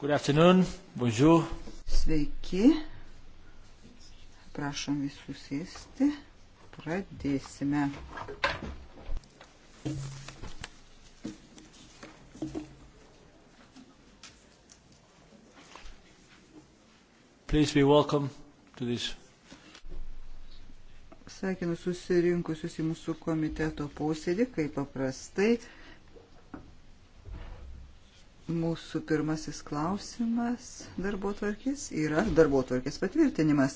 Good afternoon, bonjour. Sveiki. Prašom visus sėsti. Pradėsime. Please be welcome to this Sveikinu susirinkusius į mūsų komiteto posėdį, kaip paprastai. Mūsų pirmasis klausimas darbo tvarkės yra darbo tvarkės patvirtinimas.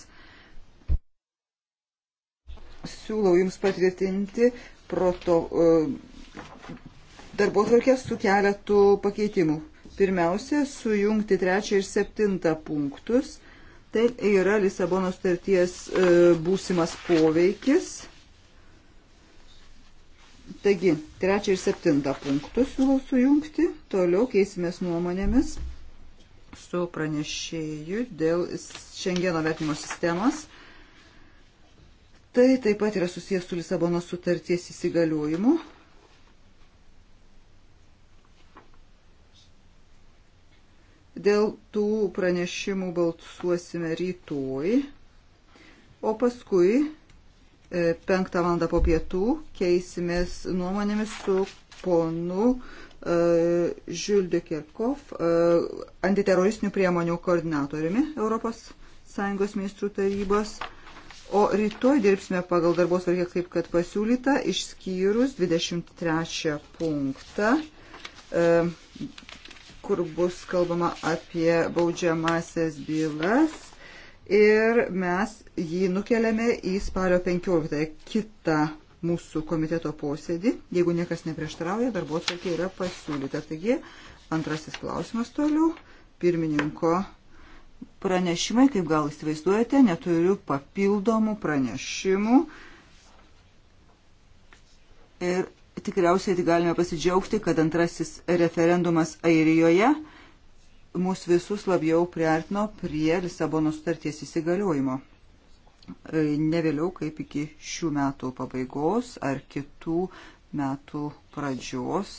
Siūlau Jums patvirtinti proto, e, darbo tvarkės su keletu pakeitimų. Pirmiausia, sujungti trečią ir septintą punktus. Tai yra Lisabono starties e, būsimas poveikis Taigi, trečią ir septintą punktus siūlau sujungti. Toliau keisimės nuomonėmis su pranešėju dėl šiandieno vertimo sistemos. Tai taip pat yra susijęs su Lisabonos sutarties įsigaliojimu. Dėl tų pranešimų balsuosime rytoj, o paskui 5 val. po pietų keisimės nuomonėmis su ponu Žiul e, de Kirkov, e, antiteroristinių priemonių koordinatoriumi ES ministrų tarybos. O rytoj dirbsime pagal darbos vargę, kaip kad pasiūlyta, išskyrus 23 punktą, e, kur bus kalbama apie baudžiamasias bylas ir mes jį nukeliame į spalio 15 kitą mūsų komiteto posėdį. Jeigu niekas neprieštarauja, darbo atvarkė yra pasiūlyta. Taigi, antrasis klausimas toliau. Pirmininko pranešimai, kaip gal įsivaizduojate, neturiu papildomų pranešimų. Ir tikriausiai galime pasidžiaugti, kad antrasis referendumas Airijoje mus visus labiau priartino prie Lisabono sutarties įsigaliojimo. E, ne vėliau kaip iki šių metų pabaigos ar kitų metų pradžios.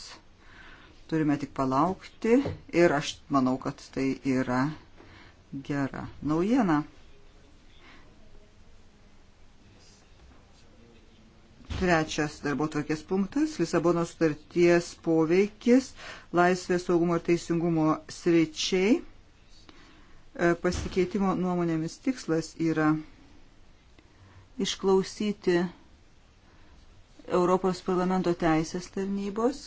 Turime tik palaukti ir aš manau, kad tai yra gera naujiena. Trečias darbo tvarkės punktas - Lisabono sutarties poveikis laisvės saugumo ir teisingumo sričiai. E, pasikeitimo nuomonėmis tikslas yra išklausyti Europos parlamento teisės tarnybos,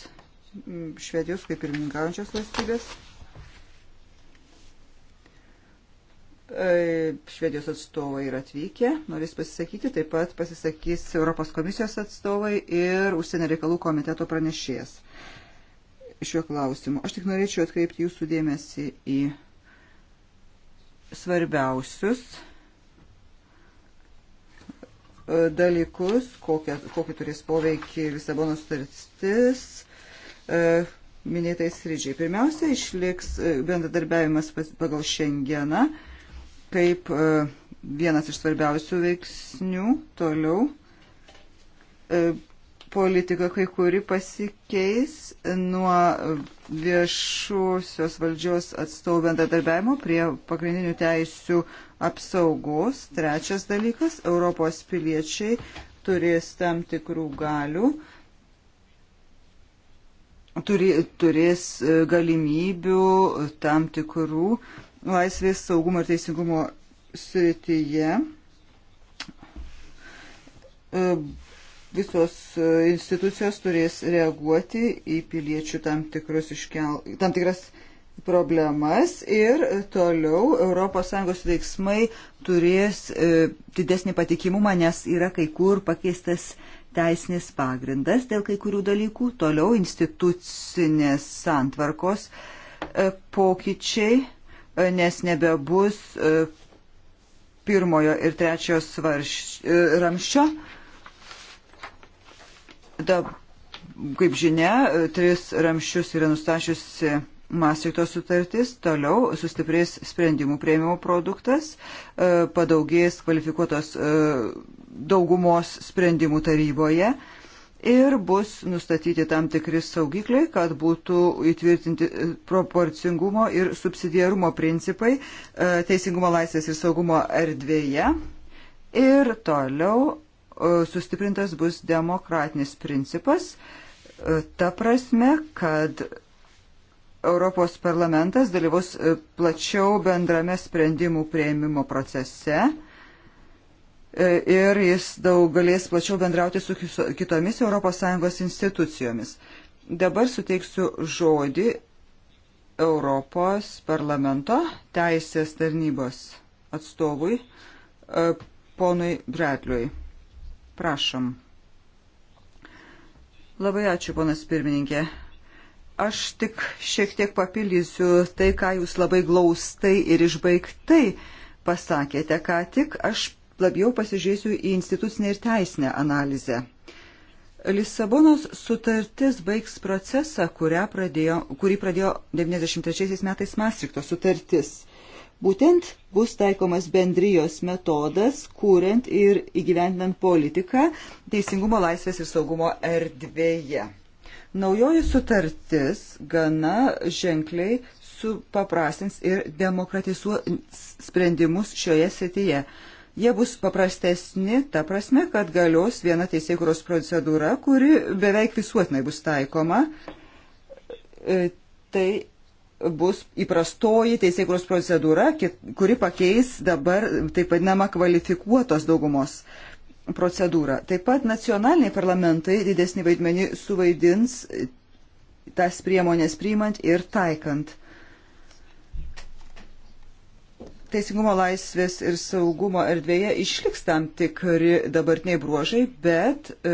Švedijos kaip pirmininkaujančios valstybės E, Švedijos atstovai yra atvykę, norės pasisakyti, taip pat pasisakys Europos komisijos atstovai ir užsienio reikalų komiteto pranešėjas šiuo klausimu. Aš tik norėčiau atkreipti jūsų dėmesį į svarbiausius e, dalykus, kokią, kokį turės poveikį Lisabonos sutartis e, minėtais rydžiai. Pirmiausia, išliks bendradarbiavimas pagal šiandieną kaip e, vienas iš svarbiausių veiksnių toliau. E, politika kai kuri pasikeis nuo viešusios valdžios atstovų bendradarbiavimo prie pagrindinių teisių apsaugos. Trečias dalykas - Europos piliečiai turės tam tikrų galių, turi, turės e, galimybių tam tikrų uh, laisvės saugumo ir teisingumo srityje e, visos institucijos turės reaguoti į piliečių tam, iškel, tam tikras problemas ir toliau ES veiksmai turės e, didesnį patikimumą, nes yra kai kur pakeistas teisinis pagrindas dėl kai kurių dalykų, toliau institucinės santvarkos e, pokyčiai nes nebebus e, pirmojo ir trečiojo svarš, e, ramščio. Da, kaip žinia, e, tris ramščius yra nustačiusi Mastrikto sutartis, toliau sustiprės sprendimų prieimimo produktas, padaugės kvalifikuotos daugumos sprendimų taryboje ir bus nustatyti tam tikri saugikliai, kad būtų įtvirtinti e, proporcingumo ir subsidiarumo principai e, teisingumo laisvės ir saugumo erdvėje. Ir toliau e, sustiprintas bus demokratinis principas, ta prasme, kad Europos parlamentas dalyvaus plačiau bendrame sprendimų prieimimo procese E, ir jis daug galės plačiau bendrauti su kitomis ES institucijomis. Dabar suteiksiu žodį Europos parlamento teisės tarnybos atstovui, e, ponui Bretliui. Prašom. Labai ačiū, ponas pirmininkė. Aš tik šiek tiek papildysiu tai, ką jūs labai glaustai ir išbaigtai pasakėte, ką tik aš labiau pasižiūrėsiu į institucinę ir teisinę analizę. Lisabonos sutartis baigs procesą, pradėjo, kurį pradėjo 93 metais Mastrikto sutartis. Būtent bus taikomas bendrijos metodas, kūrent ir įgyvendinant politiką teisingumo laisvės ir saugumo erdvėje. Naujoji sutartis gana ženkliai supaprastins ir demokratizuos sprendimus šioje srityje. Jie bus paprastesni, ta prasme, kad galios viena teisėkuros procedūra, kuri beveik visuotinai bus taikoma. E, tai bus įprastoji teisėkuros procedūra, kuri pakeis dabar taip vadinamą kvalifikuotos daugumos procedūrą. Taip pat nacionaliniai parlamentai didesnį vaidmenį suvaidins tas priemonės priimant ir taikant teisingumo laisvės ir saugumo erdvėje išliks tam tikri dabartiniai bruožai, bet e,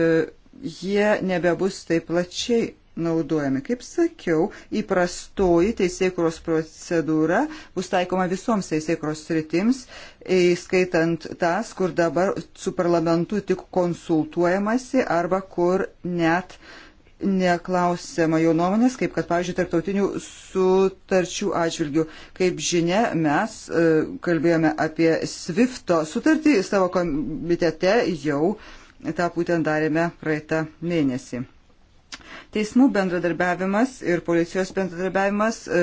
jie nebebus taip plačiai naudojami. Kaip sakiau, įprastoji teisėkros procedūra bus taikoma visoms teisėkros sritims, įskaitant tas, kur dabar su parlamentu tik konsultuojamasi arba kur net e, neklausiama jo nuomonės, kaip kad, pavyzdžiui, tarptautinių sutarčių atžvilgių. Kaip žinia, mes e, kalbėjome apie Svifto sutartį savo komitete jau tą būtent darėme praeitą mėnesį. Teismų bendradarbiavimas ir policijos bendradarbiavimas e,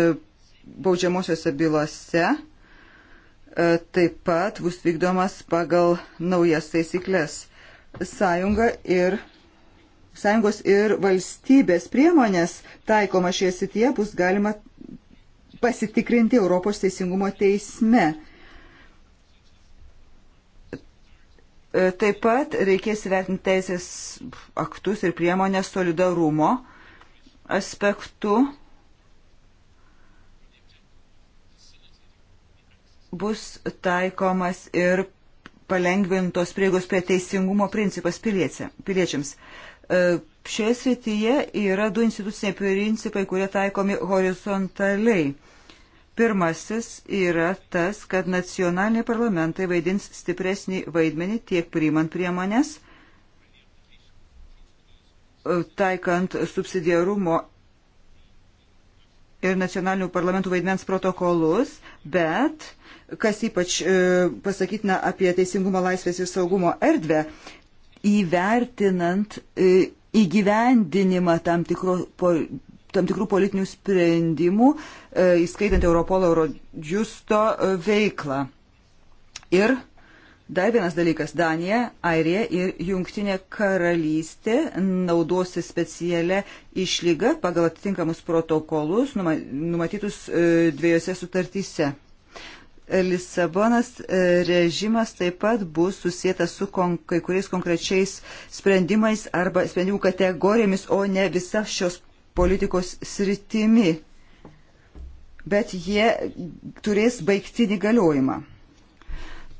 baudžiamosiose bylose e, taip pat bus vykdomas pagal naujas taisyklės. Sąjunga ir sąjungos ir valstybės priemonės taikoma šioje sityje bus galima pasitikrinti Europos teisingumo teisme. E, taip pat reikės vertinti teisės aktus ir priemonės solidarumo aspektu. Bus taikomas ir palengvintos prieigos prie teisingumo principas piliečiams. E, šioje srityje yra du instituciniai principai, kurie taikomi horizontaliai. Pirmasis yra tas, kad nacionaliniai parlamentai vaidins stipresnį vaidmenį tiek priimant priemonės, e, taikant subsidiarumo ir nacionalinių parlamentų vaidmens protokolus, bet, kas ypač e, pasakytina apie teisingumo laisvės ir saugumo erdvę, įvertinant e, įgyvendinimą tam, tikro, po, tam tikrų politinių sprendimų, e, įskaitant Europolo Eurodžiusto e, veiklą. Ir Dar vienas dalykas - Danija, Airija ir Jungtinė karalystė naudosi specialią išlygą pagal atitinkamus protokolus numatytus dviejose sutartyse. Lisabonas e, režimas taip pat bus susijęs su kon, kai kuriais konkrečiais sprendimais arba sprendimų kategorijomis, o ne visa šios politikos sritimi. Bet jie turės baigtinį galiojimą.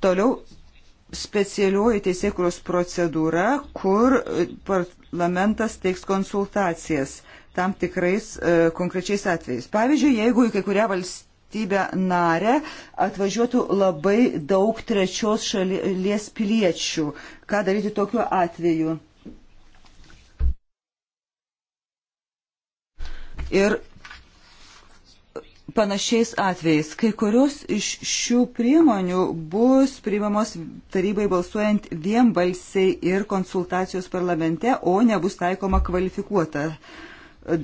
Toliau specialioji teisėkuros procedūra, kur parlamentas teiks konsultacijas tam tikrais e, konkrečiais atvejais. Pavyzdžiui, jeigu į kai kurią valstybę valstybę narę atvažiuotų labai daug trečios šalies piliečių. Ką daryti tokiu atveju? Ir panašiais atvejais. Kai kurios iš šių priemonių bus priimamos tarybai balsuojant vienbalsiai ir konsultacijos parlamente, o nebus taikoma kvalifikuota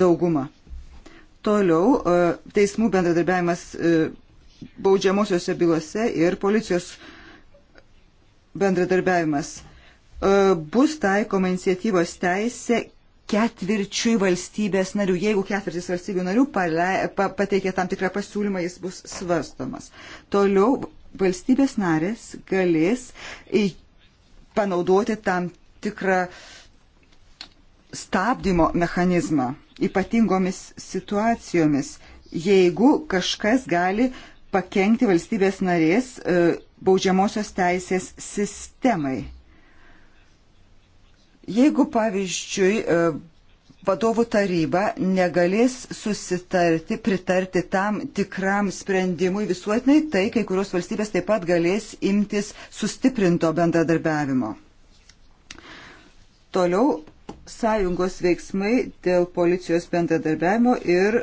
dauguma. Toliau e, teismų bendradarbiavimas e, baudžiamosiose bylose ir policijos bendradarbiavimas. E, bus taikoma iniciatyvos teisė ketvirčiui valstybės narių. Jeigu ketvirtis valstybių narių pale, pa, pateikia tam tikrą pasiūlymą, jis bus svarstomas. Toliau valstybės narės galės panaudoti tam tikrą stabdymo mechanizmą ypatingomis situacijomis, jeigu kažkas gali pakengti valstybės narės e, baudžiamosios teisės sistemai. Jeigu, pavyzdžiui, e, vadovų taryba negalės susitarti, pritarti tam tikram sprendimui visuotinai, tai kai kurios valstybės taip pat galės imtis sustiprinto bendradarbiavimo. Toliau sąjungos veiksmai dėl policijos bendradarbiavimo ir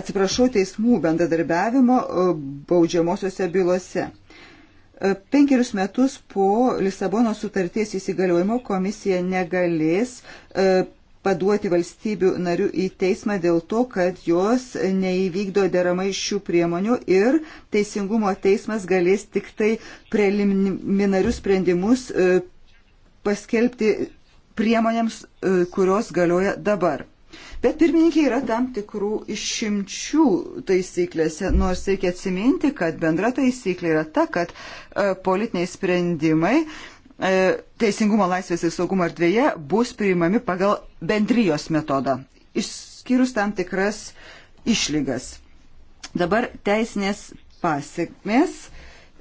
atsiprašau teismų bendradarbiavimo e, baudžiamosiose bylose. E, penkerius metus po Lisabono sutarties įsigaliojimo komisija negalės e, paduoti valstybių narių į teismą dėl to, kad jos neįvykdo deramai šių priemonių ir Teisingumo teismas galės tik tai preliminarius sprendimus paskelbti priemonėms, e, kurios galioja dabar. Bet pirmininkė yra tam tikrų išimčių taisyklėse, nors reikia atsiminti, kad bendra taisyklė yra ta, kad e, politiniai sprendimai e, teisingumo laisvės ir saugumo erdvėje bus priimami pagal bendrijos metodą, išskyrus tam tikras išlygas. Dabar teisinės pasiekmes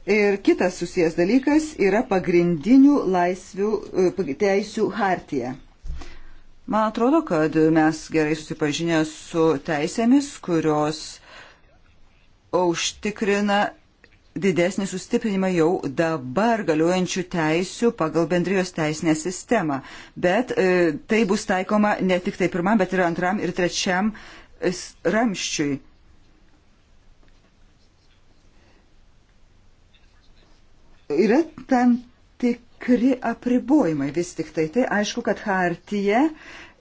Ir kitas susijęs dalykas yra pagrindinių laisvių e, teisių hartija. Man atrodo, kad mes gerai susipažinę su teisėmis, kurios užtikrina didesnį sustiprinimą jau dabar galiojančių teisių pagal bendrijos teisinę sistemą. Bet e, tai bus taikoma ne tik tai pirmam, bet ir antram ir trečiam ramščiui. yra tam tikri apribojimai vis tik tai. Tai aišku, kad hartija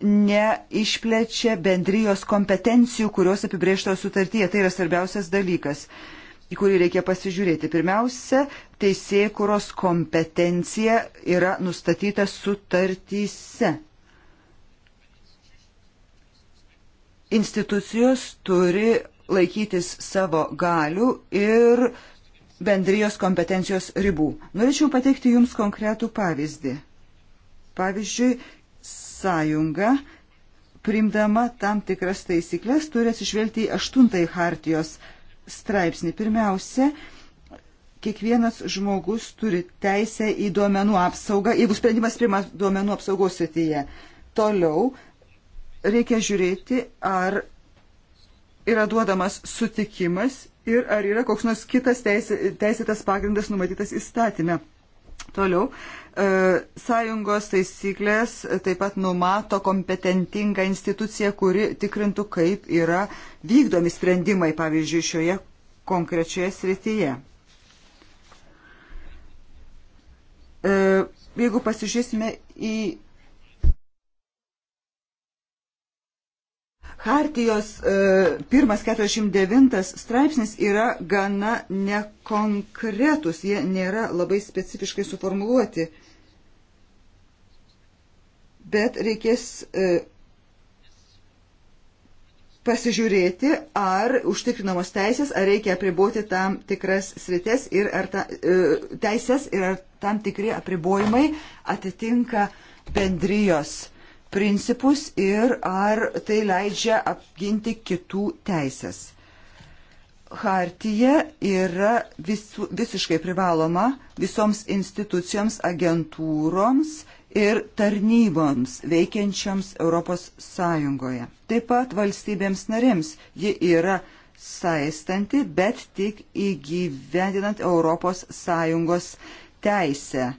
neišplečia bendrijos kompetencijų, kurios apibrėžto sutartyje. Tai yra svarbiausias dalykas, į kurį reikia pasižiūrėti. Pirmiausia, teisėkuros kompetencija yra nustatyta sutartyse. Institucijos turi laikytis savo galių ir bendrijos kompetencijos ribų. Norėčiau pateikti Jums konkretų pavyzdį. Pavyzdžiui, sąjunga, primdama tam tikras taisyklės, turi atsižvelgti į aštuntąjį hartijos straipsnį. Pirmiausia, kiekvienas žmogus turi teisę į duomenų apsaugą, jeigu sprendimas primas duomenų apsaugos srityje. Toliau reikia žiūrėti, ar yra duodamas sutikimas ir ar yra koks nors kitas teisėtas pagrindas numatytas įstatymę. Toliau, e, sąjungos taisyklės taip pat numato kompetentingą instituciją, kuri tikrintų, kaip yra vykdomi sprendimai, pavyzdžiui, šioje konkrečioje srityje. E, jeigu pasižiūrėsime į Hartijos e, pirmas 49 straipsnis yra gana nekonkretus, jie nėra labai specifiškai suformuluoti. Bet reikės e, pasižiūrėti, ar užtikrinamos teisės, ar reikia apriboti tam tikras sritis ir ar ta, e, teisės ir ar tam tikri apribojimai atitinka bendrijos principus ir ar tai leidžia apginti kitų teisės. Hartija yra visu, visiškai privaloma visoms institucijoms, agentūroms ir tarnyboms veikiančioms Europos Sąjungoje. Taip pat valstybėms narėms ji yra saistanti, bet tik įgyvendinant Europos Sąjungos teisę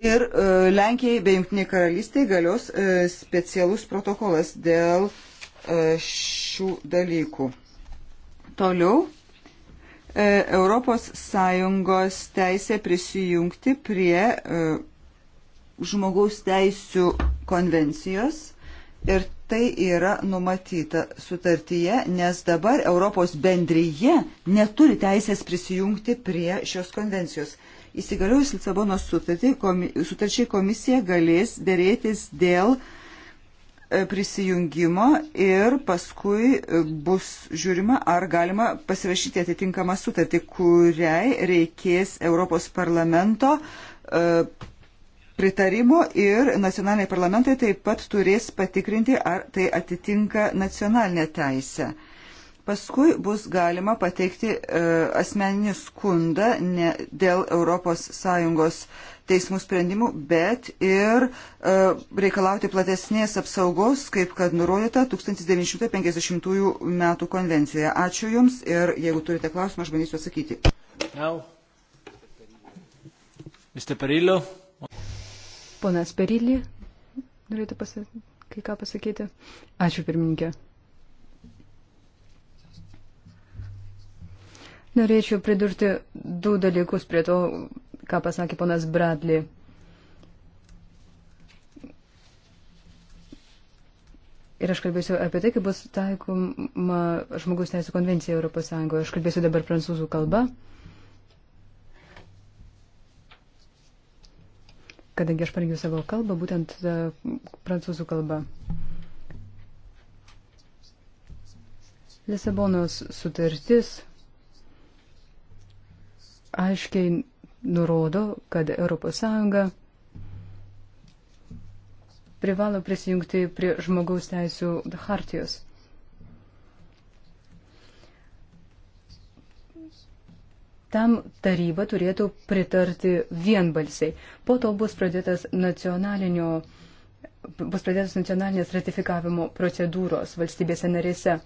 Ir e, Lenkijai bei Junktinė karalystė galios e, specialus protokolas dėl e, šių dalykų. Toliau. E, Europos Sąjungos teisė prisijungti prie e, žmogaus teisų konvencijos ir tai yra numatyta sutartyje, nes dabar Europos bendryje neturi teisės prisijungti prie šios konvencijos. Įsigaliojus Lisabonos sutarčiai komisija galės dėrėtis dėl e, prisijungimo ir paskui e, bus žiūrima, ar galima pasirašyti atitinkamą sutartį, kuriai reikės Europos parlamento e, pritarimo ir nacionaliniai parlamentai taip pat turės patikrinti, ar tai atitinka nacionalinę teisę. Paskui bus galima pateikti e, asmeninį skundą ne dėl ES teismų sprendimų, bet ir e, reikalauti platesnės apsaugos, kaip kad nurodyta 1950 m. konvencijoje. Ačiū Jums ir jeigu turite klausimą, aš bandysiu atsakyti. Now. Mr. Perillo. Ponas Perilli, norėtų pasa kai ką pasakyti. Ačiū pirmininkė. Norėčiau pridurti du dalykus prie to, ką pasakė ponas Bradley. Ir aš kalbėsiu apie tai, kaip bus taikoma žmogus teisų konvencija Europos Sąjungoje. Aš kalbėsiu dabar prancūzų kalba, kadangi aš parengiau savo kalbą, būtent e, prancūzų kalba. Lisabonos sutartis aiškiai nurodo, kad ES privalo prisijungti prie žmogaus teisų hartijos. Tam taryba turėtų pritarti vienbalsiai. Po to bus pradėtas nacionalinio bus pradėtos nacionalinės ratifikavimo procedūros valstybėse narėse.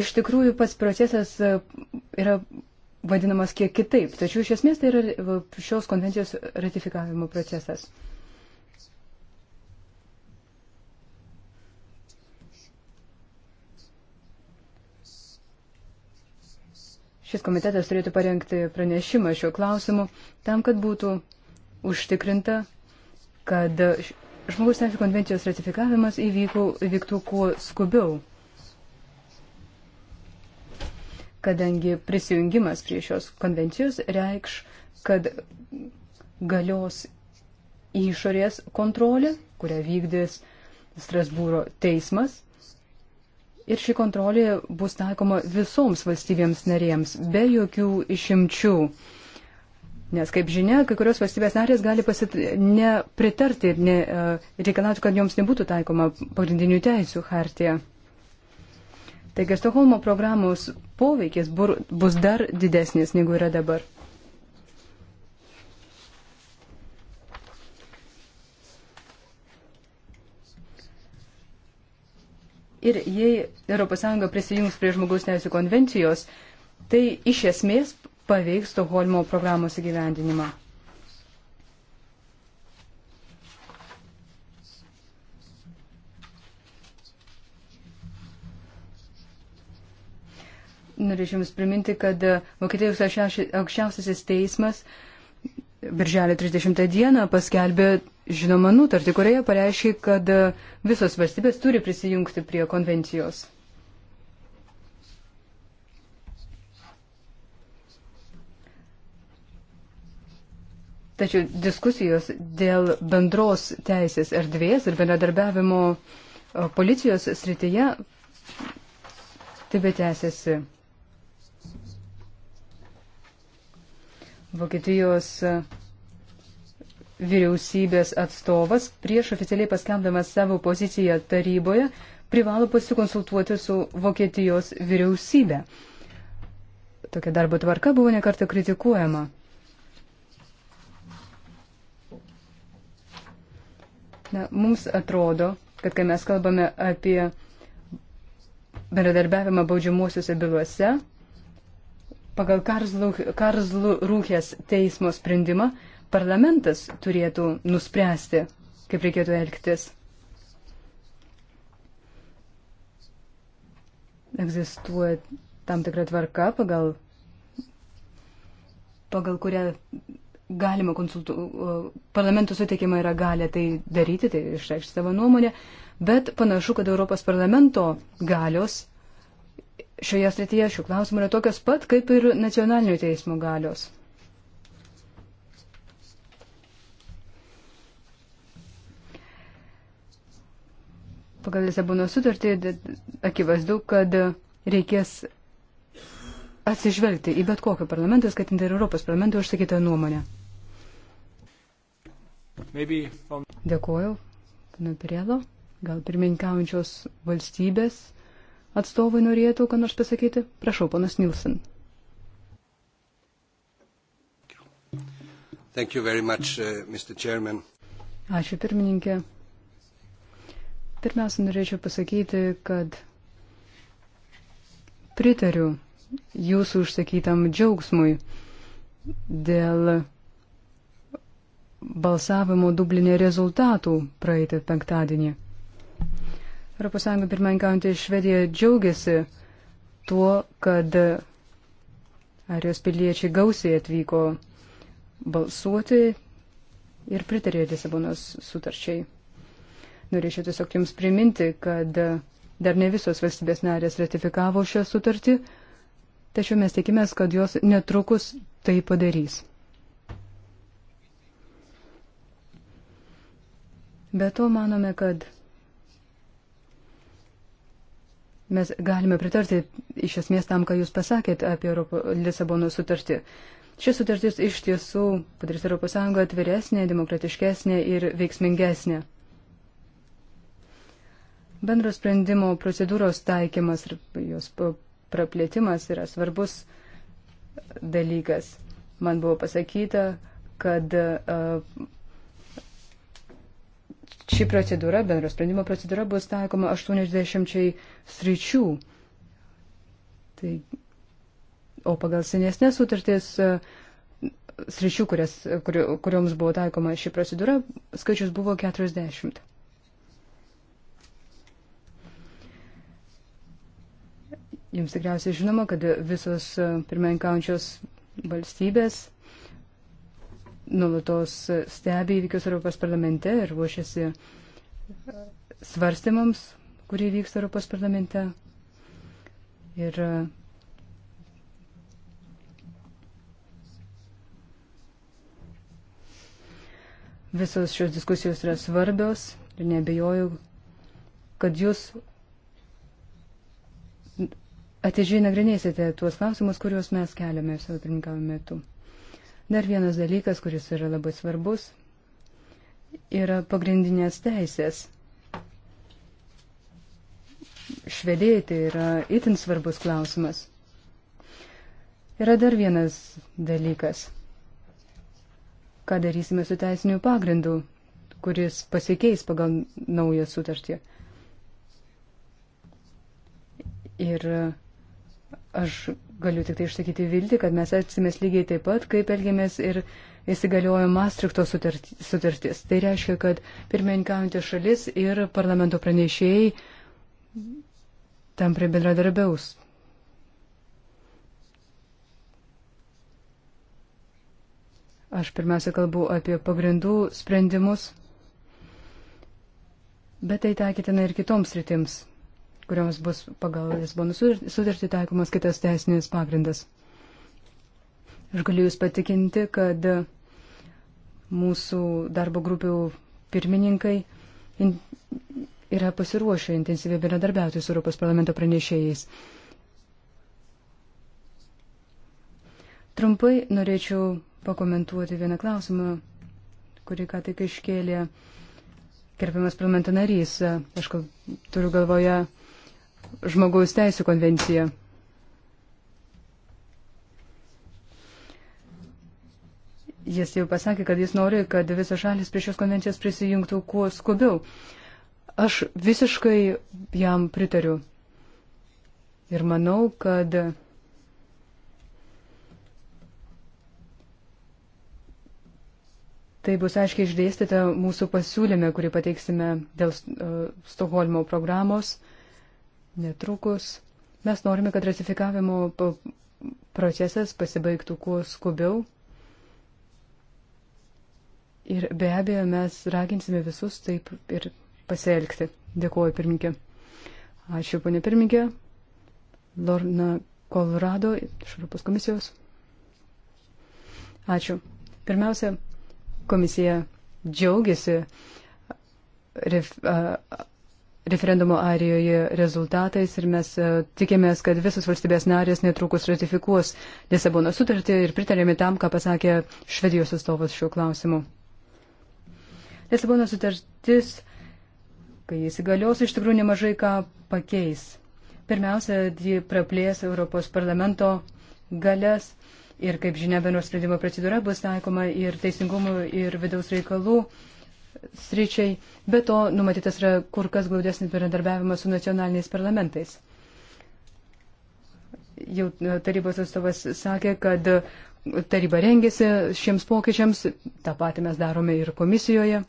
Iš tikrųjų, pats procesas e, yra vadinamas kiek kitaip, tačiau iš esmės tai yra šios konvencijos ratifikavimo procesas. Šis komitetas turėtų parengti pranešimą šiuo klausimu tam, kad būtų užtikrinta, kad žmogus teisų konvencijos ratifikavimas įvyko, įvyktų kuo skubiau. kadangi prisijungimas prie šios konvencijos reikš, kad galios išorės kontrolė, kurią vykdys Strasbūro teismas. Ir ši kontrolė bus taikoma visoms valstybėms narėms, be jokių išimčių. Nes, kaip žinia, kai kurios valstybės narės gali pasit... nepritarti ir ne, e, reikalauti, kad joms nebūtų taikoma pagrindinių teisų hartija. Taigi Stokholmo programos poveikis bur, bus dar didesnis negu yra dabar. Ir jei ES prisijungs prie žmogaus teisų konvencijos, tai iš esmės paveiks Stokholmo programos įgyvendinimą. norėčiau Jums priminti, kad e, Vokietijos aukščiausiasis teismas Birželio 30 dieną paskelbė žinoma nutartį, kurioje pareiškė, kad e, visos valstybės turi prisijungti prie konvencijos. Tačiau diskusijos dėl bendros teisės erdvės ir bendradarbiavimo e, policijos srityje tebe tęsiasi. Vokietijos e, vyriausybės atstovas prieš oficialiai paskelbdamas savo poziciją taryboje privalo pasikonsultuoti su Vokietijos vyriausybė. Tokia darbo tvarka buvo nekartą kritikuojama. Na, mums atrodo, kad kai mes kalbame apie bendradarbiavimą baudžiamuosiuose bylose, pagal Karlslu Rūkės teismo sprendimą parlamentas turėtų nuspręsti, kaip reikėtų elgtis. Egzistuoja tam tikra tvarka, pagal, pagal kurią galima konsultu, parlamentų suteikima yra galė tai daryti, tai išreikšti savo nuomonę, bet panašu, kad Europos parlamento galios šioje srityje šių klausimų yra tokios pat, kaip ir nacionalinių teismų galios. Pagal Lisabono sutartį akivaizdu, kad reikės atsižvelgti į bet kokio parlamento, skaitant ir Europos parlamento užsakytą nuomonę. From... Dėkuoju, pana Pirėlo, gal pirmininkaujančios valstybės atstovai norėtų, ką nors pasakyti? Prašau, panas Nilsen. Much, uh, Ačiū pirmininkė. Pirmiausia, norėčiau pasakyti, kad pritariu jūsų užsakytam džiaugsmui dėl balsavimo Dublinė rezultatų praeitą penktadienį. ES pirmininkaujantį Švediją džiaugiasi tuo, kad Arijos piliečiai gausiai atvyko balsuoti ir pritarė Lisabonos sutarčiai. Norėčiau tiesiog Jums priminti, kad dar ne visos valstybės narės ratifikavo šią sutartį, tačiau mes tikimės, kad jos netrukus tai padarys. Be to manome, kad Mes galime pritarti iš esmės tam, ką Jūs pasakėt apie Europo, Lisabono sutartį. Šis sutartis iš tiesų padarys ES atviresnė, demokratiškesnė ir veiksmingesnė. Bendro sprendimo procedūros taikymas ir jos praplėtimas yra svarbus dalykas. Man buvo pasakyta, kad uh, Ši procedūra, bendro sprendimo procedūra, bus taikoma 80 sričių. Tai, o pagal senesnės sutartys e, sričių, kurias, kur, kurioms buvo taikoma ši procedūra, skaičius buvo 40. Jums tikriausiai žinoma, kad visos e, pirmininkaujančios valstybės nulatos stebi įvykius Europos parlamente ir ruošiasi e, svarstymams, kurie vyksta Europos parlamente. Ir e, visos šios diskusijos yra svarbios ir nebejoju, kad jūs atidžiai nagrinėsite tuos klausimus, kuriuos mes keliame savo pirmininkavimo metu. Dar vienas dalykas, kuris yra labai svarbus, yra pagrindinės teisės. Švedijai tai yra itin svarbus klausimas. Yra dar vienas dalykas. Ką darysime su teisiniu pagrindu, kuris pasikeis pagal naują sutartį? Ir Aš galiu tik tai išsakyti viltį, kad mes elgsimės lygiai taip pat, kaip elgėmės ir įsigaliojo Maastrichto sutartis. Tai reiškia, kad pirmininkaujantė šalis ir parlamento pranešėjai tam prie bendradarbiaus. Aš pirmiausia kalbu apie pagrindų sprendimus, bet tai taikytina ir kitoms rytims kurioms bus pagal Lisbonų sutartį taikomas kitas teisinis pagrindas. Aš galiu Jūs patikinti, kad mūsų darbo grupių pirmininkai yra pasiruošę intensyviai bendradarbiauti su Europos parlamento pranešėjais. Trumpai norėčiau pakomentuoti vieną klausimą, kurį ką tik iškėlė gerbiamas parlamento narys. Aš turiu galvoje žmogaus teisų konvenciją. Jis jau pasakė, kad jis nori, kad visos šalis prie šios konvencijos prisijungtų kuo skubiau. Aš visiškai jam pritariu. Ir manau, kad tai bus aiškiai išdėstyta mūsų pasiūlyme, kurį pateiksime dėl uh, Stokholmo programos. Uh, netrukus. Mes norime, kad ratifikavimo procesas pasibaigtų kuo skubiau. Ir be abejo, mes raginsime visus taip ir pasielgti. Dėkuoju, pirmininkė. Ačiū, ponė pirmininkė. Lorna Kolorado iš Europos komisijos. Ačiū. Pirmiausia, komisija džiaugiasi ref, a, referendumo Arijoje rezultatais ir mes e, tikėmės, kad visos valstybės narės netrukus ratifikuos Lisabono sutartį ir pritarėme tam, ką pasakė Švedijos atstovas šiuo klausimu. Lisabono sutartis, kai jis įgalios, iš tikrųjų nemažai ką pakeis. Pirmiausia, ji praplės Europos parlamento galės ir, kaip žinia, bendro sprendimo procedūra bus taikoma ir teisingumo ir vidaus reikalų uh, sričiai, bet to numatytas yra kur kas glaudesnis bendradarbiavimas su nacionaliniais parlamentais. Jau e, tarybos atstovas sakė, kad e, taryba rengėsi šiems pokyčiams, tą patį mes darome ir komisijoje.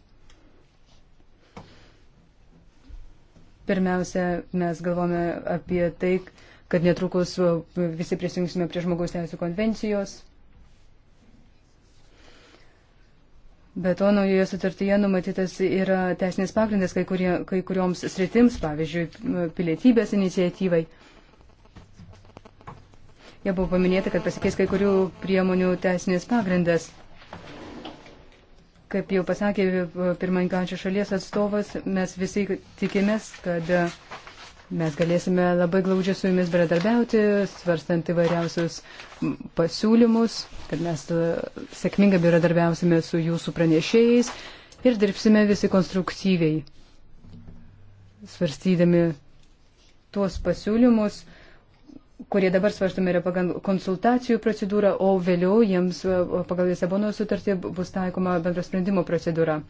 Pirmiausia, mes galvome apie tai, kad netrukus visi prisijungsime prie žmogaus teisų konvencijos. Be to, naujoje sutartyje numatytas yra teisinės pagrindas kai, kurie, kai kurioms sritims, pavyzdžiui, pilietybės iniciatyvai. Jie buvo paminėta, kad pasikeis kai kurių priemonių teisinės pagrindas. Kaip jau pasakė pirmininkančio šalies atstovas, mes visi tikimės, kad Mes galėsime labai glaudžiai su jumis bendradarbiauti, svarstant įvairiausius pasiūlymus, kad mes e, sėkmingai bendradarbiausime su jūsų pranešėjais ir dirbsime visi konstruktyviai, svarstydami tuos pasiūlymus, kurie dabar svarstomi yra pagal konsultacijų procedūrą, o vėliau jiems e, pagal Lisabono sutartį bus taikoma bendrosprendimo procedūra.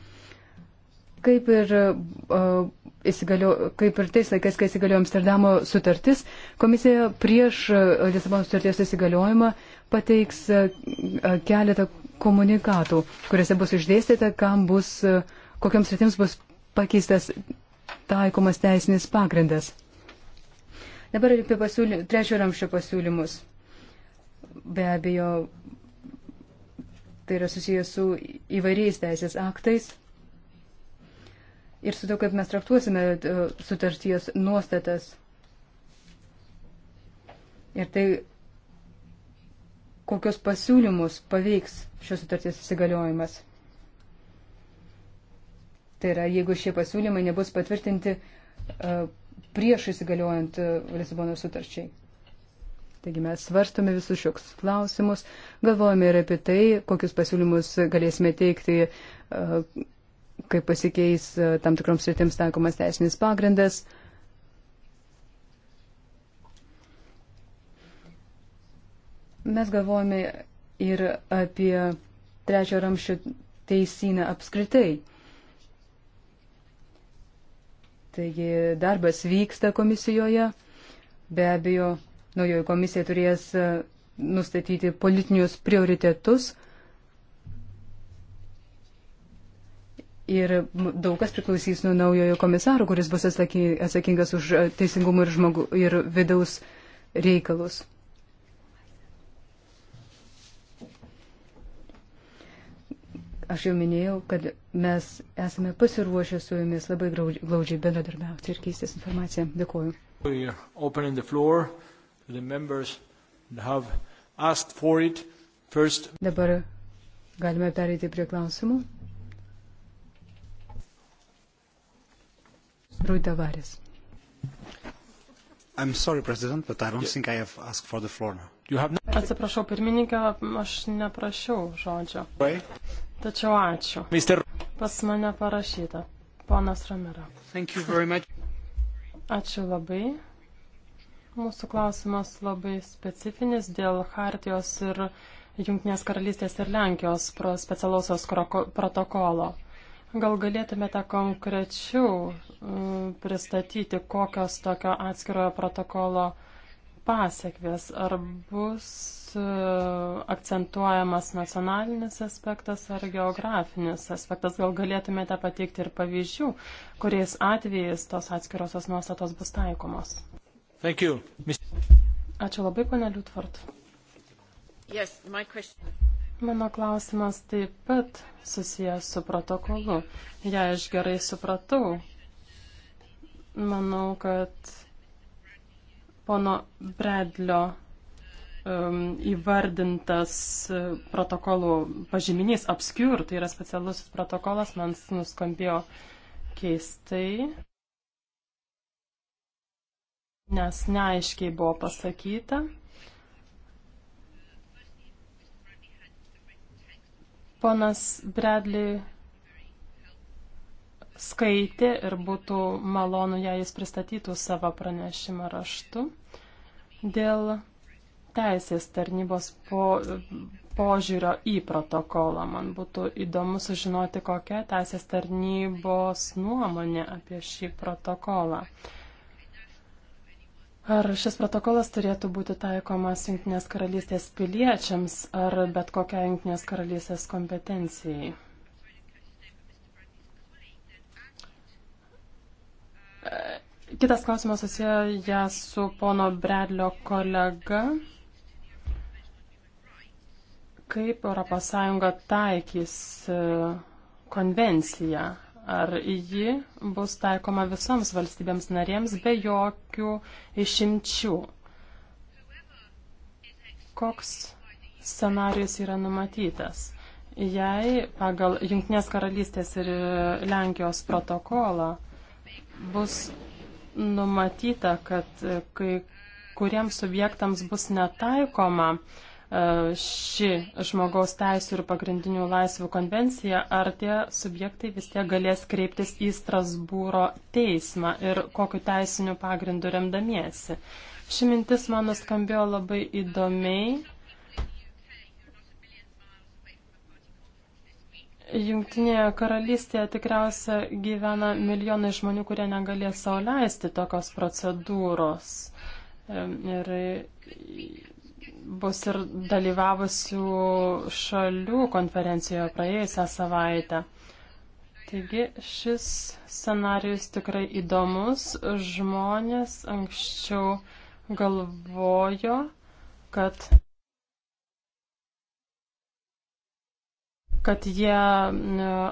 Kaip ir uh, įsigalio, kaip ir tais laikais, kai įsigaliojo Amsterdamo sutartis, komisija prieš e, Lisabono sutarties įsigaliojimą pateiks e, e, keletą komunikatų, kuriuose bus išdėstyta, kam bus, kokiams rytims bus pakeistas taikomas teisinis pagrindas. Dabar apie pasiūly, trečio ramščio pasiūlymus. Be abejo, tai yra susijęs su įvairiais teisės aktais, ir su to, kaip mes traktuosime e, sutarties nuostatas. Ir tai, kokios pasiūlymus paveiks šios sutarties įsigaliojimas. Tai yra, jeigu šie pasiūlymai nebus patvirtinti e, prieš įsigaliojant e, Lisabono sutarčiai. Taigi mes svarstome visus šioks klausimus, galvojame ir apie tai, kokius pasiūlymus galėsime teikti kaip pasikeis e, tam tikroms sritims taikomas teisinis pagrindas. Mes galvojame ir apie trečio ramščio teisinę apskritai. Taigi darbas vyksta komisijoje. Be abejo, naujoji komisija turės e, nustatyti politinius prioritetus Ir daug kas priklausys nuo naujojo komisaro, kuris bus atsakingas už e, teisingumą ir, žmogu, ir vidaus reikalus. Aš jau minėjau, kad mes esame pasiruošę su jumis labai glaudžiai bendradarbiauti ir keistis informaciją. Dėkuoju. Dabar galime pereiti prie klausimų. Rui Tavares. I'm sorry, President, but I don't think I have asked for the floor now. You have not... Atsiprašau, pirmininkė, aš neprašiau žodžio. Vai? Tačiau ačiū. Mister... Pas mane parašyta. Ponas Ramira. Thank you very much. Ačiū labai. Mūsų klausimas labai specifinis dėl Hartijos ir Junktinės karalystės ir Lenkijos specialausios protokolo. Gal galėtumėte konkrečiau e, pristatyti, kokios tokio atskirojo protokolo pasiekvės? Ar bus e, akcentuojamas nacionalinis aspektas ar geografinis aspektas? Gal galėtumėte pateikti ir pavyzdžių, kuriais atvejais tos atskirosios nuostatos bus taikomos? Ačiū labai, ponė Liutford. Yes, Mano klausimas taip pat susijęs su protokolu. Jei aš gerai supratau, manau, kad pono Bredlio um, įvardintas e, protokolų pažyminys obscure, tai yra specialusis protokolas, man nuskambėjo keistai, nes neaiškiai buvo pasakyta. Ponas Bradley skaitė ir būtų malonu, jei jis pristatytų savo pranešimą raštu dėl teisės tarnybos po, požiūrio į protokolą. Man būtų įdomu sužinoti, kokia teisės tarnybos nuomonė apie šį protokolą. Uh, Ar šis protokolas turėtų būti taikomas Junktinės karalystės piliečiams ar bet kokiai Junktinės karalystės kompetencijai? E, kitas klausimas susiję su pono Bredlio kolega. Kaip ES taikys e, konvenciją ar ji bus taikoma visoms valstybėms narėms be jokių išimčių. Koks scenarius yra numatytas? Jei pagal Junktinės karalystės ir Lenkijos protokolą bus numatyta, kad kai kuriems subjektams bus netaikoma uh, E, ši žmogaus teisų ir pagrindinių laisvių konvencija, ar tie subjektai vis tiek galės kreiptis į Strasbūro teismą ir kokiu teisiniu pagrindu remdamiesi. Ši mintis man nuskambėjo labai įdomiai. Jungtinėje karalystėje tikriausia gyvena milijonai žmonių, kurie negalės sauliaisti tokios procedūros. Ir bus ir dalyvavusių šalių konferencijoje praėjusią savaitę. Taigi šis scenarius tikrai įdomus. Žmonės anksčiau galvojo, kad kad jie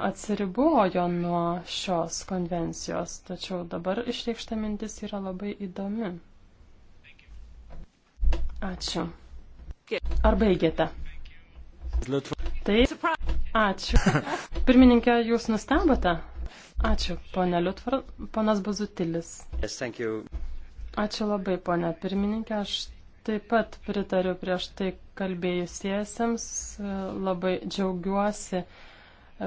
atsiribojo nuo šios konvencijos, tačiau dabar išreikšta mintis yra labai įdomi. Ačiū. Ar baigėte? Taip. Ačiū. Pirmininkė, jūs nustebote? Ačiū, ponė Liutvar, ponas Bazutilis. Yes, Ačiū labai, ponė pirmininkė. Aš taip pat pritariu prieš tai kalbėjusiesiems. Labai džiaugiuosi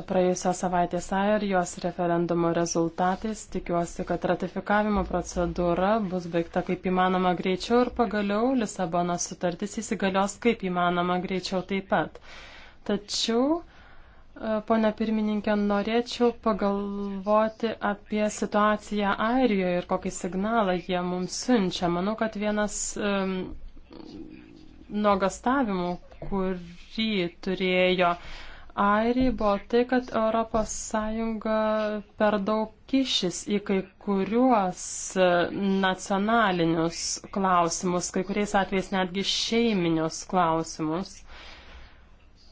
praėjusios savaitės airijos referendumo rezultatais. Tikiuosi, kad ratifikavimo procedūra bus baigta kaip įmanoma greičiau ir pagaliau Lisabono sutartis įsigalios kaip įmanoma greičiau taip pat. Tačiau, e, ponia pirmininkė, norėčiau pagalvoti apie situaciją Airijoje ir kokį signalą jie mums siunčia. Manau, kad vienas um, nuogastavimų, kurį turėjo uh, airiai buvo tai, kad ES per daug kišis į kai kuriuos nacionalinius klausimus, kai kuriais atvejais netgi šeiminius klausimus.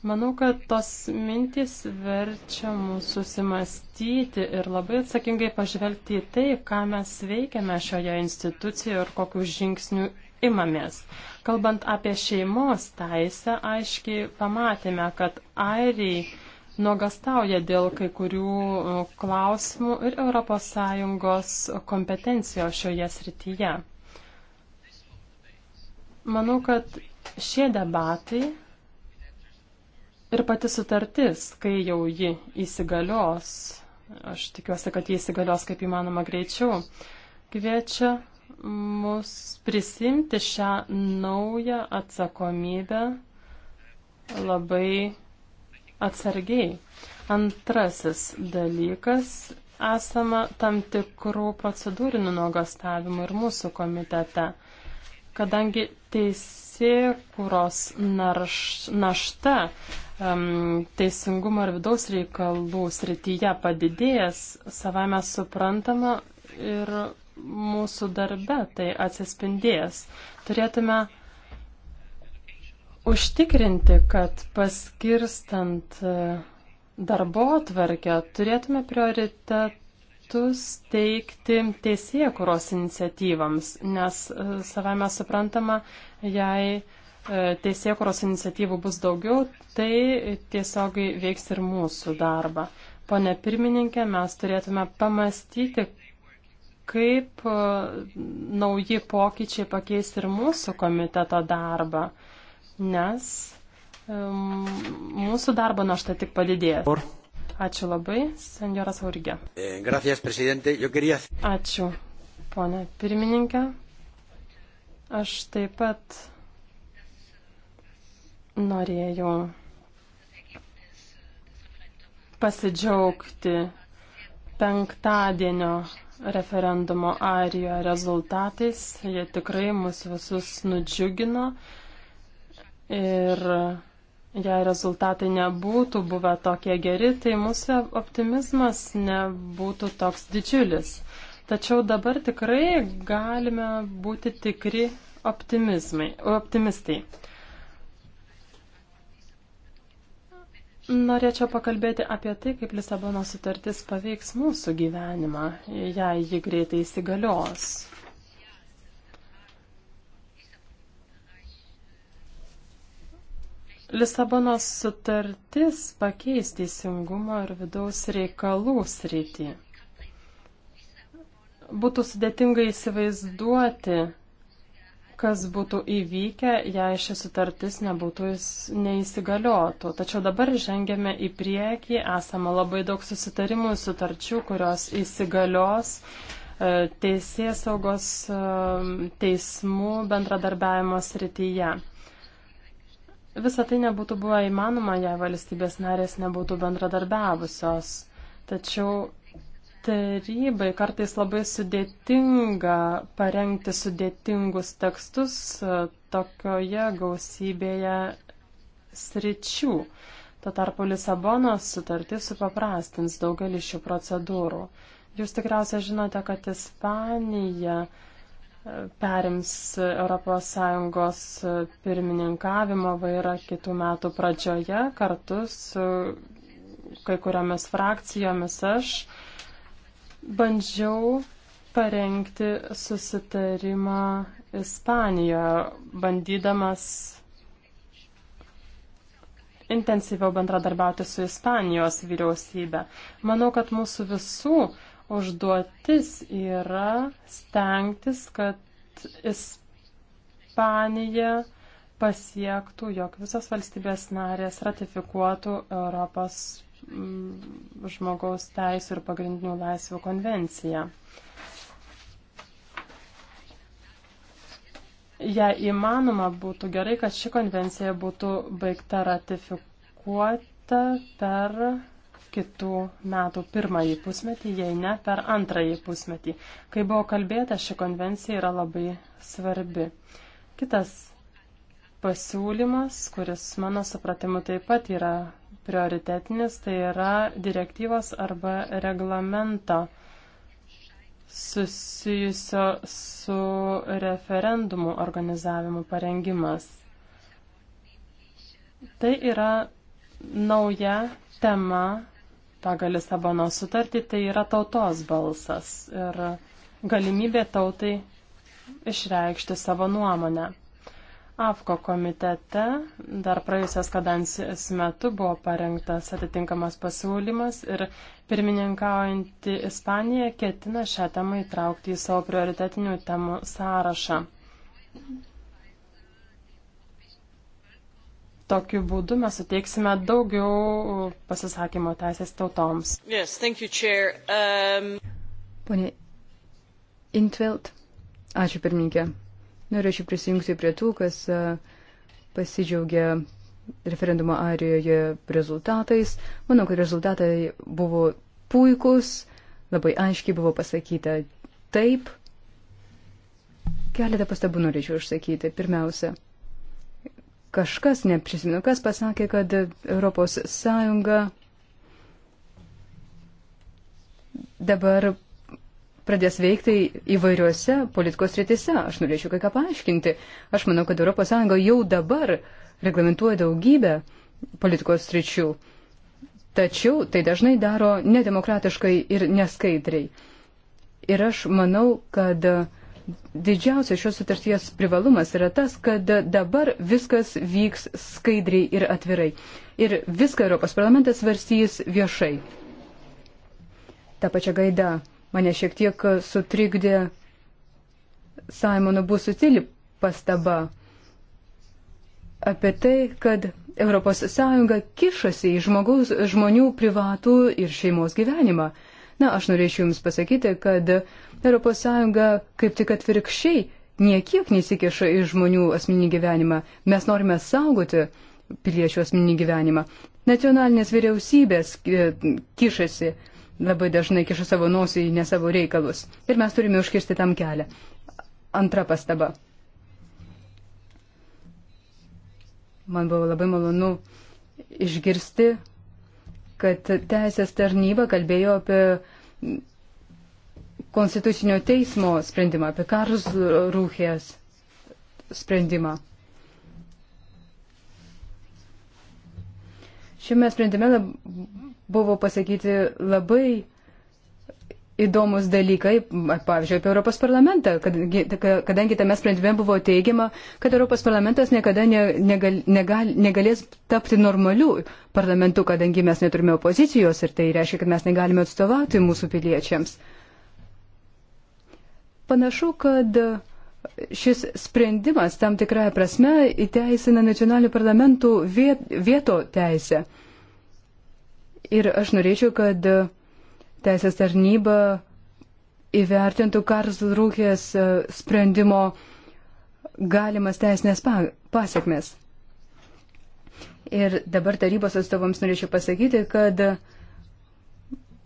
Manau, kad tos mintys verčia mūsų susimastyti ir labai atsakingai pažvelgti į tai, ką mes veikiame šioje institucijoje ir kokius žingsnių imamės. Kalbant apie šeimos teisę, aiškiai pamatėme, kad airiai nuogastauja dėl kai kurių e, klausimų ir ES kompetencijos šioje srityje. Manau, kad šie debatai ir pati sutartis, kai jau ji įsigalios, aš tikiuosi, kad ji įsigalios kaip įmanoma greičiau, kviečia mus prisimti šią naują atsakomybę labai atsargiai. Antrasis dalykas - esama tam tikrų procedūrinių nuogastavimų ir mūsų komitete, kadangi teisėkuros našta um, teisingumo ir vidaus reikalų srityje padidėjęs, savame suprantama ir mūsų darbe tai atsispindės. Turėtume užtikrinti, kad paskirstant e, darbo tvarkę turėtume prioritetus teikti teisėkuros iniciatyvams, nes e, savame suprantama, jei e, teisėkuros iniciatyvų bus daugiau, tai tiesiogiai veiks ir mūsų darbą. Pone pirmininkė, mes turėtume pamastyti, kaip e, nauji pokyčiai pakeis ir mūsų komiteto darbą, nes e, mūsų darbo našta tik padidės. Ačiū labai, senjoras Aurigė. E, Ačiū, ponė pirmininkė. Aš taip pat norėjau pasidžiaugti penktadienio referendumo Arijoje rezultatais. Jie tikrai mus visus nudžiugino. Ir jei rezultatai nebūtų buvę tokie geri, tai mūsų optimizmas nebūtų toks didžiulis. Tačiau dabar tikrai galime būti tikri optimizmai, optimistai. Norėčiau pakalbėti apie tai, kaip Lisabono sutartis paveiks mūsų gyvenimą, jei ji greitai įsigalios. Lisabonos sutartis pakeis teisingumo ir vidaus reikalų srity. Būtų sudėtinga įsivaizduoti, kas būtų įvykę, jei ši sutartis nebūtų neįsigaliotų. Tačiau dabar žengėme į priekį, esame labai daug susitarimų, sutarčių, kurios įsigalios e, teisės saugos e, teismų bendradarbiavimo srityje. Visą tai nebūtų buvę įmanoma, jei valstybės narės nebūtų bendradarbiavusios. Tačiau tarybai kartais labai sudėtinga parengti sudėtingus tekstus e, tokioje gausybėje sričių. Tuo tarpu Lisabonos sutartis supaprastins daugelį šių procedūrų. Jūs tikriausiai žinote, kad Ispanija e, perims ES e, pirmininkavimo vairą kitų metų pradžioje kartu su kai kuriomis frakcijomis aš Bandžiau parengti susitarimą Ispanijoje, bandydamas intensyviau bendradarbiauti su Ispanijos vyriausybė. Manau, kad mūsų visų užduotis yra stengtis, kad Ispanija pasiektų, jog visos valstybės narės ratifikuotų Europos Mm, žmogaus teisų ir pagrindinių laisvių konvenciją. Jei įmanoma, būtų gerai, kad ši konvencija būtų baigta ratifikuota per kitų metų pirmąjį pusmetį, jei ne per antrąjį pusmetį. Kai buvo kalbėta, ši konvencija yra labai svarbi. Kitas pasiūlymas, kuris mano supratimu taip pat yra prioritetinis, tai yra direktyvos arba reglamento susijusio su referendumų organizavimu parengimas. Tai yra nauja tema pagal Lisabono sutartį, tai yra tautos balsas ir galimybė tautai išreikšti savo nuomonę. AFKO komitete dar praėjusias kadencijos metu buvo parengtas atitinkamas pasiūlymas ir pirmininkaujanti Ispanija ketina šią temą įtraukti į savo prioritetinių temų sąrašą. Tokiu būdu mes suteiksime daugiau pasisakymo teisės tautoms. Yes, thank you, chair. Um... Pone Intveld, ačiū pirmininkė. Norėčiau prisijungti prie tų, kas e, pasidžiaugia referendumo Arijoje rezultatais. Manau, kad rezultatai buvo puikus, labai aiškiai buvo pasakyta taip. Keletą pastabų norėčiau užsakyti. Pirmiausia, kažkas, neprisimenu, kas pasakė, kad Europos Sąjunga dabar pradės veikti įvairiuose politikos rytise. Aš norėčiau kai ką paaiškinti. Aš manau, kad ES jau dabar reglamentuoja daugybę politikos ryčių. Tačiau tai dažnai daro nedemokratiškai ir neskaidriai. Ir aš manau, kad didžiausias šios sutarties privalumas yra tas, kad dabar viskas vyks skaidriai ir atvirai. Ir viską Europos parlamentas svarstys viešai. Ta pačia gaida Mane šiek tiek sutrikdė Simono Busutili pastaba apie tai, kad ES kišasi į žmogaus, žmonių privatų ir šeimos gyvenimą. Na, aš norėčiau Jums pasakyti, kad ES kaip tik atvirkščiai niekiek nesikiša į žmonių asmeninį gyvenimą. Mes norime saugoti piliečių asmeninį gyvenimą. Nacionalinės vyriausybės e, kišasi labai dažnai kiša savo nosį į ne savo reikalus. Ir mes turime užkirsti tam kelią. Antra pastaba. Man buvo labai malonu išgirsti, kad teisės tarnyba kalbėjo apie konstitucinio teismo sprendimą, apie karus rūkės sprendimą. Šiame sprendime buvo pasakyti labai įdomus dalykai, pavyzdžiui, apie Europos parlamentą, kadangi, kadangi tame sprendime buvo teigiama, kad Europos parlamentas niekada ne, negal, negal, negalės tapti normalių parlamentų, kadangi mes neturime opozicijos ir tai reiškia, kad mes negalime atstovauti mūsų piliečiams. Panašu, kad šis sprendimas tam tikrąją prasme įteisina nacionalinių parlamentų viet, vieto teisę. Ir aš norėčiau, kad teisės tarnyba įvertintų Karlsrūkės e, sprendimo galimas teisinės pasiekmes. Ir dabar tarybos atstovams norėčiau pasakyti, kad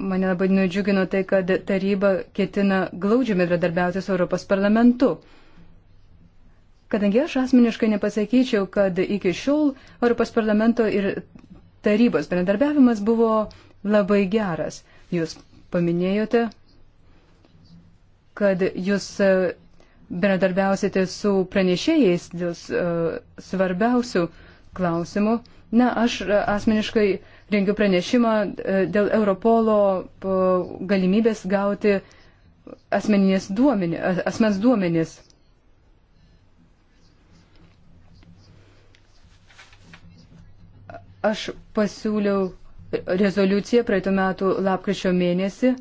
mane labai nudžiugino tai, kad taryba ketina glaudžiai bendradarbiauti su Europos parlamentu. Kadangi aš asmeniškai nepasakyčiau, kad iki šiol Europos parlamento ir tarybos bendradarbiavimas buvo labai geras. Jūs paminėjote, kad jūs e, bendradarbiausite su pranešėjais dėl e, svarbiausių klausimų. Na, aš e, asmeniškai rengiu pranešimą dėl Europolo galimybės gauti asmeninės duomenės, asmens duomenės. Aš pasiūliau rezoliuciją praeitų metų lapkričio mėnesį.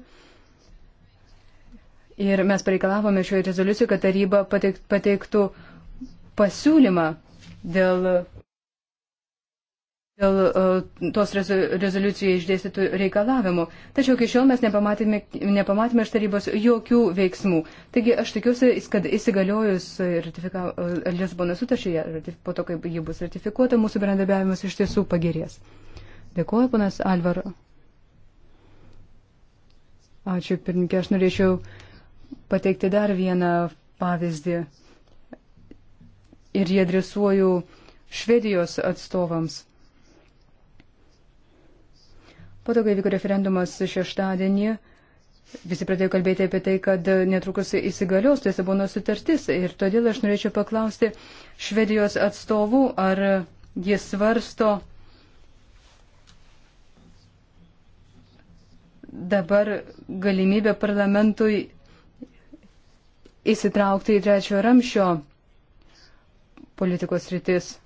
Ir mes pareikalavome šioje rezoliucijoje, kad taryba pateiktų pasiūlymą dėl dėl e, tos rezoliucijai išdėstytų reikalavimų. Tačiau iki šiol mes nepamatėme, nepamatėme iš tarybos jokių veiksmų. Taigi aš tikiuosi, kad įsigaliojus e, Lisbono sutarčiai, po to, kai ji bus ratifikuota, mūsų bendradarbiavimas iš tiesų pagerės. Dėkuoju, panas Alvaro. Ačiū, pirmininkė. Aš norėčiau pateikti dar vieną pavyzdį ir jį adresuoju Švedijos atstovams. Po to, kai vyko referendumas šeštadienį, visi pradėjo kalbėti apie tai, kad netrukus įsigalios Lisabonos sutartis. Ir todėl aš norėčiau paklausti Švedijos atstovų, ar jis svarsto dabar galimybę parlamentui įsitraukti į trečiojo ramšio politikos rytis.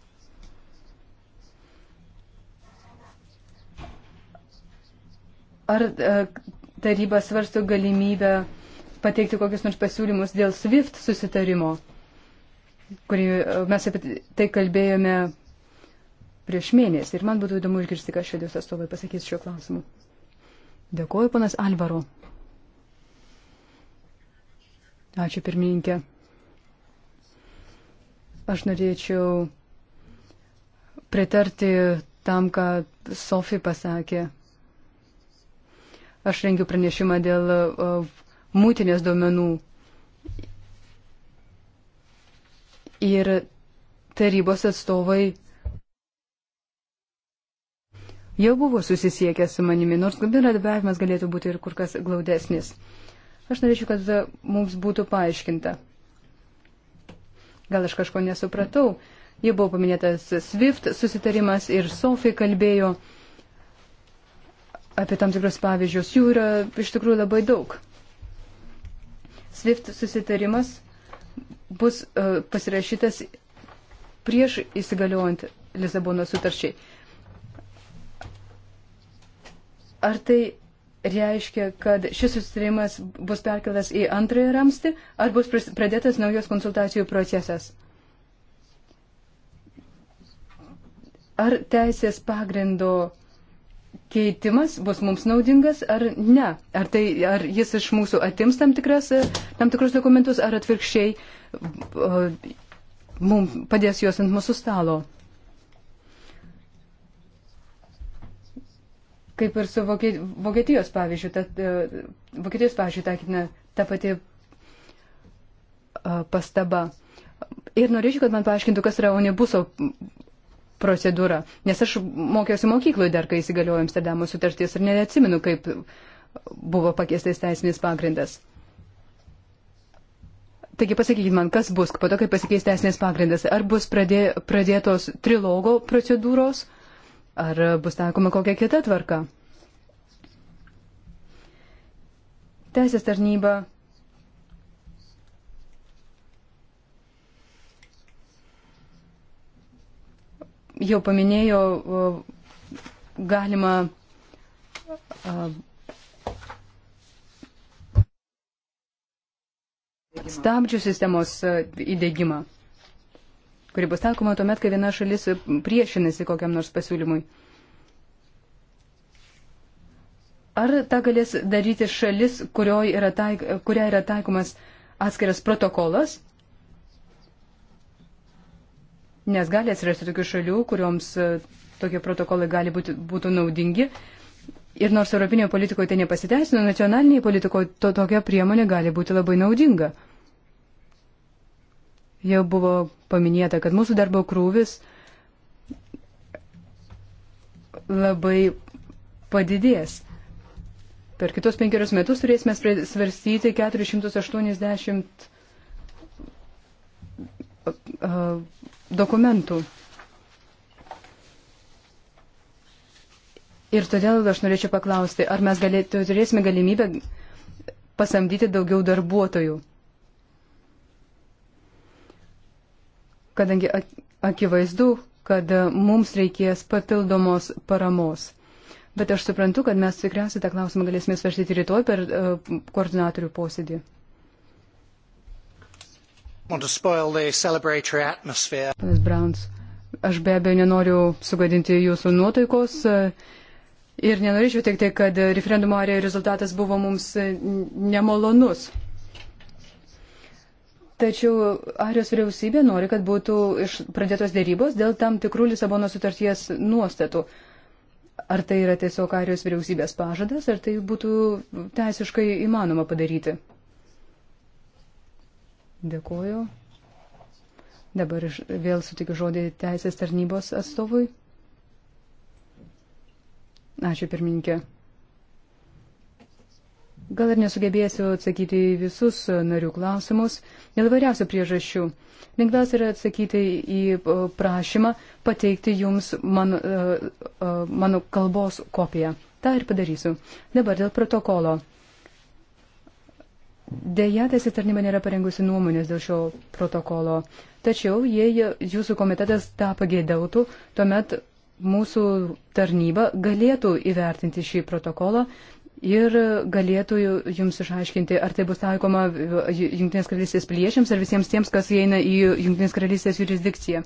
Ar e, taryba svarsto galimybę pateikti kokius nors pasiūlymus dėl SWIFT susitarimo, kurį e, mes apie tai kalbėjome prieš mėnesį. Ir man būtų įdomu išgirsti, ką švedijos atstovai pasakys šiuo klausimu. Dėkuoju, panas Alvaro. Ačiū, pirmininkė. Aš norėčiau pritarti tam, ką Sofija pasakė. Aš rengiu pranešimą dėl e, mūtinės duomenų. Ir tarybos atstovai jau buvo susisiekę su manimi, nors bendradarbiavimas galėtų būti ir kur kas glaudesnis. Aš norėčiau, kad e, mums būtų paaiškinta. Gal aš kažko nesupratau. Jau buvo paminėtas SWIFT susitarimas ir Sofija kalbėjo. Uh, apie tam tikrus pavyzdžius. Jų yra iš tikrųjų labai daug. SWIFT susitarimas bus uh, pasirašytas prieš įsigaliojant Lisabono sutarčiai. Ar tai reiškia, kad šis susitarimas bus perkeltas į antrąjį ramstį, ar bus pradėtas naujos konsultacijų procesas? Ar teisės pagrindo keitimas bus mums naudingas ar ne? Ar, tai, ar jis iš mūsų atims tam, tikras, e, tam tikrus dokumentus, ar atvirkščiai e, mums padės juos ant mūsų stalo? Kaip ir su Vokietijos pavyzdžiu, ta, e, Vokietijos pavyzdžiu taikytina ta pati pastaba. Ir norėčiau, kad man paaiškintų, kas yra omnibuso procedūra. Nes aš mokiausi mokykloje dar, kai įsigaliojo Amsterdamo sutarties ir neatsimenu, kaip buvo pakeistas teisinis pagrindas. Taigi pasakykit man, kas bus po to, kai pasikeis teisinės pagrindas. Ar bus pradė, pradėtos trilogo procedūros, ar bus taikoma kokia kita tvarka? Teisės tarnyba jau paminėjo galima stabdžių sistemos įdėgymą, kuri bus taikoma tuomet, kai viena šalis priešinasi kokiam nors pasiūlymui. Ar tą galės daryti šalis, yra taik, kuria yra taikomas atskiras protokolas, nes gali atsirasti tokių šalių, kurioms e, tokie protokolai gali būti būtų naudingi. Ir nors europinėje politikoje tai nepasiteisino, nacionalinėje politikoje to tokia priemonė gali būti labai naudinga. Jau buvo paminėta, kad mūsų darbo krūvis labai padidės. Per kitus penkerius metus turėsime svarstyti 480 dokumentų. Ir todėl aš norėčiau paklausti, ar mes galėtų, turėsime galimybę pasamdyti daugiau darbuotojų. Kadangi akivaizdu, kad mums reikės papildomos paramos. Bet aš suprantu, kad mes tikriausiai tą klausimą galėsime svarstyti rytoj per e, koordinatorių posėdį. Panas Browns, aš be abejo nenoriu sugadinti jūsų nuotaikos e, ir nenorėčiau tik tai, kad referendumo arėjo rezultatas buvo mums e, nemalonus. Tačiau Arijos vyriausybė nori, kad būtų pradėtos dėrybos dėl tam tikrų Lisabono sutarties nuostatų. Ar tai yra tiesiog Arijos vyriausybės pažadas, ar tai būtų teisiškai įmanoma padaryti? Dėkuoju. Dabar vėl sutikiu žodį teisės tarnybos atstovui. Ačiū pirmininkė. Gal ir nesugebėsiu atsakyti į visus narių klausimus dėl variausių priežasčių. Lengviausia yra atsakyti į e, prašymą pateikti jums mano, e, e, mano kalbos kopiją. Ta ir padarysiu. Dabar dėl protokolo. Deja, teisės tarnyba nėra parengusi nuomonės dėl šio protokolo. Tačiau, jei jūsų komitetas tą pageidautų, tuomet mūsų tarnyba galėtų įvertinti šį protokolą ir galėtų jums išaiškinti, ar tai bus taikoma Junktinės karalystės piliečiams ar visiems tiems, kas įeina į Junktinės karalystės jurisdikciją.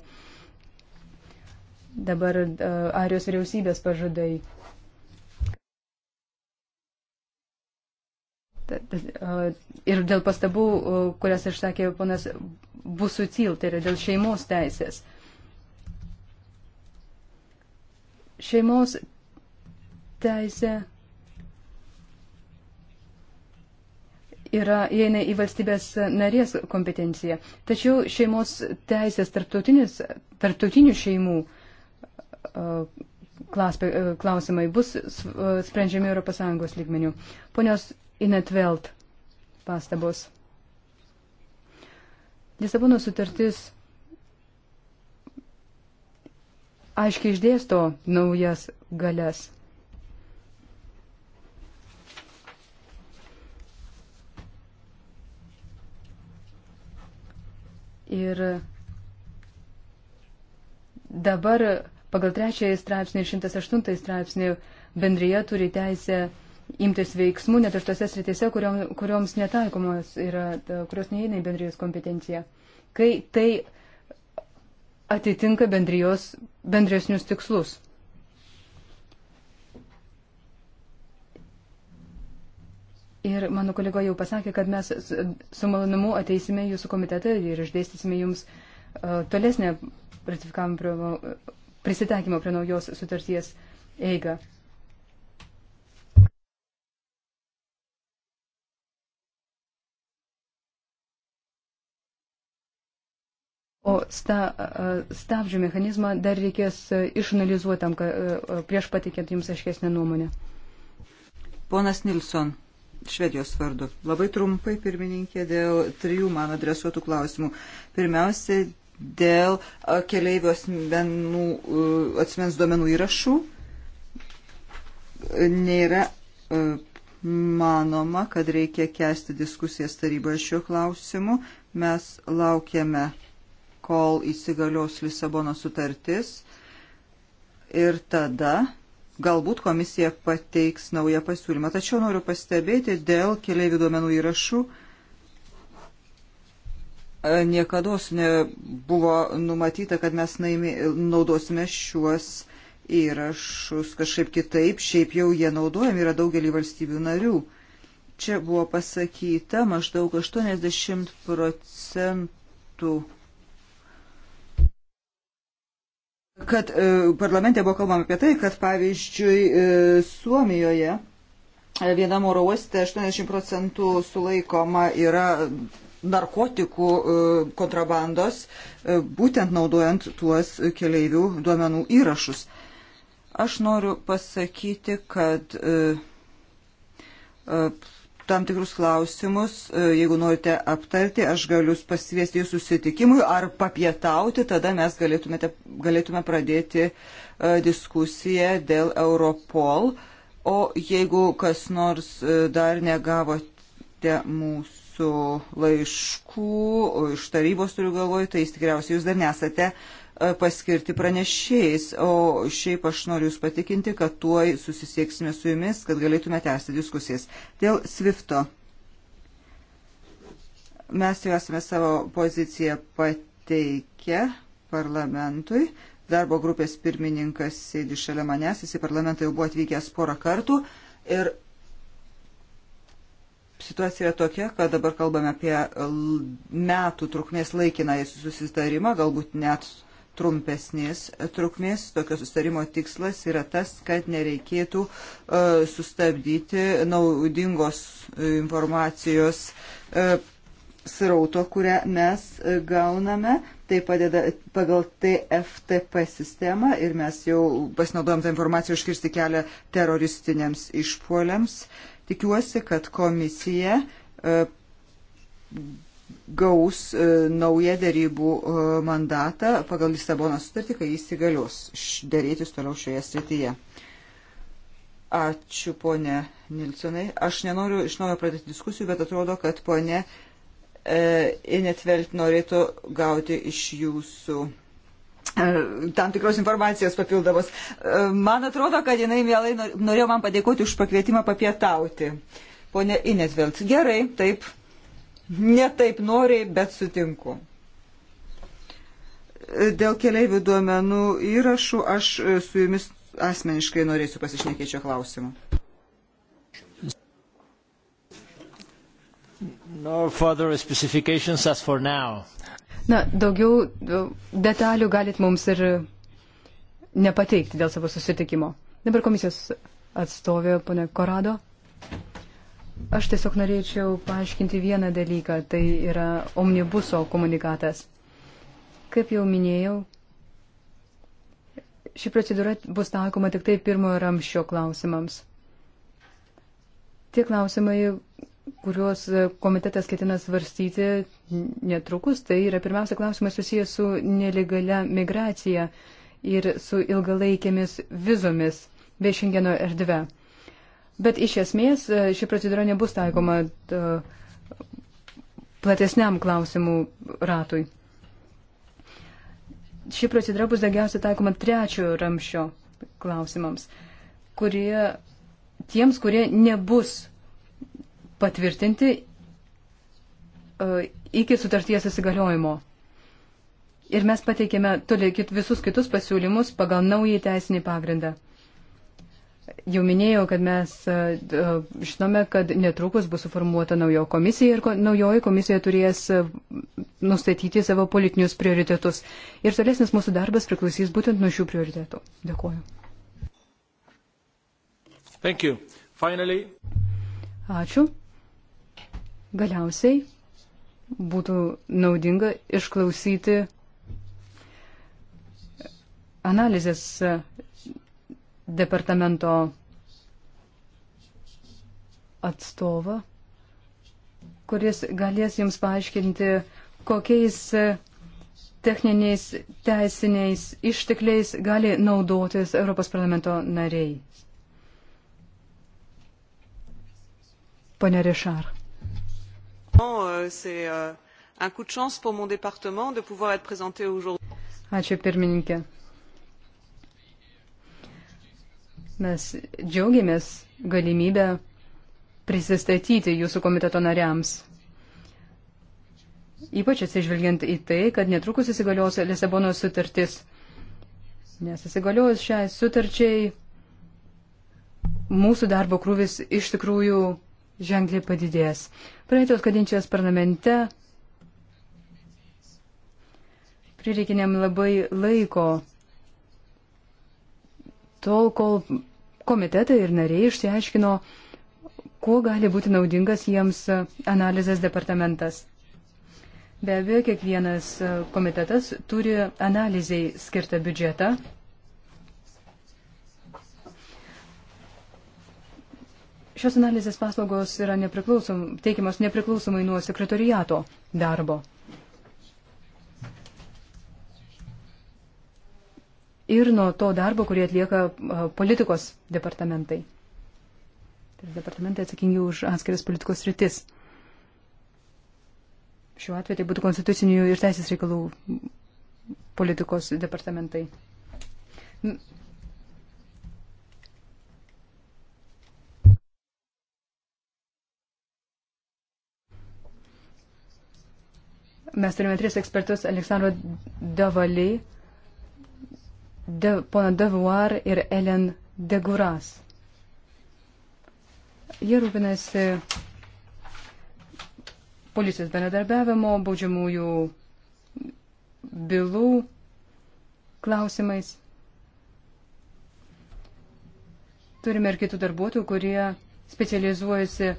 Dabar uh, Arijos vyriausybės pažadai. ir dėl pastabų, kurias išsakė ponas Busutil, tai yra dėl šeimos teisės. Šeimos teisė yra, įeina į valstybės narės kompetenciją. Tačiau šeimos teisės tarptautinių šeimų klausimai bus sprendžiami ES lygmenių. Ponios Inetvelt pastabos. Lisabono sutartis aiškiai išdėsto naujas galias. Ir dabar pagal trečiąjį straipsnį ir 108 straipsnį bendryje turi teisę imtis veiksmų net ir tose sritise, kuriom, kurioms netaikomos yra, kurios neįeina į bendrijos kompetenciją. Kai tai atitinka bendrijos bendresnius tikslus. Ir mano kolega jau pasakė, kad mes su malonumu ateisime jūsų komitetą ir išdėstysime jums tolesnę ratifikavimo prisitaikymo prie naujos sutarties eigą. O sta, stabdžių mechanizmą dar reikės išanalizuotam prieš patikėt jums aiškesnę nuomonę. Ponas Nilsson, Švedijos vardu. Labai trumpai, pirmininkė, dėl trijų man adresuotų klausimų. Pirmiausia, dėl keliaivių asmens duomenų įrašų nėra manoma, kad reikia kesti diskusijas taryboje šiuo klausimu. Mes laukiame kol įsigalios Lisabono sutartis ir tada galbūt komisija pateiks naują pasiūlymą. Tačiau noriu pastebėti dėl keliaivių duomenų įrašų. E, Niekada nebuvo numatyta, kad mes naimi, naudosime šiuos įrašus kažkaip kitaip, šiaip jau jie naudojami yra daugelį valstybių narių. Čia buvo pasakyta maždaug 80 procentų Kad e, parlamente buvo kalbama apie tai, kad pavyzdžiui e, Suomijoje e, vienam oro uoste 80 procentų sulaikoma yra narkotikų kontrabandos, būtent naudojant tuos keleivių duomenų įrašus. Aš noriu pasakyti, kad tam tikrus klausimus, e, jeigu norite aptarti, aš galiu pasviesti jūsų susitikimui ar papietauti, tada mes galėtume pradėti e, diskusiją dėl Europol. O jeigu kas nors e, dar negavote mūsų laiškų, iš tarybos turiu galvoj, tai tikriausiai jūs dar nesate E, paskirti pranešėjais. O šiaip aš noriu Jūs patikinti, kad tuoj susisieksime su Jumis, kad galėtume tęsti diskusijas. Dėl SWIFTO. Mes jau esame savo poziciją pateikę parlamentui. Darbo grupės pirmininkas sėdi šalia manęs, jis į parlamentą jau buvo atvykęs porą kartų. Ir situacija yra tokia, kad dabar kalbame apie metų trukmės laikinąjį susitarimą, galbūt net trumpesnės trukmės. Tokio sustarimo tikslas yra tas, kad nereikėtų e, sustabdyti naudingos e, informacijos e, srauto, kurią mes gauname. Tai padeda pagal TFTP sistemą ir mes jau pasinaudojom tą informaciją užkirsti kelią teroristiniams išpuoliams. Tikiuosi, kad komisija gaus e, naują darybų e, mandatą pagal Lisabono sutartį, kai jis įgalios darytis toliau šioje srityje. Ačiū, ponė Nilsonai. Aš nenoriu iš naujo pradėti diskusijų, bet atrodo, kad ponė e, Inetvelt norėtų gauti iš jūsų e, tam tikros informacijos papildomos. E, man atrodo, kad jinai mielai norėjo man padėkoti už pakvietimą papietauti. Pone Inetvelt, gerai, taip, Netaip noriai, bet sutinku. Dėl keliaivių duomenų įrašų aš su jumis asmeniškai norėsiu pasišnekėti šio klausimu. No further specifications as for now. Na, daugiau detalių galit mums ir nepateikti dėl savo susitikimo. Dabar komisijos atstovė, ponė Korado. Aš tiesiog norėčiau paaiškinti vieną dalyką, tai yra omnibuso komunikatas. Kaip jau minėjau, ši procedūra bus taikoma tik tai pirmojo ramščio klausimams. Tie klausimai, kuriuos komitetas ketina svarstyti netrukus, tai yra pirmiausia klausimai susijęs su nelegalia migracija ir su ilgalaikėmis vizomis bei šengeno erdve. Bet iš esmės e, ši procedūra nebus taikoma e, platesniam klausimų ratui. Ši procedūra bus daugiausia taikoma trečiojo ramšio klausimams, kurie tiems, kurie nebus patvirtinti e, iki sutarties įsigaliojimo. Ir mes pateikėme toliai visus kitus pasiūlymus pagal naują teisinį pagrindą. Jau minėjau, kad mes e, e, žinome, kad netrukus bus suformuota naujo komisija ir naujoji komisija turės e, nustatyti savo politinius prioritetus. Ir tolesnis mūsų darbas priklausys būtent nuo šių prioritetų. Dėkuoju. Finally... Ačiū. Galiausiai būtų naudinga išklausyti analizės departamento atstovą, kuris galės jums paaiškinti, kokiais e, techniniais teisiniais ištekliais gali naudotis Europos parlamento nariai. Pone Rišar. Euh, Ačiū pirmininkė. Mes džiaugiamės galimybę prisistatyti jūsų komiteto nariams. Ypač atsižvelgiant į tai, kad netrukus įsigalios Lisabonos sutartis. Nes įsigaliojus šiai sutarčiai mūsų darbo krūvis iš tikrųjų ženkliai padidės. Praeitos kadencijos parlamente prireikinėm labai laiko tol, kol komitetai ir nariai išsiaiškino, kuo gali būti naudingas jiems analizės departamentas. Be abejo, kiekvienas komitetas turi analizai skirtą biudžetą. Šios analizės paslaugos yra nepriklausom, teikiamos nepriklausomai nuo sekretoriato darbo. ir nuo to darbo, kurį atlieka politikos departamentai. Tai departamentai atsakingi už atskiras politikos rytis. Šiuo atveju tai būtų konstitucinių ir teisės reikalų politikos departamentai. Mes turime tris ekspertus - Aleksandro Davalį, De, pono Devuar ir Elen Deguras. Jie rūpinasi policijos bendradarbiavimo, baudžiamųjų bylų klausimais. Turime ir kitų darbuotojų, kurie specializuojasi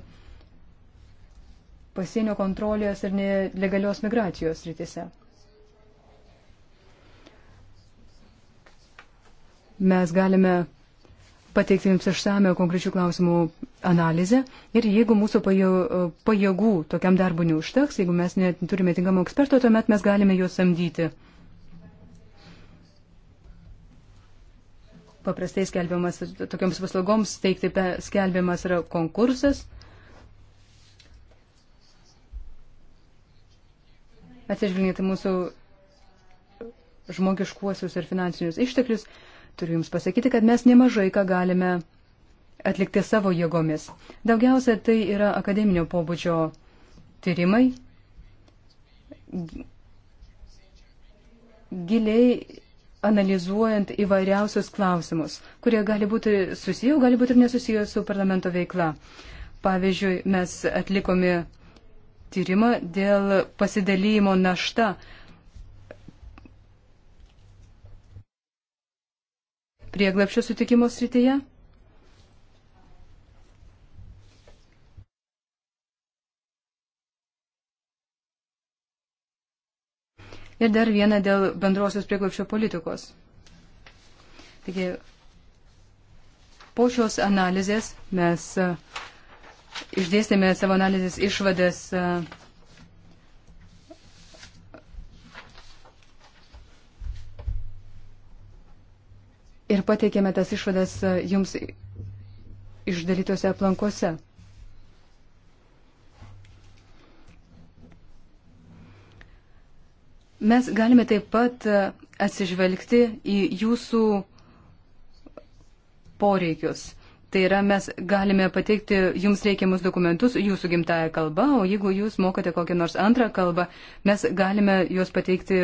pasienio kontrolės ir nelegalios migracijos rytise. mes galime pateikti jums išsame konkrečių klausimų analizę ir jeigu mūsų pajėgų tokiam darbui neužteks, jeigu mes neturime tinkamų eksperto, tuomet mes galime juos samdyti. Paprastai skelbiamas tokiams paslaugoms teikti skelbiamas yra konkursas. Atsižvelgiant į mūsų žmogiškuosius ir finansinius išteklius, uh, turiu Jums pasakyti, kad mes nemažai ką galime atlikti savo jėgomis. Daugiausia tai yra akademinio pobūdžio tyrimai, giliai analizuojant įvairiausius klausimus, kurie gali būti susiję, gali būti ir nesusiję su parlamento veikla. Pavyzdžiui, mes atlikome tyrimą dėl pasidalymo našta prieglapščio sutikimo srityje. Ir dar vieną dėl bendrosios prieglapščio politikos. Taigi, po šios analizės mes e, išdėstėme savo analizės išvadas e, ir pateikėme tas išvadas e, jums išdalytose aplankose. Mes galime taip pat e, atsižvelgti į jūsų poreikius. Tai yra, mes galime pateikti jums reikiamus dokumentus jūsų gimtaja kalba, o jeigu jūs mokate kokią nors antrą kalbą, mes galime juos pateikti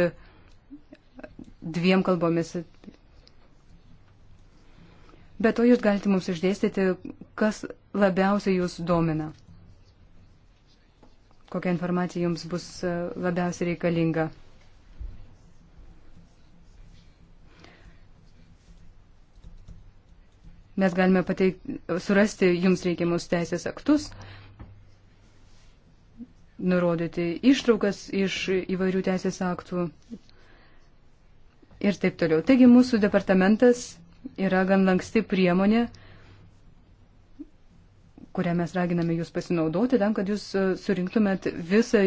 dviem kalbomis Bet to jūs galite mums išdėstyti, kas labiausiai jūs domina. Kokia informacija jums bus e, labiausiai reikalinga. Mes galime pateikti, surasti jums reikiamus teisės aktus, nurodyti ištraukas iš įvairių teisės aktų ir taip toliau. Taigi mūsų departamentas yra gan lanksti priemonė, kurią mes raginame jūs pasinaudoti tam, kad jūs e, surinktumėt visą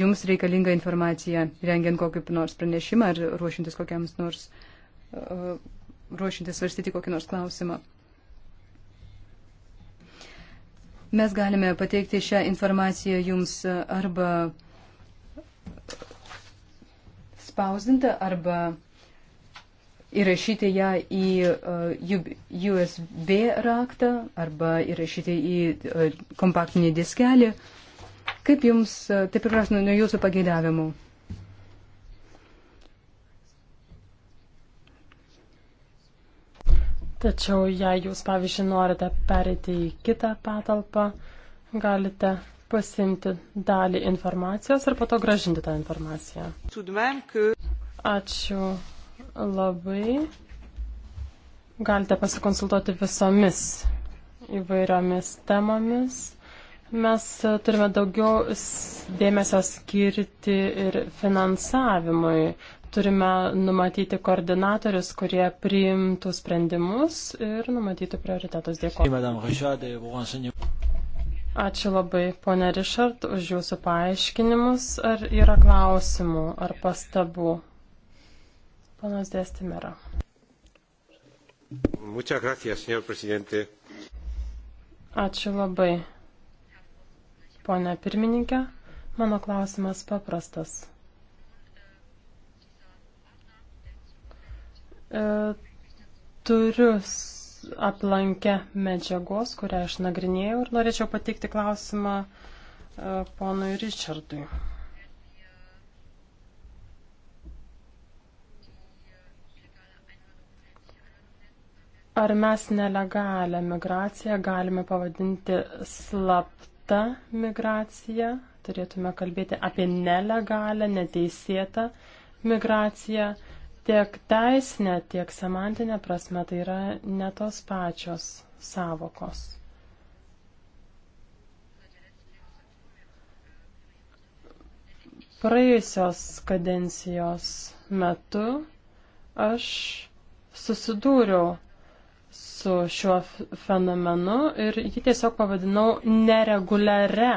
jums reikalingą informaciją, rengiant kokį nors pranešimą ar ruošintis kokiams nors, e, ruošintis svarstyti kokį nors klausimą. Mes galime pateikti šią informaciją jums e, arba spausdintą, arba įrašyti ją į e, USB raktą arba įrašyti į e, kompaktinį diskelį. Kaip jums, e, taip ir prasme, nuo jūsų pageidavimų? Tačiau jei jūs, pavyzdžiui, norite perėti į kitą patalpą, galite pasimti dalį informacijos ir po to gražinti tą informaciją. Ačiū labai. Galite pasikonsultuoti visomis įvairiomis temomis. Mes turime daugiau dėmesio skirti ir finansavimui. Turime numatyti koordinatorius, kurie priimtų sprendimus ir numatytų prioritetus. Dėkuoju. Ačiū labai, ponė Richard, už jūsų paaiškinimus. Ar yra klausimų ar pastabų? Ponas Destimera. Muchas gracias, señor presidente. Ačiū labai. Pone pirmininkė, mano klausimas paprastas. E, turiu aplankę medžiagos, kurią aš nagrinėjau ir norėčiau pateikti klausimą e, ponui Richardui. Ar mes nelegalią migraciją galime pavadinti slapta migracija? Turėtume kalbėti apie nelegalią, neteisėtą migraciją. Tiek teisinė, tiek semantinė prasme tai yra ne tos pačios savokos. Praėjusios kadencijos metu aš susidūriau su šiuo fenomenu ir jį tiesiog pavadinau nereguliare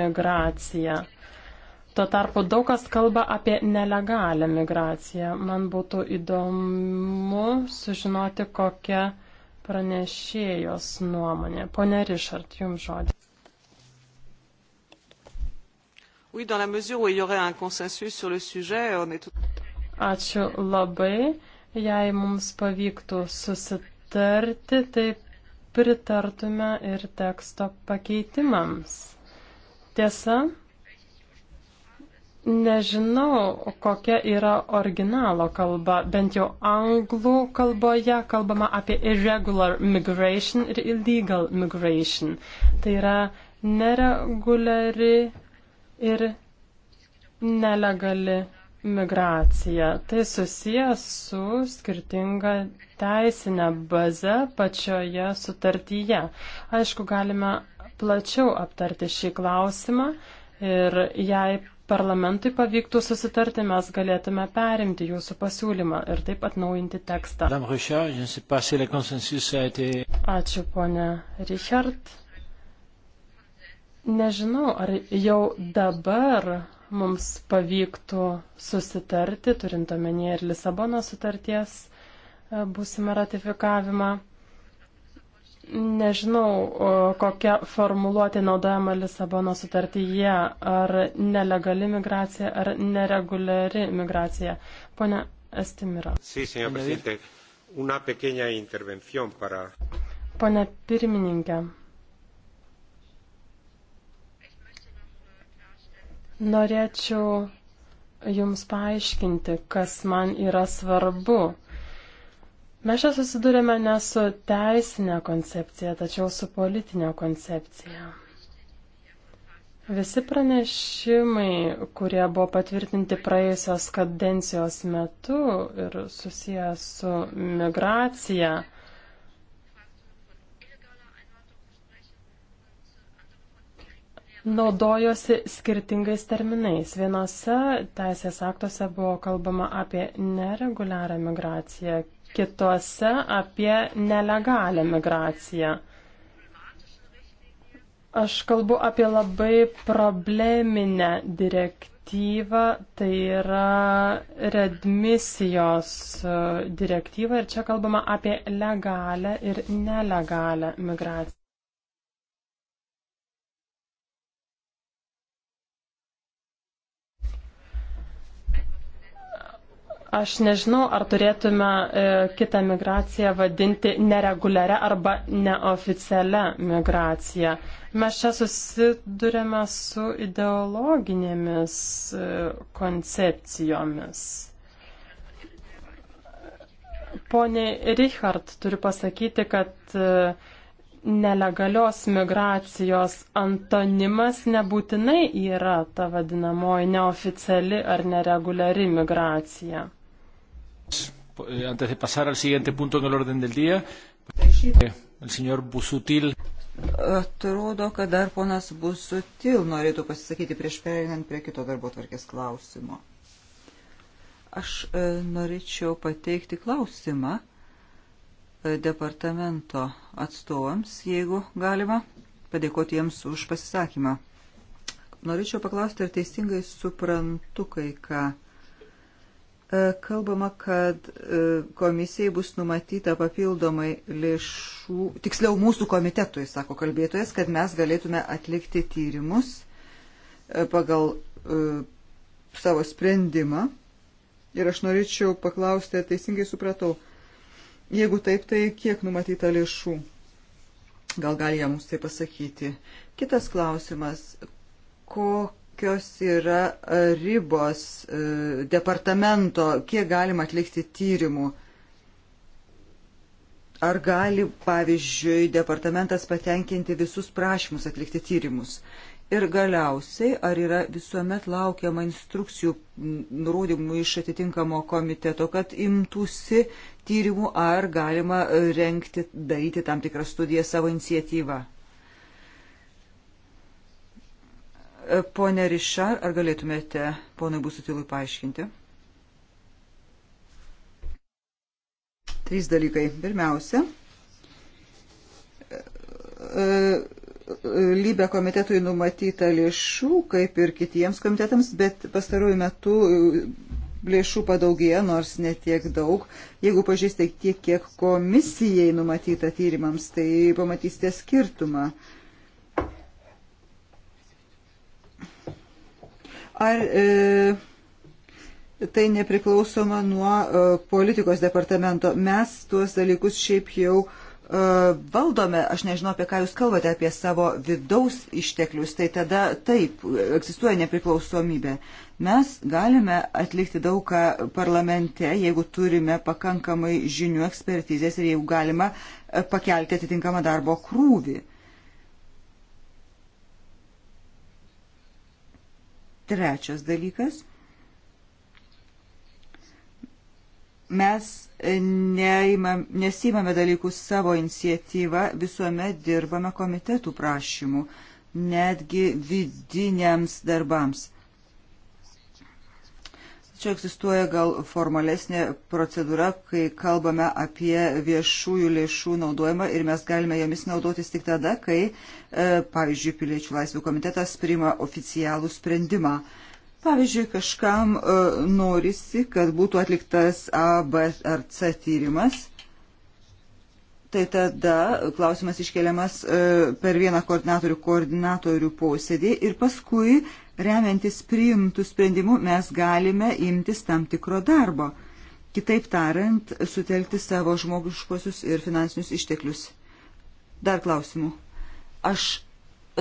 migracija. Tuo tarpu daug kas kalba apie nelegalią migraciją. Man būtų įdomu sužinoti, kokia pranešėjos nuomonė. Pone Rišart, jums žodis. Oui, dans la mesure où il y aurait un consensus sur le sujet, on est tout... Ačiū labai. Jei mums pavyktų susitikti pritarti, tai pritartume ir teksto pakeitimams. Tiesa, nežinau, kokia yra originalo kalba, bent jau anglų kalboje kalbama apie irregular migration ir illegal migration. Tai yra nereguliari ir nelegali migracija. Tai susijęs su skirtinga teisinė baze pačioje sutartyje. Aišku, galime plačiau aptarti šį klausimą ir jei parlamentui pavyktų susitarti, mes galėtume perimti jūsų pasiūlymą ir taip atnaujinti tekstą. Ačiū, ponė Richard. Nežinau, ar jau dabar mums pavyktų susitarti, turint omenyje ir Lisabono sutarties e, būsimą ratifikavimą. Nežinau, kokia formuluotė naudojama Lisabono sutartyje, ar nelegali migracija, ar nereguliari migracija. Pone Estimira. Sí, Pone pirmininkė. Norėčiau Jums paaiškinti, kas man yra svarbu. Mes čia susidurėme ne su teisinė koncepcija, tačiau su politinė koncepcija. Visi pranešimai, kurie buvo patvirtinti praėjusios kadencijos metu ir susijęs su migracija, naudojosi skirtingais terminais. Vienose teisės aktuose buvo kalbama apie nereguliarią migraciją, kitose apie nelegalią migraciją. Aš kalbu apie labai probleminę direktyvą, tai yra redmisijos direktyva ir čia kalbama apie legalę ir nelegalę migraciją. Aš nežinau, ar turėtume e, kitą migraciją vadinti nereguliaria arba neoficialia migracija. Mes čia susidurėme su ideologinėmis e, koncepcijomis. Pone Richard, turiu pasakyti, kad e, nelegalios migracijos antonimas nebūtinai yra ta vadinamoji neoficiali ar nereguliari migracija. Eh, antes de pasar al siguiente punto en el orden del día, el señor Busutil. Atrodo, kad dar ponas Busutil norėtų pasisakyti prieš pereinant prie kito darbo tvarkės klausimo. Aš e, norėčiau pateikti klausimą e, departamento atstovams, jeigu galima, padėkoti jiems už pasisakymą. Norėčiau paklausti, ar teisingai suprantu kai ką. E, kalbama, kad e, komisijai bus numatyta papildomai lėšų, tiksliau mūsų komitetui, sako kalbėtojas, kad mes galėtume atlikti tyrimus e, pagal savo sprendimą. Ir aš norėčiau paklausti, ar teisingai supratau, jeigu taip, tai kiek numatyta lėšų? Gal gali jie mums tai pasakyti. Kitas klausimas, kokia kokios yra e, ribos e, departamento, kiek galima atlikti tyrimų. Ar gali, pavyzdžiui, departamentas patenkinti visus prašymus atlikti tyrimus? Ir galiausiai, ar yra visuomet laukiama instrukcijų nurodymų iš atitinkamo komiteto, kad imtųsi tyrimų, ar galima e, renkti, daryti tam tikrą studiją savo iniciatyvą? E, pone Rišar, ar galėtumėte ponui Busutilui paaiškinti? Trys dalykai. Pirmiausia, e, e, lybė komitetui numatyta lėšų, kaip ir kitiems komitetams, bet pastaruoju metu lėšų padaugėja, nors netiek daug. Jeigu pažiūrėsite tiek, kiek komisijai numatyta tyrimams, tai pamatysite skirtumą. Uh, Ar e, tai nepriklausoma nuo e, politikos departamento? Mes tuos dalykus šiaip jau e, valdome, aš nežinau, apie ką jūs kalbate, apie savo vidaus išteklius, tai tada taip, egzistuoja nepriklausomybė. Mes galime atlikti daug ką parlamente, jeigu turime pakankamai žinių ekspertizės ir jeigu galima e, pakelti atitinkamą darbo krūvį. Trečias dalykas. Mes neimam, nesimame dalykų savo iniciatyvą, visuomet dirbame komitetų prašymų, netgi vidiniams darbams. Čia egzistuoja gal formalesnė procedūra, kai kalbame apie viešųjų lėšų naudojimą ir mes galime jomis naudotis tik tada, kai, e, pavyzdžiui, Piliečių laisvių komitetas priima oficialų sprendimą. Pavyzdžiui, kažkam e, norisi, kad būtų atliktas A, B ar C tyrimas tai tada klausimas iškeliamas e, per vieną koordinatorių koordinatorių posėdį ir paskui, remiantis priimtų sprendimų, mes galime imtis tam tikro darbo. Kitaip tariant, sutelkti savo žmogiškosius ir finansinius išteklius. Dar klausimų. Aš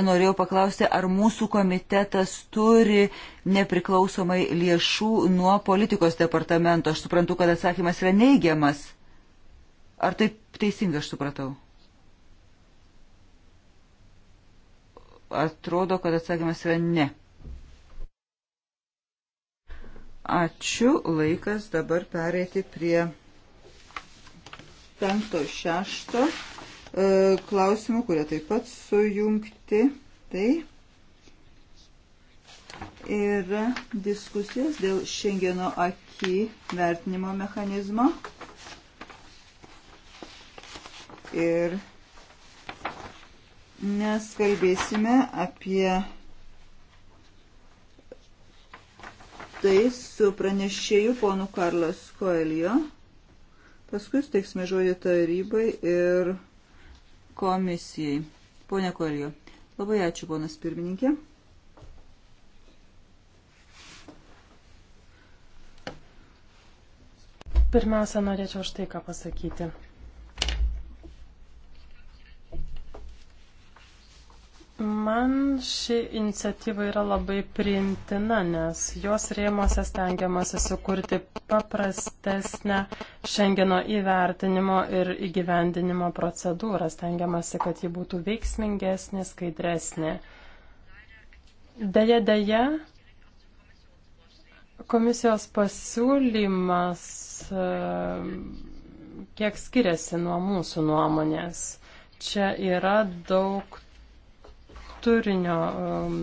norėjau paklausti, ar mūsų komitetas turi nepriklausomai lėšų nuo politikos departamento. Aš suprantu, kad atsakymas yra neigiamas. Ar taip teisingai aš supratau? Atrodo, kad atsakymas yra ne. Ačiū, laikas dabar pereiti prie penkto, šešto e, klausimų, kurie taip pat sujungti. Tai yra diskusijos dėl Šengeno akį vertinimo mechanizmo ir mes kalbėsime apie tai su pranešėju ponu Karlas Koelio. Paskui steiksime žodį tarybai ir komisijai. Pone Koelio. Labai ačiū, ponas pirmininkė. Pirmiausia, norėčiau štai ką pasakyti. Man ši iniciatyva yra labai priimtina, nes jos rėmose stengiamasi sukurti paprastesnę Šengeno įvertinimo ir įgyvendinimo procedūrą, stengiamasi, kad ji būtų veiksmingesnė, skaidresnė. Deja, deja, komisijos pasiūlymas e, kiek skiriasi nuo mūsų nuomonės. Čia yra daug turinio um,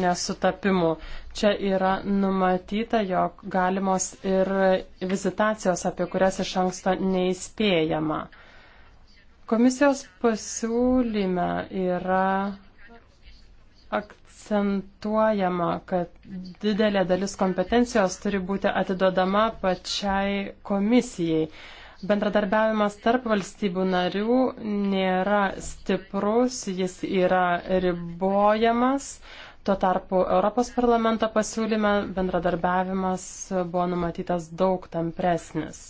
nesutapimų. Čia yra numatyta, jog galimos ir vizitacijos, apie kurias iš anksto neįspėjama. Komisijos pasiūlyme yra akcentuojama, kad didelė dalis kompetencijos turi būti atiduodama pačiai komisijai. Bendradarbiavimas tarp valstybių narių nėra stiprus, jis yra ribojamas. Tuo tarpu Europos parlamento pasiūlyme bendradarbiavimas buvo numatytas daug tampresnis.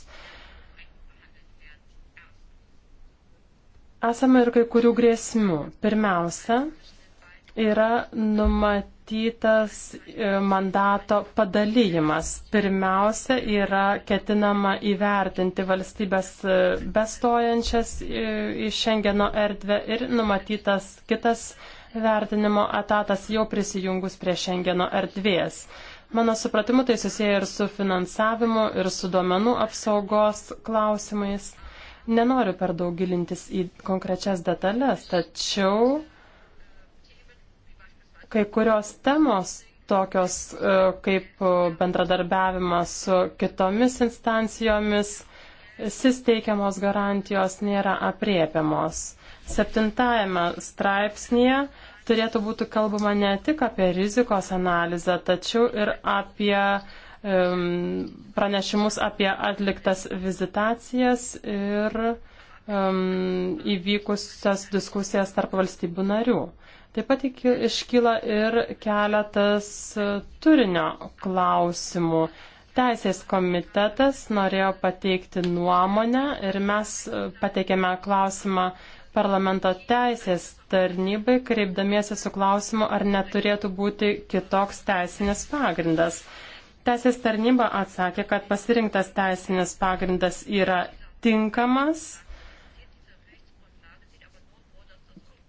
Esame ir kai kurių grėsmių. Pirmiausia, yra numatytas e, mandato padalyjimas. Pirmiausia, yra ketinama įvertinti valstybės e, bestojančias e, į Šengeno erdvę ir numatytas kitas vertinimo etatas jau prisijungus prie Šengeno erdvės. Mano supratimu, tai susiję ir su finansavimu, ir su duomenų apsaugos klausimais. Nenoriu per daug gilintis į konkrečias detalės, tačiau Kai kurios temos, tokios e, kaip bendradarbiavimas su kitomis instancijomis, SIS teikiamos garantijos nėra apriepiamos. Septintajame straipsnėje turėtų būti kalbama ne tik apie rizikos analizę, tačiau ir apie um, pranešimus apie atliktas vizitacijas ir um, įvykusias diskusijas tarp valstybių narių. Taip pat iškyla ir keletas e, turinio klausimų. Teisės komitetas norėjo pateikti nuomonę ir mes e, pateikėme klausimą parlamento teisės tarnybai, kreipdamiesi su klausimu, ar neturėtų būti kitoks teisinis pagrindas. Teisės tarnyba atsakė, kad pasirinktas teisinis pagrindas yra tinkamas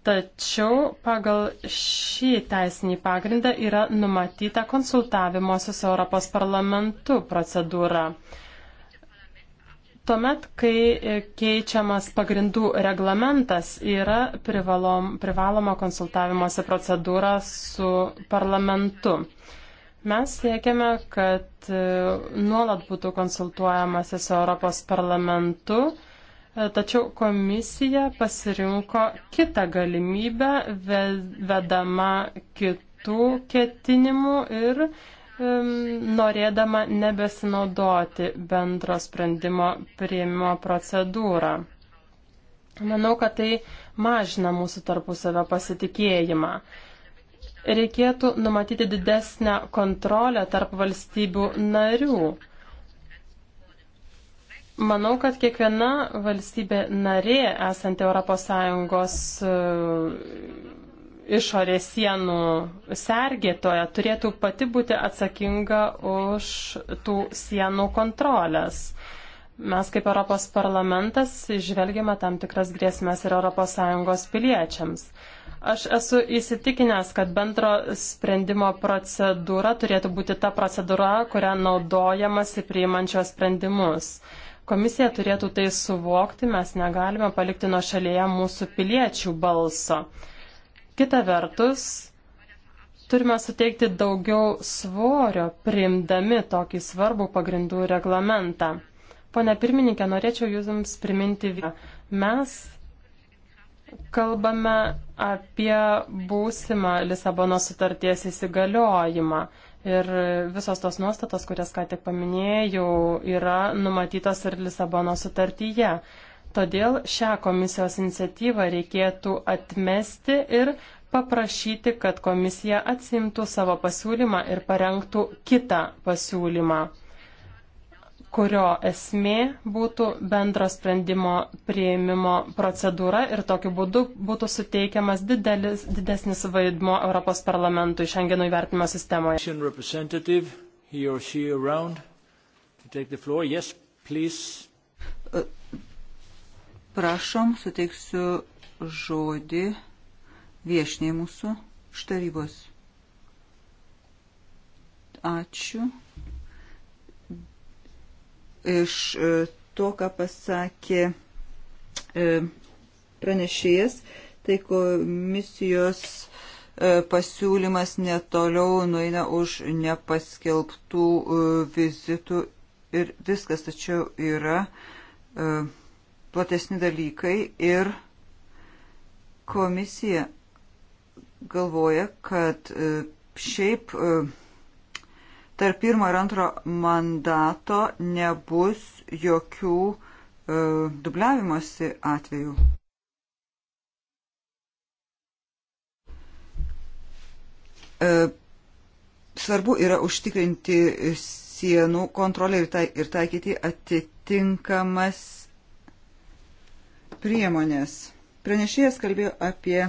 Tačiau pagal šį teisinį pagrindą yra numatyta konsultavimuose su Europos parlamentu procedūra. Tuomet, kai keičiamas pagrindų reglamentas, yra privalom, privaloma konsultavimuose procedūra su parlamentu. Mes siekiame, kad nuolat būtų konsultuojamasi su Europos parlamentu Tačiau komisija pasirinko kitą galimybę, vedama kitų ketinimų ir um, norėdama nebesinaudoti bendro sprendimo prieimimo procedūrą. Manau, kad tai mažina mūsų tarpusavio pasitikėjimą. Reikėtų numatyti didesnę kontrolę tarp valstybių narių. Manau, kad kiekviena valstybė narė esanti ES e, išorės sienų sergėtoja turėtų pati būti atsakinga už tų sienų kontrolės. Mes kaip Europos parlamentas išvelgiame tam tikras grėsmės ir ES piliečiams. Aš esu įsitikinęs, kad bendro sprendimo procedūra turėtų būti ta procedūra, kurią naudojamasi priimančios sprendimus. Komisija turėtų tai suvokti, mes negalime palikti nuo šalyje mūsų piliečių balso. Kita vertus, turime suteikti daugiau svorio, priimdami tokį svarbų pagrindų reglamentą. Pone pirmininkė, norėčiau Jums priminti, mes kalbame apie būsimą Lisabono sutarties įsigaliojimą. Ir visos tos nuostatos, kurias ką tik paminėjau, yra numatytos ir Lisabono sutartyje. Todėl šią komisijos iniciatyvą reikėtų atmesti ir paprašyti, kad komisija atsimtų savo pasiūlymą ir parengtų kitą pasiūlymą kurio esmė būtų bendro sprendimo prieimimo procedūra ir tokiu būdu būtų suteikiamas didelis, didesnis vaidmo Europos parlamentui Šengeno įvertinimo sistemoje. Uh, prašom, suteiksiu žodį viešniai mūsų štarybos. Ačiū iš e, to, ką pasakė e, pranešėjas, tai komisijos e, pasiūlymas netoliau nueina už nepaskelbtų vizitų ir viskas, tačiau yra platesni dalykai ir komisija galvoja, kad šiaip tarp pirmo ir antro mandato nebus jokių e, dubliavimosi atvejų. E, svarbu yra užtikrinti sienų kontrolę ir, tai, ir taikyti atitinkamas priemonės. Pranešėjas kalbėjo apie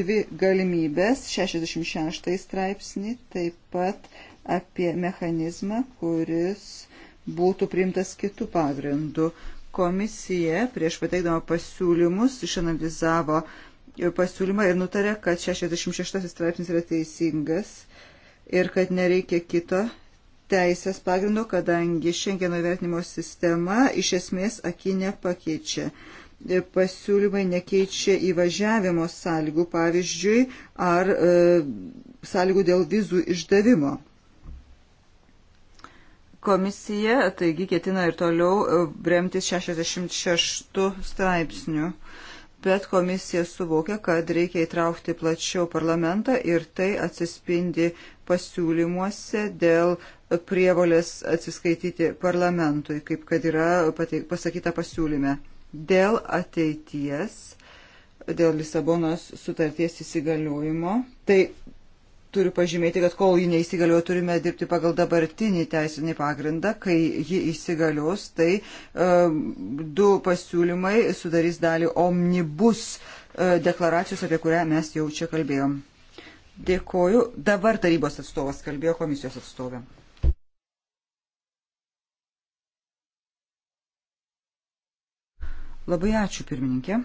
dvi galimybės - 66 straipsnį, taip pat apie mechanizmą, kuris būtų priimtas kitų pagrindų. Komisija prieš pateikdama pasiūlymus išanalizavo pasiūlymą ir nutarė, kad 66 straipsnis yra teisingas ir kad nereikia kito teisės pagrindo, kadangi šiandieno vertinimo sistema iš esmės akinė pakeičia pasiūlymai nekeičia įvažiavimo sąlygų, pavyzdžiui, ar e, sąlygų dėl vizų išdavimo. Komisija, taigi, ketina ir toliau e, remtis 66 straipsnių, bet komisija suvokia, kad reikia įtraukti plačiau parlamentą ir tai atsispindi pasiūlymuose dėl prievolės atsiskaityti parlamentui, kaip kad yra pasakyta pasiūlyme. Dėl ateities, dėl Lisabonos sutarties įsigaliojimo, tai turiu pažymėti, kad kol ji neįsigaliojo, turime dirbti pagal dabartinį teisinį pagrindą. Kai ji įsigalios, tai ehm, du pasiūlymai sudarys dalį omnibus e, deklaracijos, apie kurią mes jau čia kalbėjom. Dėkoju. Dabar tarybos atstovas kalbėjo komisijos atstovė. Labai ačiū, pirmininkė.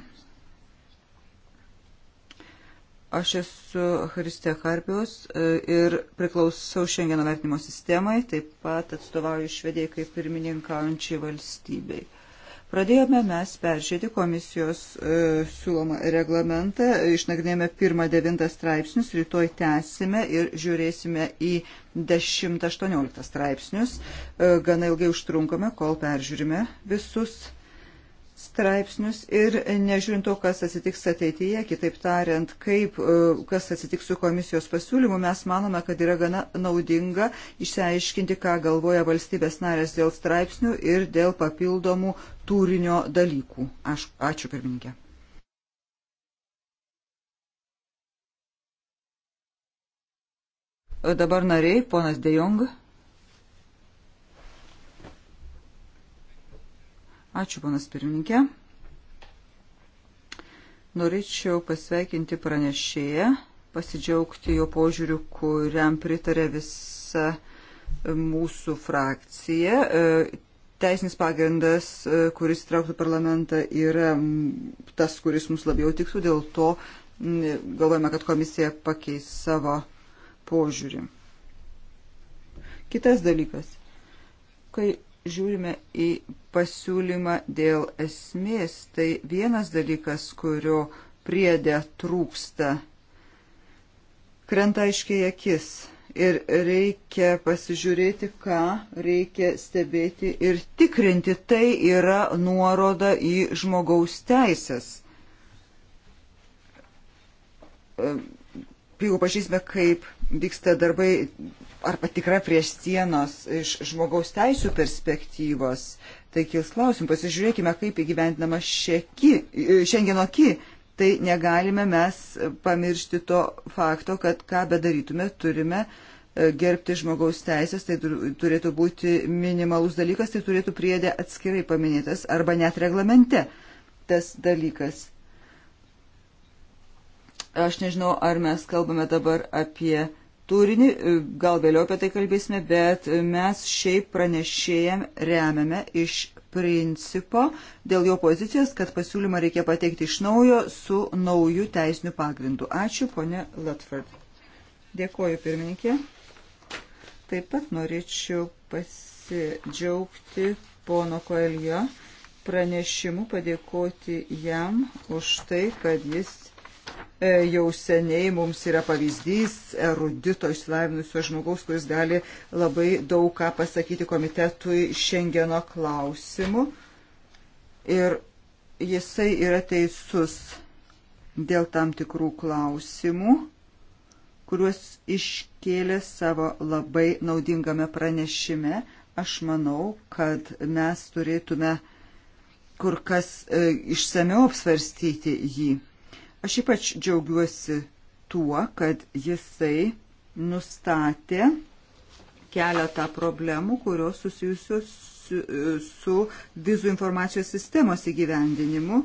Aš esu Haristė Harpijos e, ir priklausau šiandieną vertinimo sistemai, taip pat atstovauju Švedijai kaip pirmininkaujančiai valstybei. Pradėjome mes peržiūrėti komisijos e, siūlomą reglamentą, išnagrinėjome pirmą devintą straipsnius, rytoj tęsime ir žiūrėsime į 10-18 straipsnius. E, gana ilgai užtrunkame, kol peržiūrime visus straipsnius ir nežiūrint to, kas atsitiks ateityje, kitaip tariant, kaip, e, kas atsitiks su komisijos pasiūlymu, mes manome, kad yra gana naudinga išsiaiškinti, ką galvoja valstybės narės dėl straipsnių ir dėl papildomų turinio dalykų. Aš, ačiū pirmininkė. Dabar nariai, ponas Dejong. Ačiū, panas pirmininkė. Norėčiau pasveikinti pranešėją, pasidžiaugti jo požiūriu, kuriam pritarė visa mūsų frakcija. Teisinis pagrindas, e, kuris trauktų parlamentą, yra tas, kuris mums labiau tiktų, dėl to galvojame, kad komisija pakeis savo požiūrį. Kitas dalykas. Kai žiūrime į pasiūlymą dėl esmės, tai vienas dalykas, kurio priedė trūksta, krenta aiškiai akis. Ir reikia pasižiūrėti, ką reikia stebėti ir tikrinti. Tai yra nuoroda į žmogaus teisės. Jeigu pažįsime, kaip vyksta darbai ar patikra prieš sienos iš žmogaus teisų perspektyvos. Tai kils klausim, pasižiūrėkime, kaip įgyvendinama šiandieno ki. Tai negalime mes pamiršti to fakto, kad ką bedarytume, turime e, gerbti žmogaus teisės, tai turėtų būti minimalus dalykas, tai turėtų priedė atskirai paminėtas arba net reglamente tas dalykas. Aš nežinau, ar mes kalbame dabar apie uh, turinį, e, gal vėliau apie tai kalbėsime, bet e, mes šiaip pranešėjam remiame iš principo dėl jo pozicijos, kad pasiūlymą reikia pateikti iš naujo su nauju teisiniu pagrindu. Ačiū, ponė Latford. Dėkoju, pirmininkė. Taip pat norėčiau pasidžiaugti pono Koelio pranešimu, padėkoti jam už tai, kad jis E, jau seniai mums yra pavyzdys erudito išsilavinusio žmogaus, kuris gali labai daug ką pasakyti komitetui šiandieno klausimu. Ir jisai yra teisus dėl tam tikrų klausimų, kuriuos iškėlė savo labai naudingame pranešime. Aš manau, kad mes turėtume kur kas e, išsameu apsvarstyti jį Aš ypač džiaugiuosi tuo, kad jisai nustatė keletą problemų, kurios susijusios su, su vizų informacijos sistemos įgyvendinimu,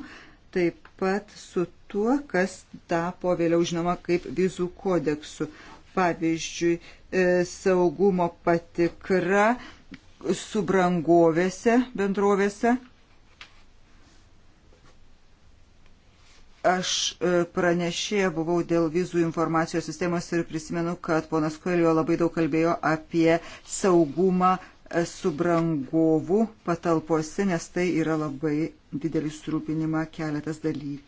taip pat su tuo, kas tapo vėliau žinoma kaip vizų kodeksu. Pavyzdžiui, e, saugumo patikra subrangovėse, bendrovėse Aš e, pranešėja buvau dėl vizų informacijos sistemos ir prisimenu, kad ponas Koelio labai daug kalbėjo apie saugumą e, subrangovų patalpose, nes tai yra labai didelis surūpinimą keletas dalyk,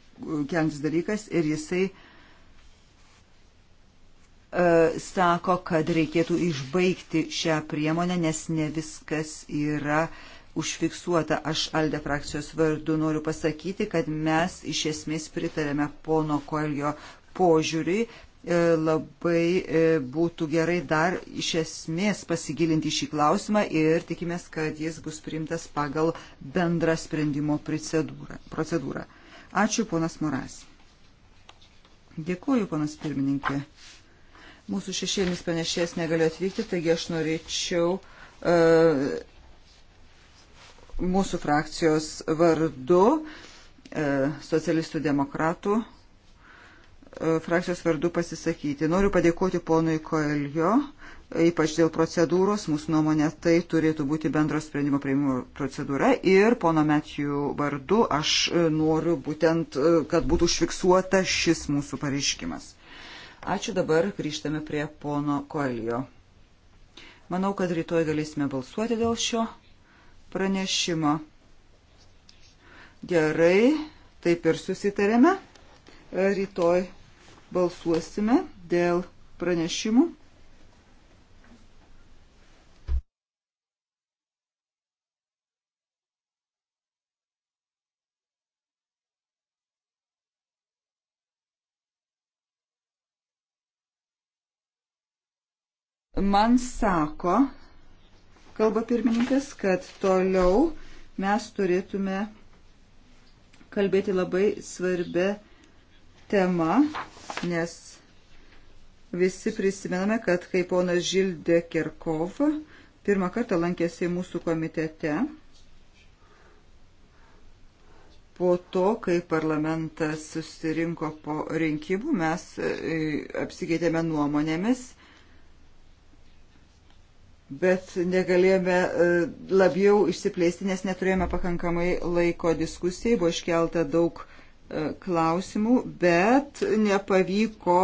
keliantis dalykas ir jisai uh, sako, kad reikėtų išbaigti šią priemonę, nes ne viskas yra uh, užfiksuota. Aš Alde frakcijos vardu noriu pasakyti, kad mes iš esmės pritarėme pono Koelio požiūriui. E, labai e, būtų gerai dar iš esmės pasigilinti šį klausimą ir tikimės, kad jis bus priimtas pagal bendrą sprendimo procedūrą. Ačiū, ponas Moras. Dėkuoju, ponas pirmininkė. Mūsų šešėlinis panešės negaliu atvykti, taigi aš norėčiau uh, mūsų frakcijos vardu, e, socialistų demokratų e, frakcijos vardu pasisakyti. Noriu padėkoti ponui Koeljo, ypač dėl procedūros, mūsų nuomonė tai turėtų būti bendro sprendimo prieimimo procedūra ir pono Metijų vardu aš e, noriu būtent, kad būtų užfiksuota šis mūsų pareiškimas. Ačiū dabar, grįžtame prie pono Koeljo. Manau, kad rytoj galėsime balsuoti dėl šio pranešimo. Gerai, taip ir susitarėme. E, rytoj balsuosime dėl pranešimų. Man sako, kalba pirmininkas, kad toliau mes turėtume kalbėti labai svarbę temą, nes visi prisimename, kad kai ponas Žildė Kirkov pirmą kartą lankėsi mūsų komitete, po to, kai parlamentas susirinko po rinkimų, mes e, apsikeitėme nuomonėmis bet negalėjome e, labiau išsiplėsti, nes neturėjome pakankamai laiko diskusijai, buvo iškelta daug e, klausimų, bet nepavyko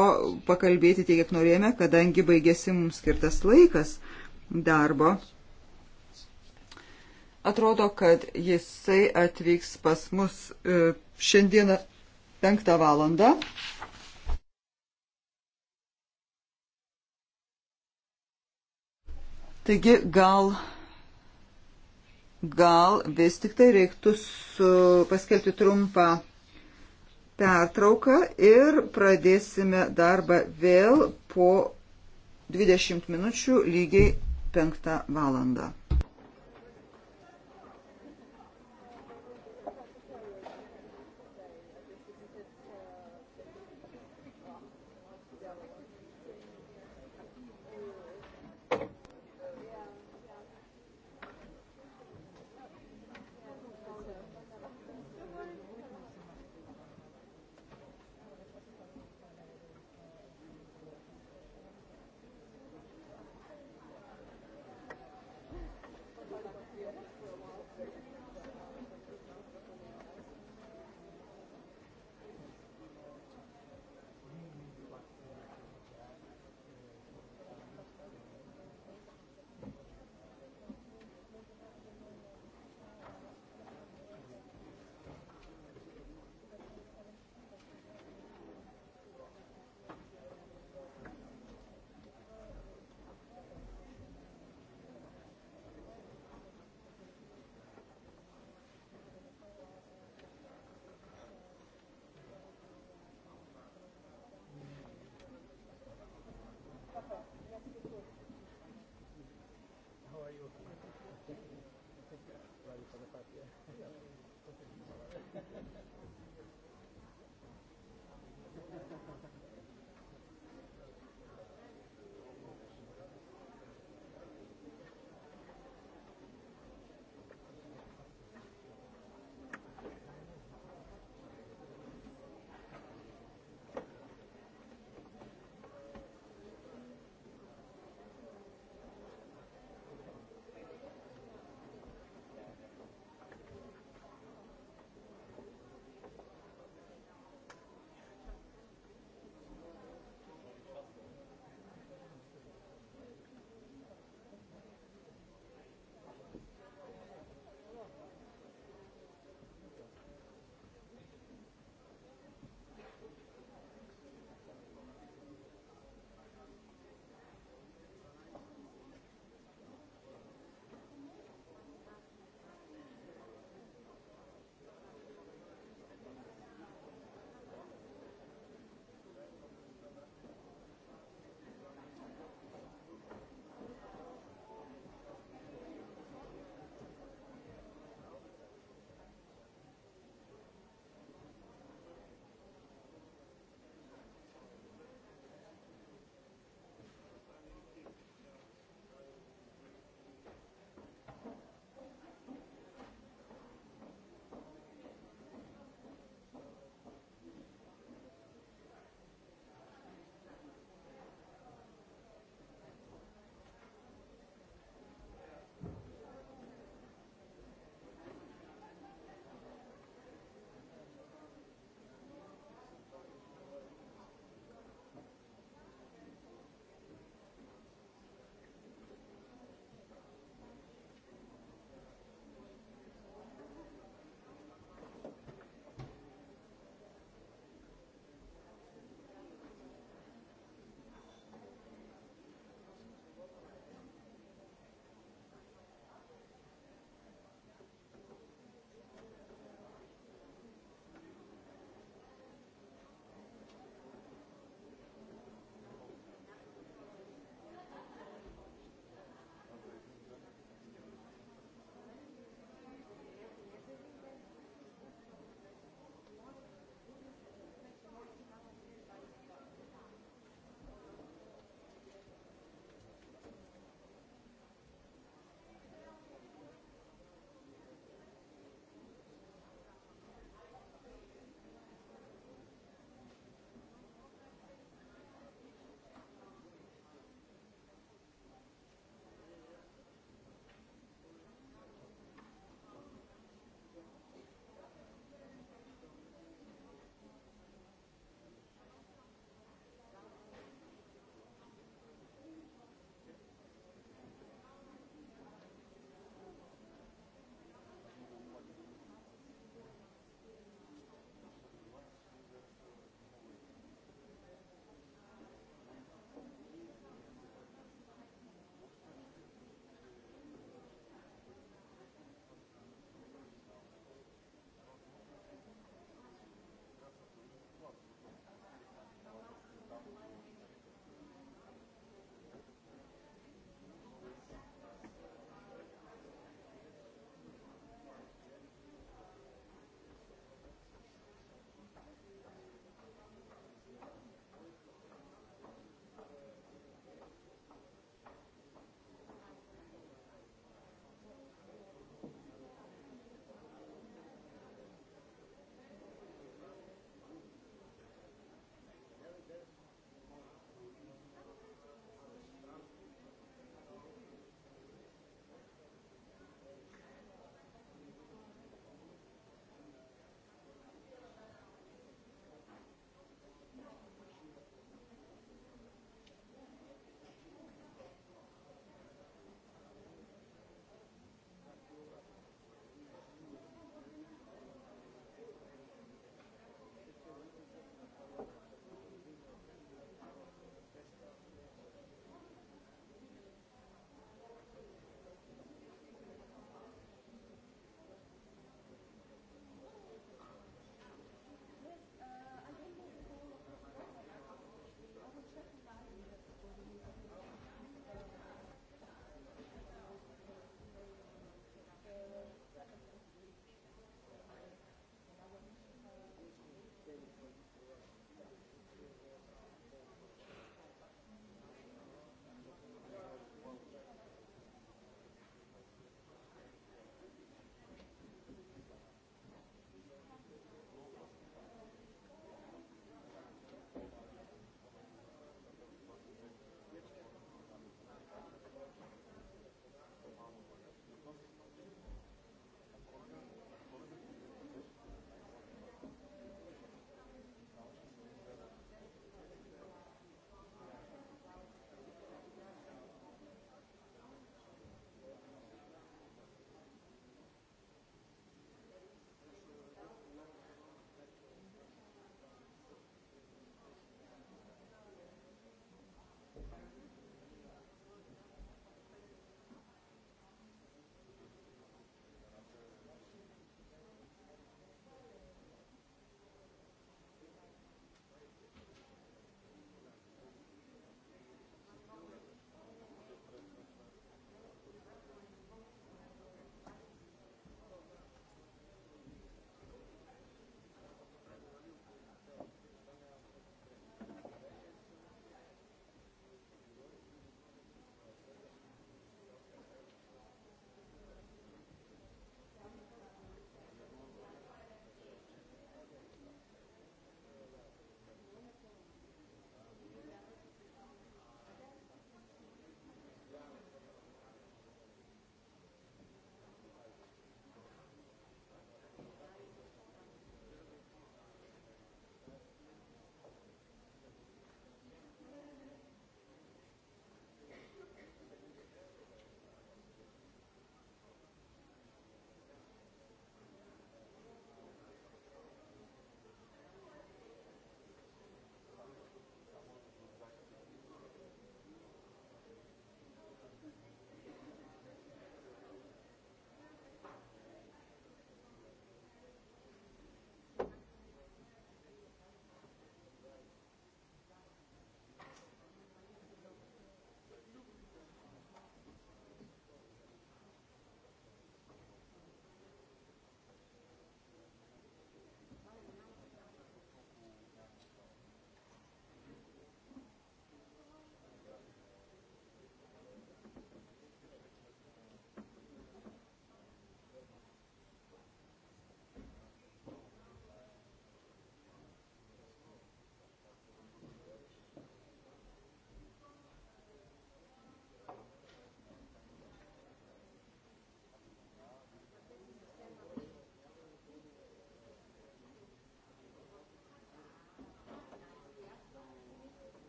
pakalbėti tiek, kiek norėjome, kadangi baigėsi mums skirtas laikas darbo. Atrodo, kad jisai atvyks pas mus e, šiandieną penktą valandą. Taigi gal, gal vis tik tai reiktų su, paskelbti trumpą pertrauką ir pradėsime darbą vėl po 20 minučių lygiai 5 valandą.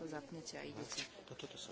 to zapnete a idete. Toto to sa...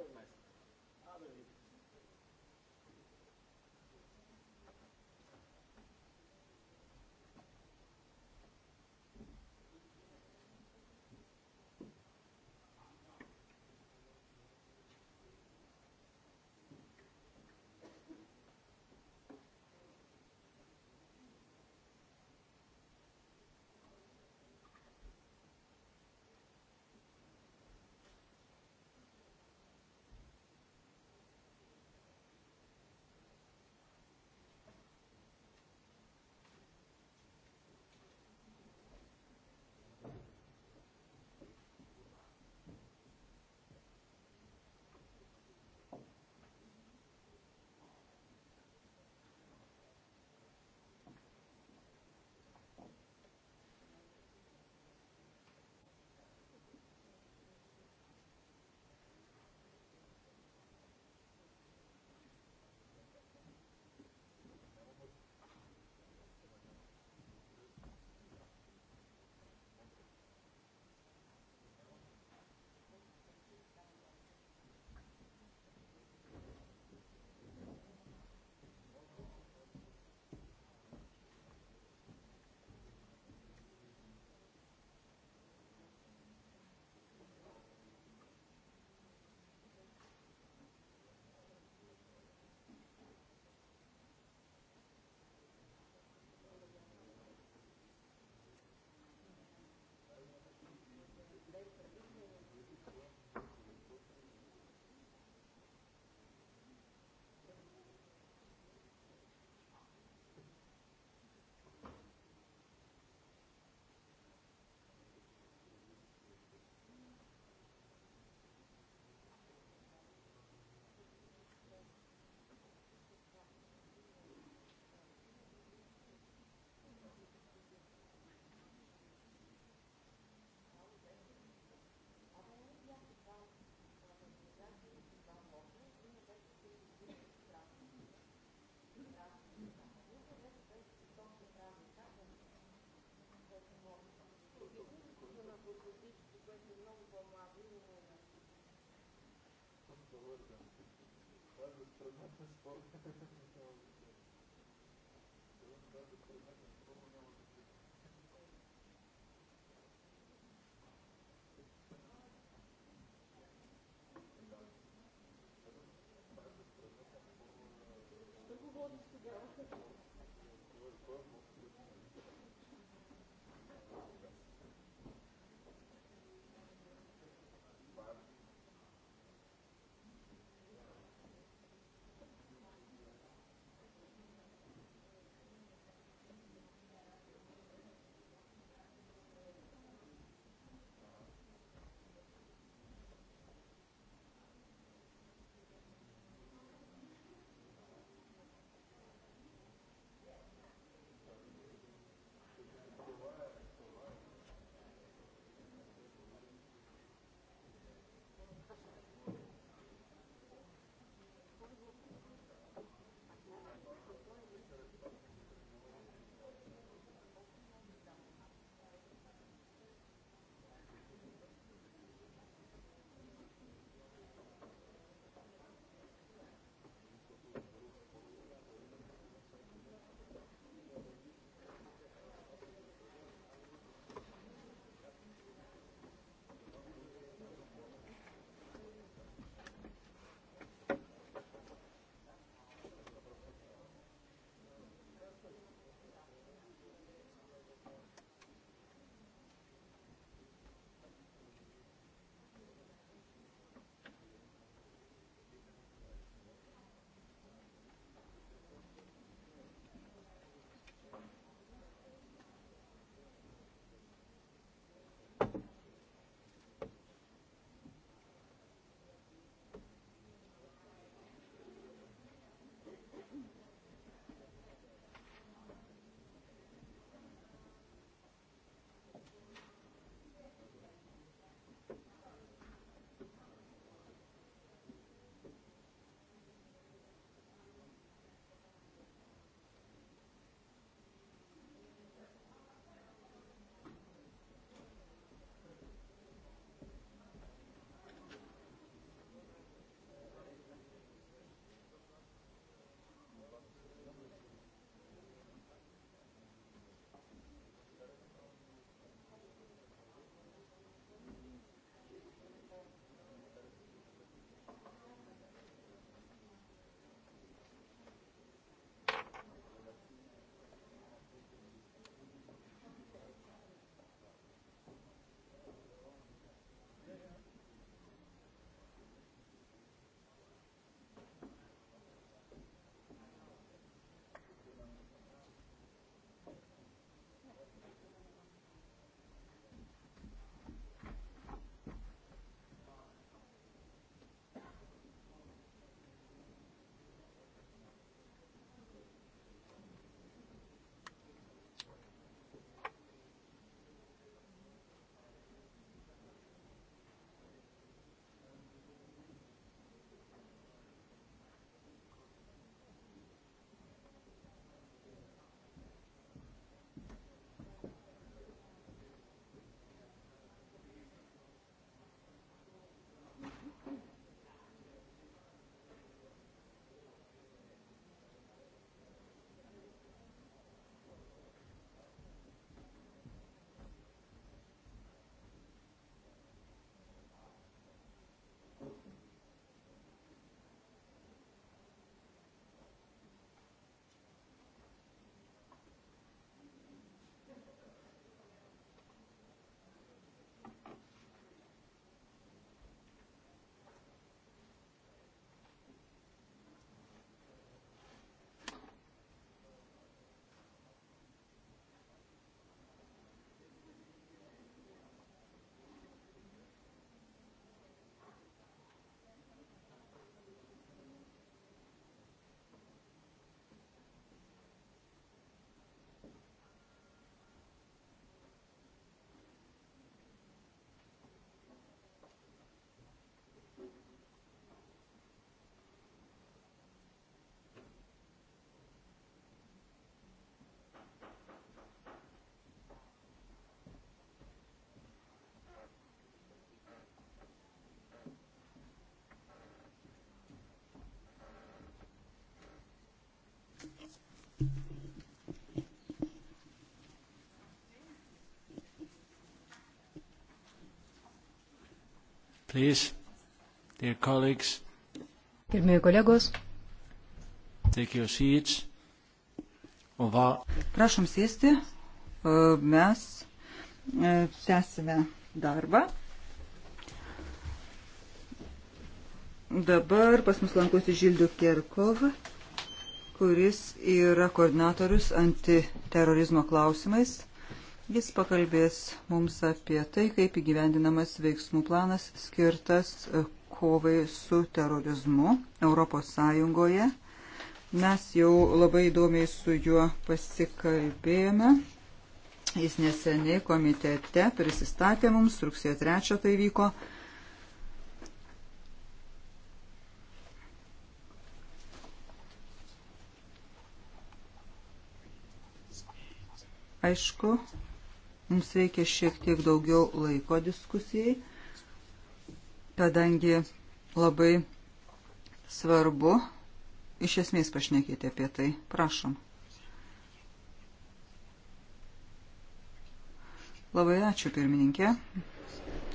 perdavimas pavargo. Pats instrumentas pavargo. Please, dear colleagues. Pirmieji kolegos. Take your seats. Ova. Prašom sėsti. E, mes e, tęsime darbą. Dabar pas mus lankosi Žildių Kerkova, kuris yra koordinatorius antiterorizmo klausimais. Jis pakalbės mums apie tai, kaip įgyvendinamas veiksmų planas skirtas e, kovai su terorizmu Europos Sąjungoje. Mes jau labai įdomiai su juo pasikalbėjome. Jis neseniai komitete prisistatė mums, rugsėjo 3 tai vyko. Aišku, Mums reikia šiek tiek daugiau laiko diskusijai, kadangi labai svarbu iš esmės pašnekėti apie tai. Prašom. Labai ačiū pirmininkė.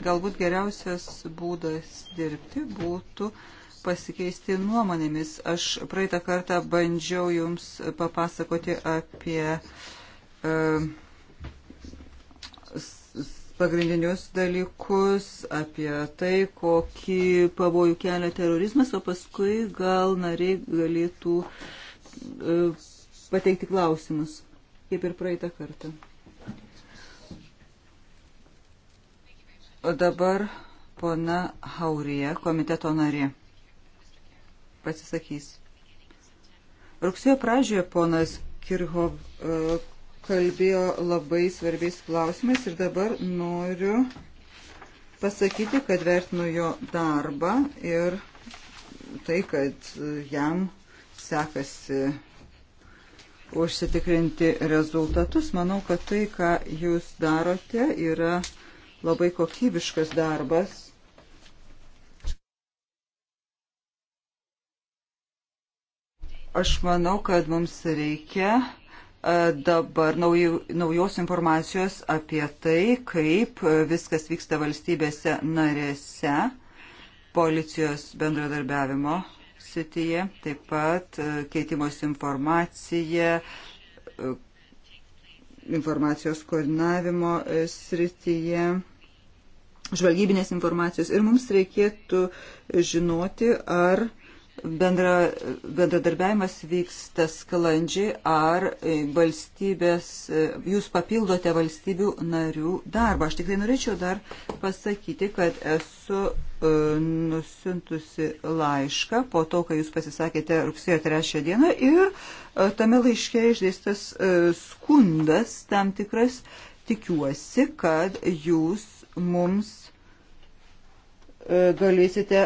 Galbūt geriausias būdas dirbti būtų pasikeisti nuomonėmis. Aš praeitą kartą bandžiau Jums papasakoti apie uh, e, pagrindinius dalykus, apie tai, kokį pavojų kelia terorizmas, o paskui gal nariai galėtų e, pateikti klausimus, kaip ir praeitą kartą. O dabar pona Haurija, komiteto narė, pasisakys. Rugsėjo pradžioje ponas Kirhov e, kalbėjo labai svarbiais klausimais ir dabar noriu pasakyti, kad vertinu jo darbą ir tai, kad jam sekasi užsitikrinti rezultatus. Manau, kad tai, ką jūs darote, yra labai kokybiškas darbas. Aš manau, kad mums reikia E, dabar naujų, naujos informacijos apie tai, kaip e, viskas vyksta valstybėse narėse policijos bendradarbiavimo sityje, taip pat e, keitimos informacija, informacijos koordinavimo srityje, žvalgybinės informacijos. Ir mums reikėtų žinoti, ar bendra, bendradarbiavimas vyksta sklandžiai, ar e, valstybės, e, jūs papildote valstybių narių darbą. Aš tik tai norėčiau dar pasakyti, kad esu e, nusintusi laišką po to, kai jūs pasisakėte rugsėjo 3 dieną ir tame laiške išdėstas skundas tam tikras. Tikiuosi, kad jūs mums E, galėsite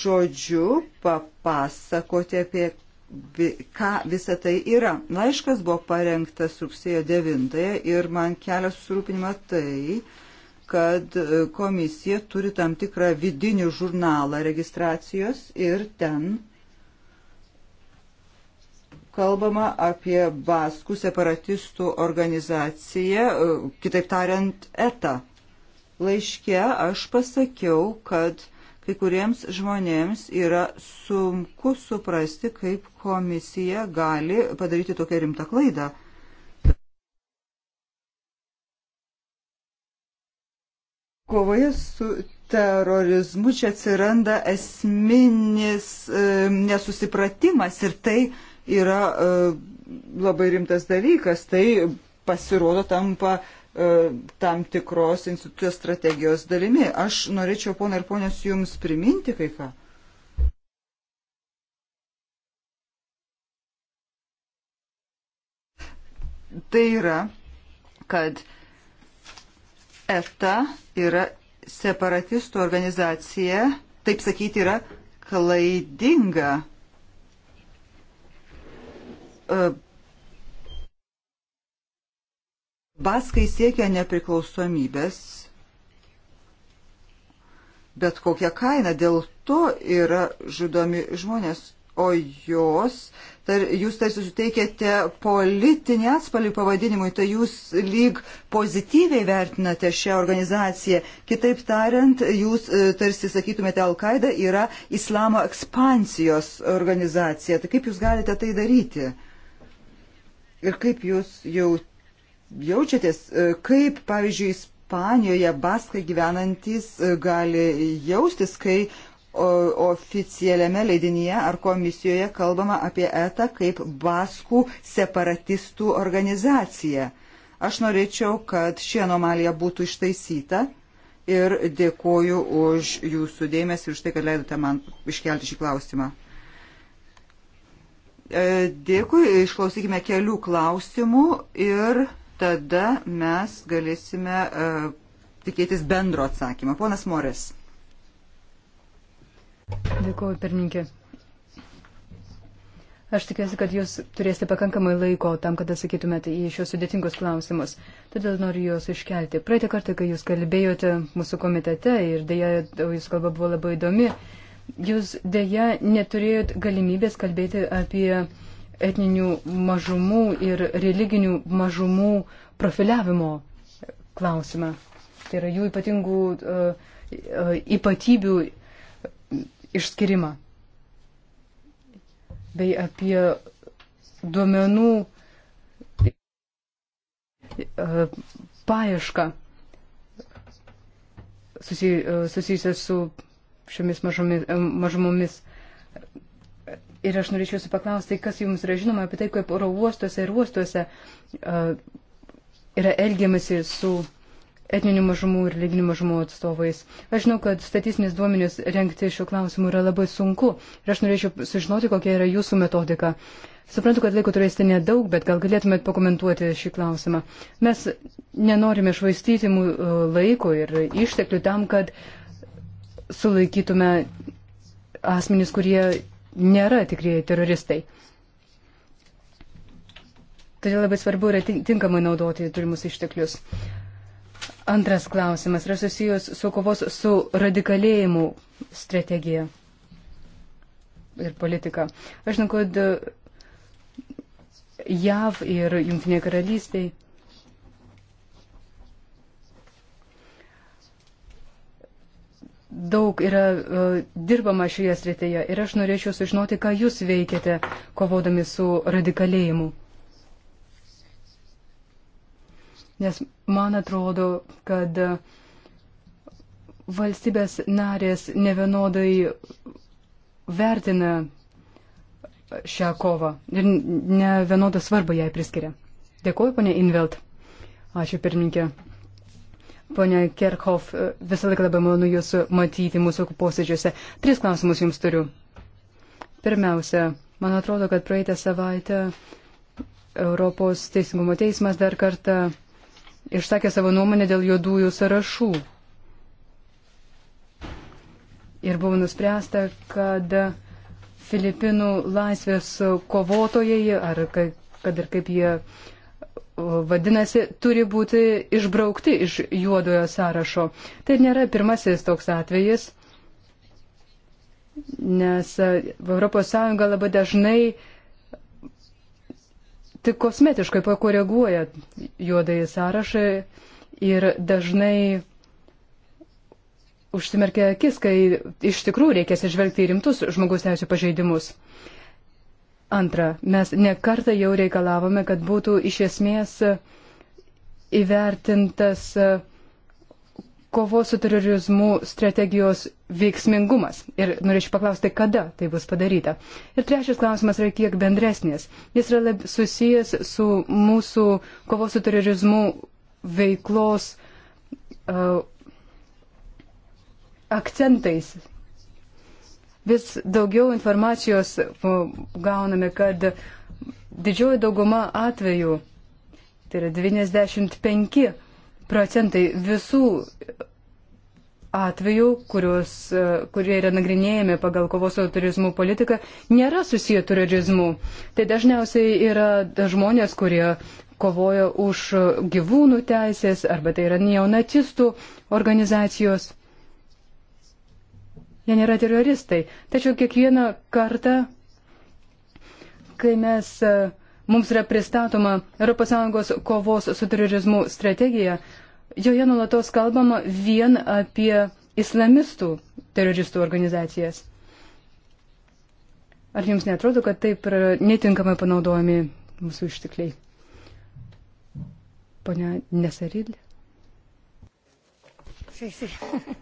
žodžiu papasakoti apie ką visa tai yra. Laiškas buvo parengtas rugsėjo 9 ir man kelia susirūpinimą tai, kad e, komisija turi tam tikrą vidinį žurnalą registracijos ir ten kalbama apie Baskų separatistų organizaciją, e, kitaip tariant, ETA Laiške aš pasakiau, kad kai kuriems žmonėms yra sunku suprasti, kaip komisija gali padaryti tokią rimtą klaidą. Kovoje su terorizmu čia atsiranda esminis e, nesusipratimas ir tai yra e, labai rimtas dalykas. Tai pasirodo tampa E, tam tikros institucijos strategijos dalimi. Aš norėčiau, ponai ir ponios, jums priminti kai ką. Tai yra, kad ETA yra separatistų organizacija, taip sakyti, yra klaidinga e, Baskai siekia nepriklausomybės, bet kokią kainą dėl to yra žudomi žmonės, o jos, tar, jūs tarsi suteikėte politinį atspalį pavadinimui, tai jūs lyg pozityviai vertinate šią organizaciją. Kitaip tariant, jūs e, tarsi sakytumėte, Al-Qaeda yra islamo ekspansijos organizacija. Tai kaip jūs galite tai daryti? Ir kaip jūs jautite? jaučiatės, e, kaip, pavyzdžiui, Ispanijoje baskai gyvenantis e, gali jaustis, kai oficialiame leidinyje ar komisijoje kalbama apie ETA kaip baskų separatistų organizaciją. Aš norėčiau, kad ši anomalija būtų ištaisyta ir dėkoju už jūsų dėmesį ir už tai, kad leidote man iškelti šį klausimą. E, dėkui, išklausykime kelių klausimų ir tada mes galėsime uh, tikėtis bendro atsakymą. Ponas Moris. Dėkuoju, pirmininkė. Aš tikiuosi, kad jūs turėsite pakankamai laiko tam, kad atsakytumėte į šios sudėtingus klausimus. Todėl noriu juos iškelti. Praeitą kartą, kai jūs kalbėjote mūsų komitete ir dėja, jūsų kalba buvo labai įdomi, jūs dėja neturėjot galimybės kalbėti apie etninių mažumų ir religinių mažumų profiliavimo klausimą. Tai yra jų ypatingų e, e, ypatybių išskirimą. Bei apie duomenų e, paiešką susijusią su šiomis mažomis, mažumomis. Ir aš norėčiau jūsų paklausti, kas jums yra žinoma apie tai, kaip oro uostuose ir uostuose uh, yra elgiamasi su etninių mažumų ir lyginių mažumų atstovais. Aš žinau, kad statistinis duomenis renkti šiuo klausimu yra labai sunku ir aš norėčiau sužinoti, kokia yra jūsų metodika. Suprantu, kad laiko turėsite nedaug, bet gal galėtumėt pakomentuoti šį klausimą. Mes nenorime švaistyti e, laiko ir išteklių tam, kad sulaikytume asmenys, kurie nėra tikrieji teroristai. Todėl labai svarbu yra tinkamai naudoti turimus išteklius. Antras klausimas yra susijęs su kovos su radikalėjimu strategija ir politika. Aš žinau, kad e, JAV ir Junktinė karalystė daug yra uh, dirbama šioje srityje ir aš norėčiau sužinoti, ką jūs veikiate kovodami su radikalėjimu. Nes man atrodo, kad valstybės narės nevienodai vertina šią kovą ir nevienodą svarbą jai priskiria. Dėkuoju, ponė Invelt. Ačiū, pirmininkė. Pone Kerkhoff, e, visą laiką labai malonu Jūs matyti mūsų posėdžiuose. Tris klausimus Jums turiu. Pirmiausia, man atrodo, kad praeitą savaitę Europos Teisingumo teismas dar kartą išsakė savo nuomonę dėl juodųjų sąrašų. Ir buvo nuspręsta, kad Filipinų laisvės kovotojai, ar kad ir kaip jie vadinasi, turi būti išbraukti iš juodojo sąrašo. Tai nėra pirmasis toks atvejis, nes ES labai dažnai tik kosmetiškai pakoreguoja juodąjį sąrašą ir dažnai užsimerkia akis, kai iš tikrųjų reikės išvelgti rimtus žmogus teisų pažeidimus. Antra, mes nekartą jau reikalavome, kad būtų iš esmės įvertintas e, kovos su terorizmu strategijos veiksmingumas. Ir norėčiau paklausti, kada tai bus padaryta. Ir trečias klausimas yra kiek bendresnis. Jis yra lab, susijęs su mūsų kovos su terorizmu veiklos uh, akcentais Vis daugiau informacijos gauname, kad didžioji dauguma atvejų, tai yra 95 procentai visų atvejų, kurios, e, kurie yra nagrinėjami pagal kovos su turizmu politiką, nėra susiję turizmu. Tai dažniausiai yra žmonės, kurie kovoja už gyvūnų teisės arba tai yra neonacistų organizacijos jie nėra teroristai. Tačiau kiekvieną kartą, kai mes, e, mums yra pristatoma ES kovos su terorizmu strategija, joje nulatos kalbama vien apie islamistų teroristų organizacijas. Ar jums netrodo, kad taip yra netinkamai panaudojami mūsų ištikliai? Pone Nesarilė. Sí, sí.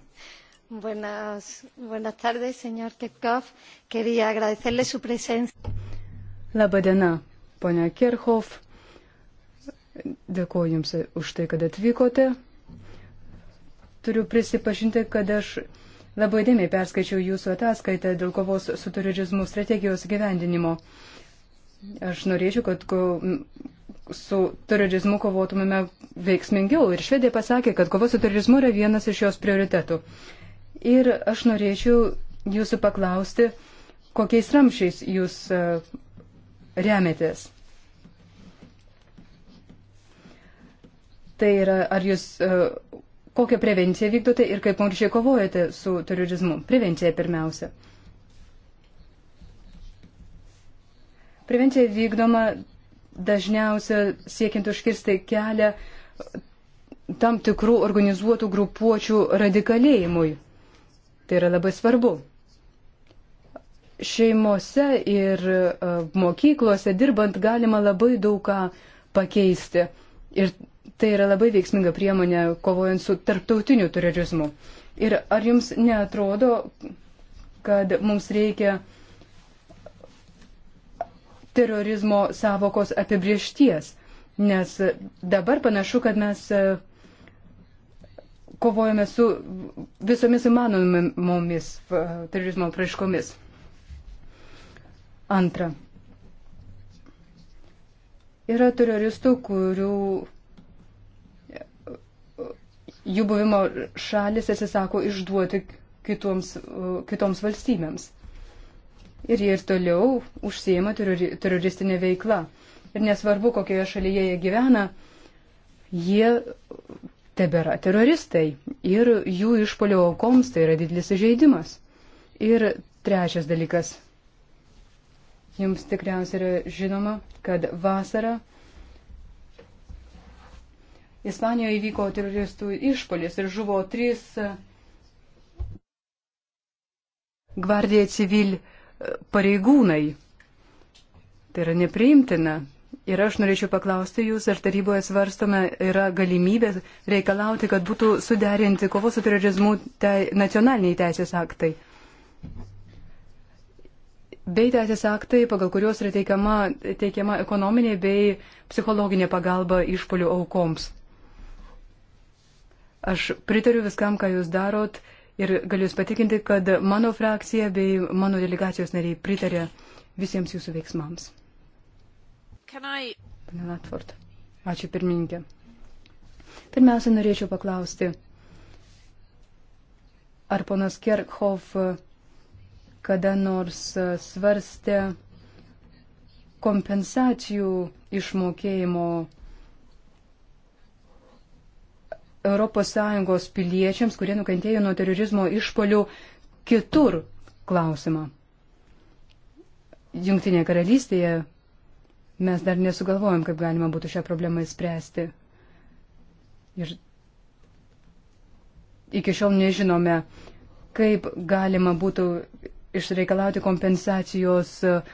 Buenas, buenas tardes, señor Kirchhoff. Quería agradecerle su presencia. Labadiena, ponia Kirchhoff. Dėkuoju Jums už tai, kad atvykote. Turiu prisipažinti, kad aš labai dėmiai perskaičiau Jūsų ataskaitą dėl kovos su turizmu strategijos gyvendinimo. Aš norėčiau, kad su terorizmu kovotumėme veiksmingiau. Ir švedė pasakė, kad kova su terorizmu yra vienas iš jos prioritetų. Ir aš norėčiau jūsų paklausti, kokiais ramšiais jūs e, remiatės. Tai yra, ar jūs e, kokią prevenciją vykdote ir kaip konkrečiai kovojate su terorizmu. Prevencija pirmiausia. Prevencija vykdoma dažniausia siekiant užkirsti kelią tam tikrų organizuotų grupuočių radikalėjimui. Tai yra labai svarbu. Šeimose ir e, mokyklose dirbant galima labai daug ką pakeisti. Ir tai yra labai veiksminga priemonė kovojant su tarptautiniu terorizmu. Ir ar jums neatrodo, kad mums reikia terorizmo savokos apibriešties? Nes dabar panašu, kad mes e, kovojame su visomis įmanomomis terorizmo praiškomis. Antra. Yra teroristų, kurių jų buvimo šalis atsisako išduoti kitoms, kitoms valstybėms. Ir jie ir toliau užsiema teroristinė veikla. Ir nesvarbu, kokioje šalyje jie gyvena, jie tebėra teroristai ir jų išpolio aukoms tai yra didelis įžeidimas. Ir trečias dalykas. Jums tikriausiai yra žinoma, kad vasarą Ispanijoje įvyko teroristų išpolis ir žuvo trys gvardija civil pareigūnai. Tai yra nepriimtina. Ir aš norėčiau paklausti jūs, ar taryboje svarstome yra galimybė reikalauti, kad būtų suderinti kovos su terorizmu te, nacionaliniai teisės aktai. Bei teisės aktai, pagal kuriuos yra teikiama, teikiama ekonominė bei psichologinė pagalba išpolių aukoms. Aš pritariu viskam, ką jūs darot ir galiu jūs patikinti, kad mano frakcija bei mano delegacijos nariai pritarė visiems jūsų veiksmams. I... Pane Latvart, ačiū pirmininkė. Pirmiausia, norėčiau paklausti, ar ponas Kerkhoff kada nors svarstė kompensacijų išmokėjimo ES piliečiams, kurie nukentėjo nuo terorizmo išpolių kitur klausimą. Junktinėje karalystėje Mes dar nesugalvojom, kaip galima būtų šią problemą įspręsti. Ir iki šiol nežinome, kaip galima būtų išreikalauti kompensacijos uh,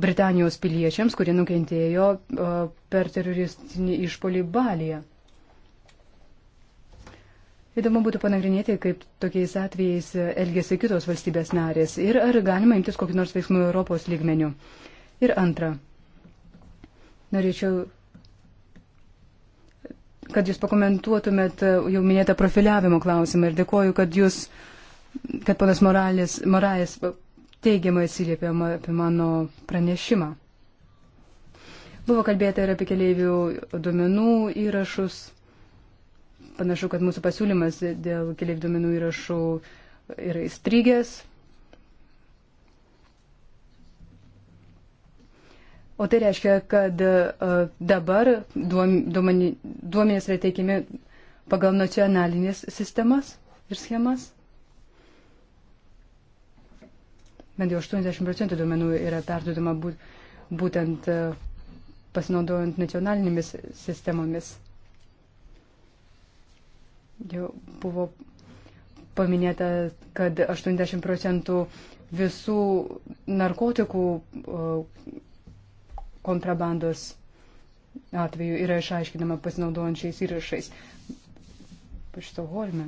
Britanijos piliečiams, kurie nukentėjo uh, per teroristinį išpolį Balyje. Įdomu būtų panagrinėti, kaip tokiais atvejais uh, elgėsi kitos valstybės narės ir ar galima imtis kokį nors veiksmų Europos lygmenių. Ir antra, Norėčiau, kad jūs pakomentuotumėt e, jau minėtą profiliavimo klausimą ir dėkoju, kad jūs, kad panas Moralės, Moralės teigiamai atsiliepė apie mano pranešimą. Buvo kalbėta ir apie keliaivių duomenų įrašus. Panašu, kad mūsų pasiūlymas dėl keliaivių duomenų įrašų yra įstrigęs. O tai reiškia, kad e, dabar duomenys yra teikiami pagal nacionalinės sistemas ir schemas. Bent jau 80 procentų duomenų yra perduodama būtent e, pasinaudojant nacionalinėmis sistemomis. Jau buvo paminėta, kad 80 procentų visų narkotikų e, kontrabandos atveju yra išaiškinama pasinaudojant šiais įrašais. Iš Stokholme.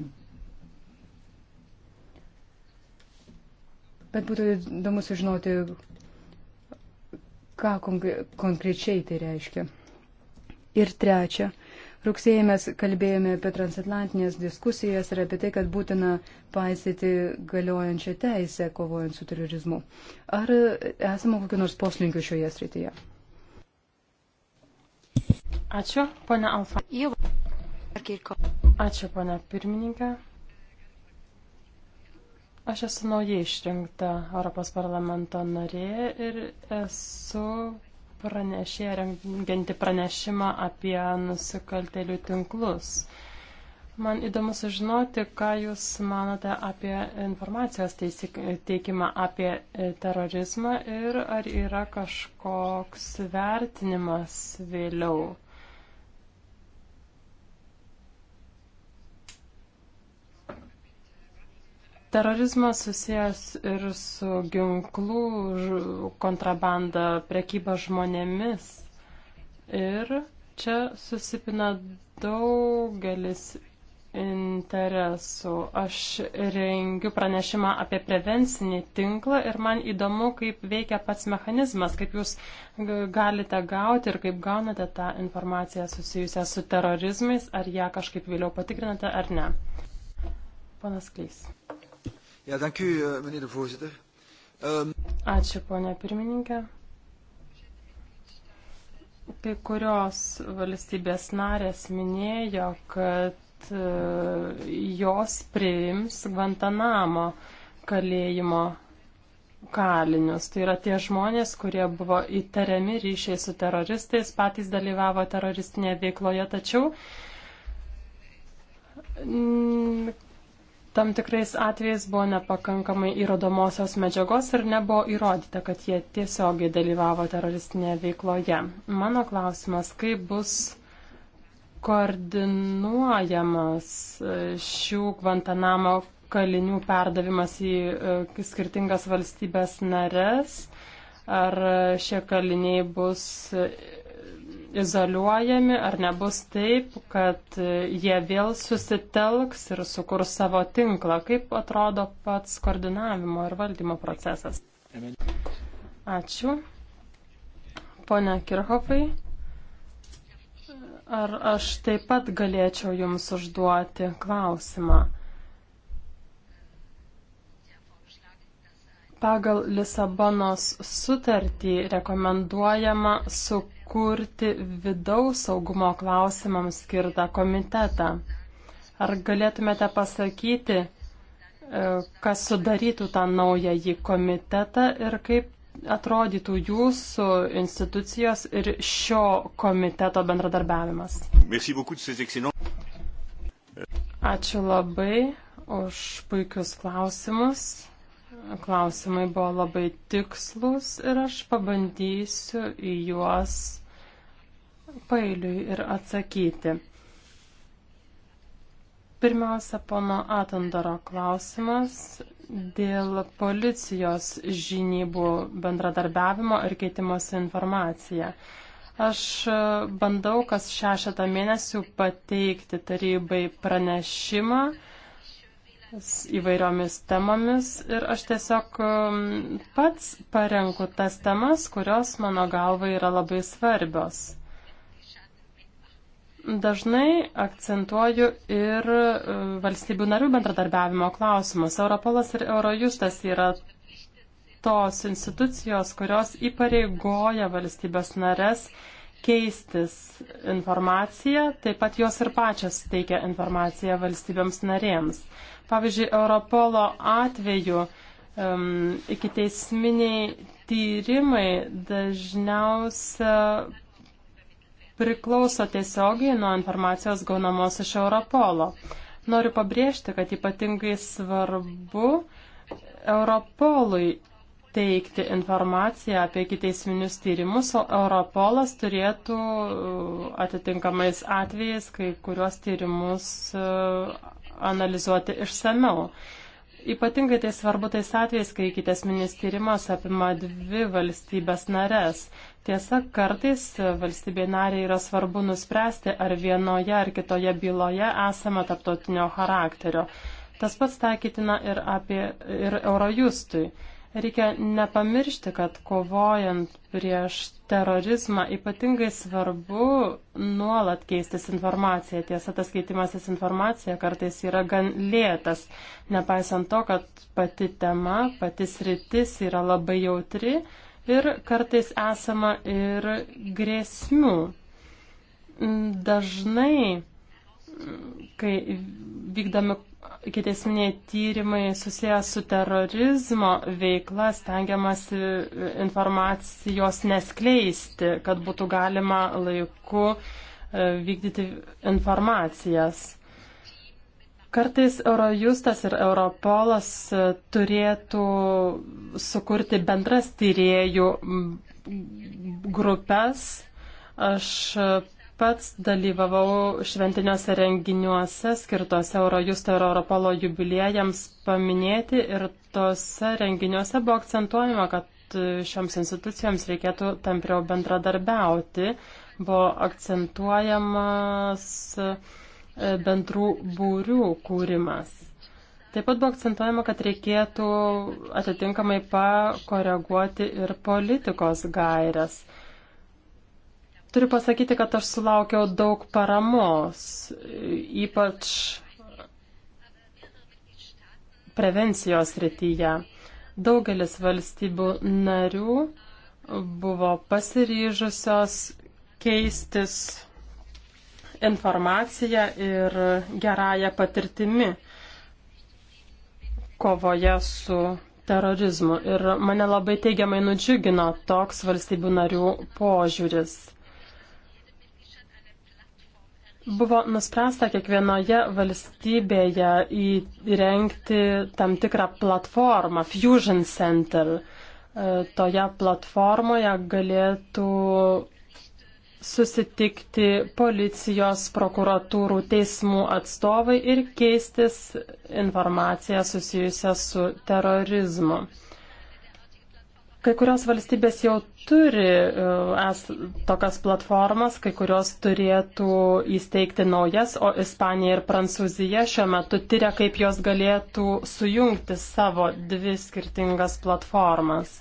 Bet būtų įdomu sužinoti, ką konkrečiai tai reiškia. Ir trečia, rugsėjai mes kalbėjome apie transatlantinės diskusijas ir apie tai, kad būtina paisyti galiojančią teisę kovojant su terorizmu. Ar esame kokiu nors poslinkiu šioje srityje? Ačiū, ponia Alfa. Ačiū, ponia pirmininkė. Aš esu naujai išrinkta Europos parlamento narė ir esu pranešėja rengianti pranešimą apie nusikaltelių tinklus. Man įdomu sužinoti, ką Jūs manote apie informacijos teisik, teikimą apie e, terorizmą ir ar yra kažkoks vertinimas vėliau. Terorizmas susijęs ir su ginklų kontrabanda, prekyba žmonėmis. Ir čia susipina daugelis interesų. Aš rengiu pranešimą apie prevencinį tinklą ir man įdomu, kaip veikia pats mechanizmas, kaip jūs galite gauti ir kaip gaunate tą informaciją susijusią su terorizmais, ar ją kažkaip vėliau patikrinate ar ne. Panas Klys. Ja, dank u, uh, meneer de voorzitter. Um... Ačiū, ponia pirmininkė. Kai kurios valstybės narės minėjo, kad uh, jos priims Guantanamo kalėjimo kalinius. Tai yra tie žmonės, kurie buvo įtariami ryšiai su teroristais, patys dalyvavo teroristinėje veikloje, tačiau Tam tikrais atvejais buvo nepakankamai įrodomosios medžiagos ir nebuvo įrodyta, kad jie tiesiogiai dalyvavo teroristinėje veikloje. Mano klausimas, kaip bus koordinuojamas e, šių Guantanamo kalinių perdavimas į e, skirtingas valstybės nares? Ar e, šie kaliniai bus izoliuojami, ar nebus taip, kad jie vėl susitelks ir sukurs savo tinklą. Kaip atrodo pats koordinavimo ir valdymo procesas? Ačiū. Pone Kirchhoffai, ar aš taip pat galėčiau Jums užduoti klausimą? Pagal Lisabonos sutartį rekomenduojama sukurti vidaus saugumo klausimams skirtą komitetą. Ar galėtumėte pasakyti, e, kas sudarytų tą naująjį komitetą ir kaip atrodytų jūsų institucijos ir šio komiteto bendradarbiavimas? Ačiū labai už puikius klausimus. Klausimai buvo labai tikslus ir aš pabandysiu į juos pailiui ir atsakyti. Pirmiausia, pono Atandaro klausimas dėl policijos žinybų bendradarbiavimo ir keitimosi informacija. Aš bandau kas šešetą mėnesių pateikti tarybai pranešimą įvairiomis temomis ir aš tiesiog um, pats parenku tas temas, kurios mano galva yra labai svarbios. Dažnai akcentuoju ir uh, valstybių narių bendradarbiavimo klausimus. Europolas ir Eurojustas yra tos institucijos, kurios įpareigoja valstybės narės keistis informaciją, taip pat jos ir pačios teikia informaciją valstybėms narėms. Pavyzdžiui, Europolo atveju um, iki teisminiai tyrimai dažniausia priklauso tiesiogiai nuo informacijos gaunamos iš Europolo. Noriu pabrėžti, kad ypatingai svarbu Europolui teikti informaciją apie kiteisminius tyrimus, o Europolas turėtų e, atitinkamais atvejais kai kuriuos tyrimus e, analizuoti išsameu. Ypatingai tai svarbu tais atvejais, kai ikiteisminis tyrimas apima dvi valstybės narės. Tiesa, kartais valstybė narė yra svarbu nuspręsti, ar vienoje ar kitoje byloje esama taptotinio charakterio. Tas pats taikytina ir, apie, ir Eurojustui. Reikia nepamiršti, kad kovojant prieš terorizmą ypatingai svarbu nuolat keistis informacija. Tiesa, tas keitimasis informacija kartais yra gan lėtas, nepaisant to, kad pati tema, pati sritis yra labai jautri ir kartais esama ir grėsmių. Dažnai, kai vykdami ikiteisminiai tyrimai susijęs su terorizmo veikla stengiamasi e, informacijos neskleisti, kad būtų galima laiku e, vykdyti informacijas. Kartais Eurojustas ir Europolas e, turėtų sukurti bendras tyriejų grupės. Aš Pats dalyvavau šventiniuose renginiuose skirtuose Eurojusto ir Europolo jubiliejams paminėti ir tose renginiuose buvo akcentuojama, kad šioms institucijoms reikėtų tampriau bendradarbiauti. Buvo akcentuojamas e, bendrų būrių kūrimas. Taip pat buvo akcentuojama, kad reikėtų atitinkamai pakoreguoti ir politikos gairias. Turiu pasakyti, kad aš sulaukiau daug paramos, ypač prevencijos rytyje. Daugelis valstybių narių buvo pasiryžusios keistis informacija ir gerąją patirtimi kovoje su terorizmu. Ir mane labai teigiamai nudžiugino toks valstybių narių požiūris. Buvo nuspręsta kiekvienoje valstybėje įrengti tam tikrą platformą, Fusion Center. E, toje platformoje galėtų susitikti policijos, prokuratūrų, teismų atstovai ir keistis informaciją susijusią su terorizmu. Kai kurios valstybės jau turi e, es, tokias platformas, kai kurios turėtų įsteigti naujas, o Ispanija ir Prancūzija šiuo metu tyria, kaip jos galėtų sujungti savo dvi skirtingas platformas.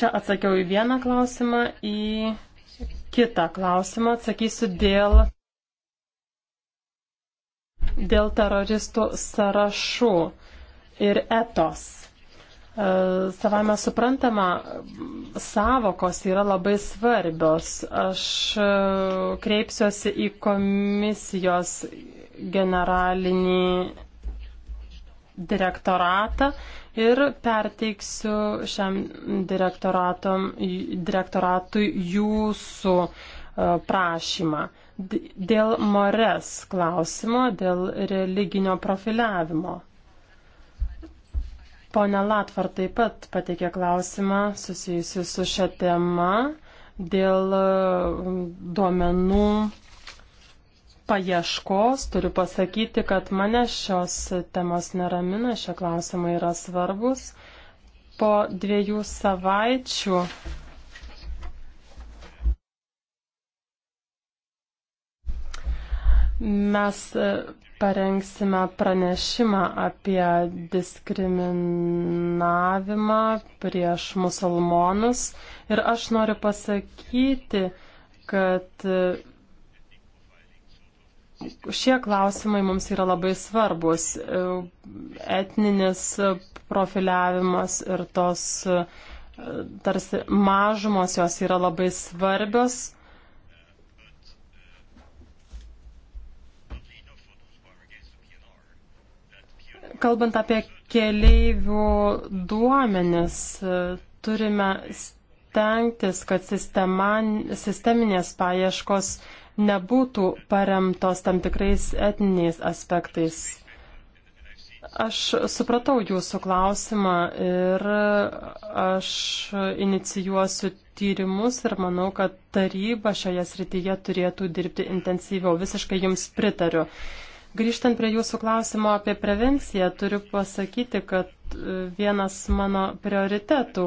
Čia atsakiau į vieną klausimą, į kitą klausimą atsakysiu dėl, dėl teroristų sąrašų ir etos. E, savame suprantama, savokos yra labai svarbios. Aš e, kreipsiuosi į komisijos generalinį direktoratą ir perteiksiu šiam direktoratui jūsų e, prašymą. Dėl mores klausimo, dėl religinio profiliavimo. Pone Latvar taip pat pateikė klausimą susijusiu su šia tema dėl e, duomenų paieškos. Turiu pasakyti, kad mane šios temos neramina, šie klausimai yra svarbus. Po dviejų savaičių mes e, parengsime pranešimą apie diskriminavimą prieš musulmonus. Ir aš noriu pasakyti, kad e, šie klausimai mums yra labai svarbus. E, etninis profiliavimas ir tos e, tarsi mažumos jos yra labai svarbios. Kalbant apie keleivių duomenis, turime stengtis, kad sistema, sisteminės paieškos nebūtų paremtos tam tikrais etniniais aspektais. Aš supratau jūsų klausimą ir aš inicijuosiu tyrimus ir manau, kad taryba šioje srityje turėtų dirbti intensyviau. Visiškai jums pritariu. Uh, Grįžtant prie jūsų klausimo apie prevenciją, turiu pasakyti, kad e, vienas mano prioritetų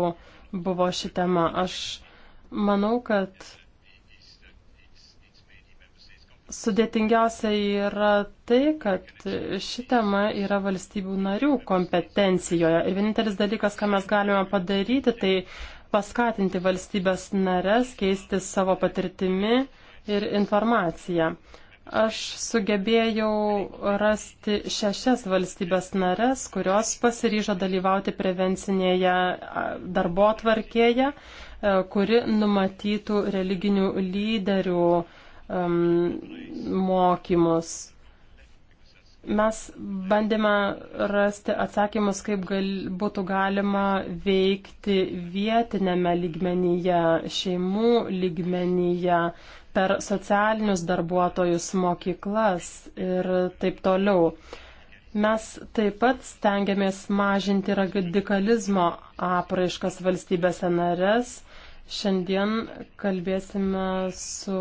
buvo ši tema. Aš manau, kad sudėtingiausia yra tai, kad ši tema yra valstybių narių kompetencijoje. Ir vienintelis dalykas, ką mes galime padaryti, tai paskatinti valstybės nares keisti savo patirtimi ir informaciją. Aš sugebėjau rasti šešias valstybės nares, kurios pasiryžo dalyvauti prevencinėje darbo tvarkėje, e, kuri numatytų religinių lyderių um, mokymus. Mes bandėme rasti atsakymus, kaip gal, būtų galima veikti vietinėme lygmenyje, šeimų lygmenyje, per socialinius darbuotojus, mokyklas ir taip toliau. Mes taip pat stengiamės mažinti radikalizmo apraiškas valstybėse narės. Šiandien kalbėsime su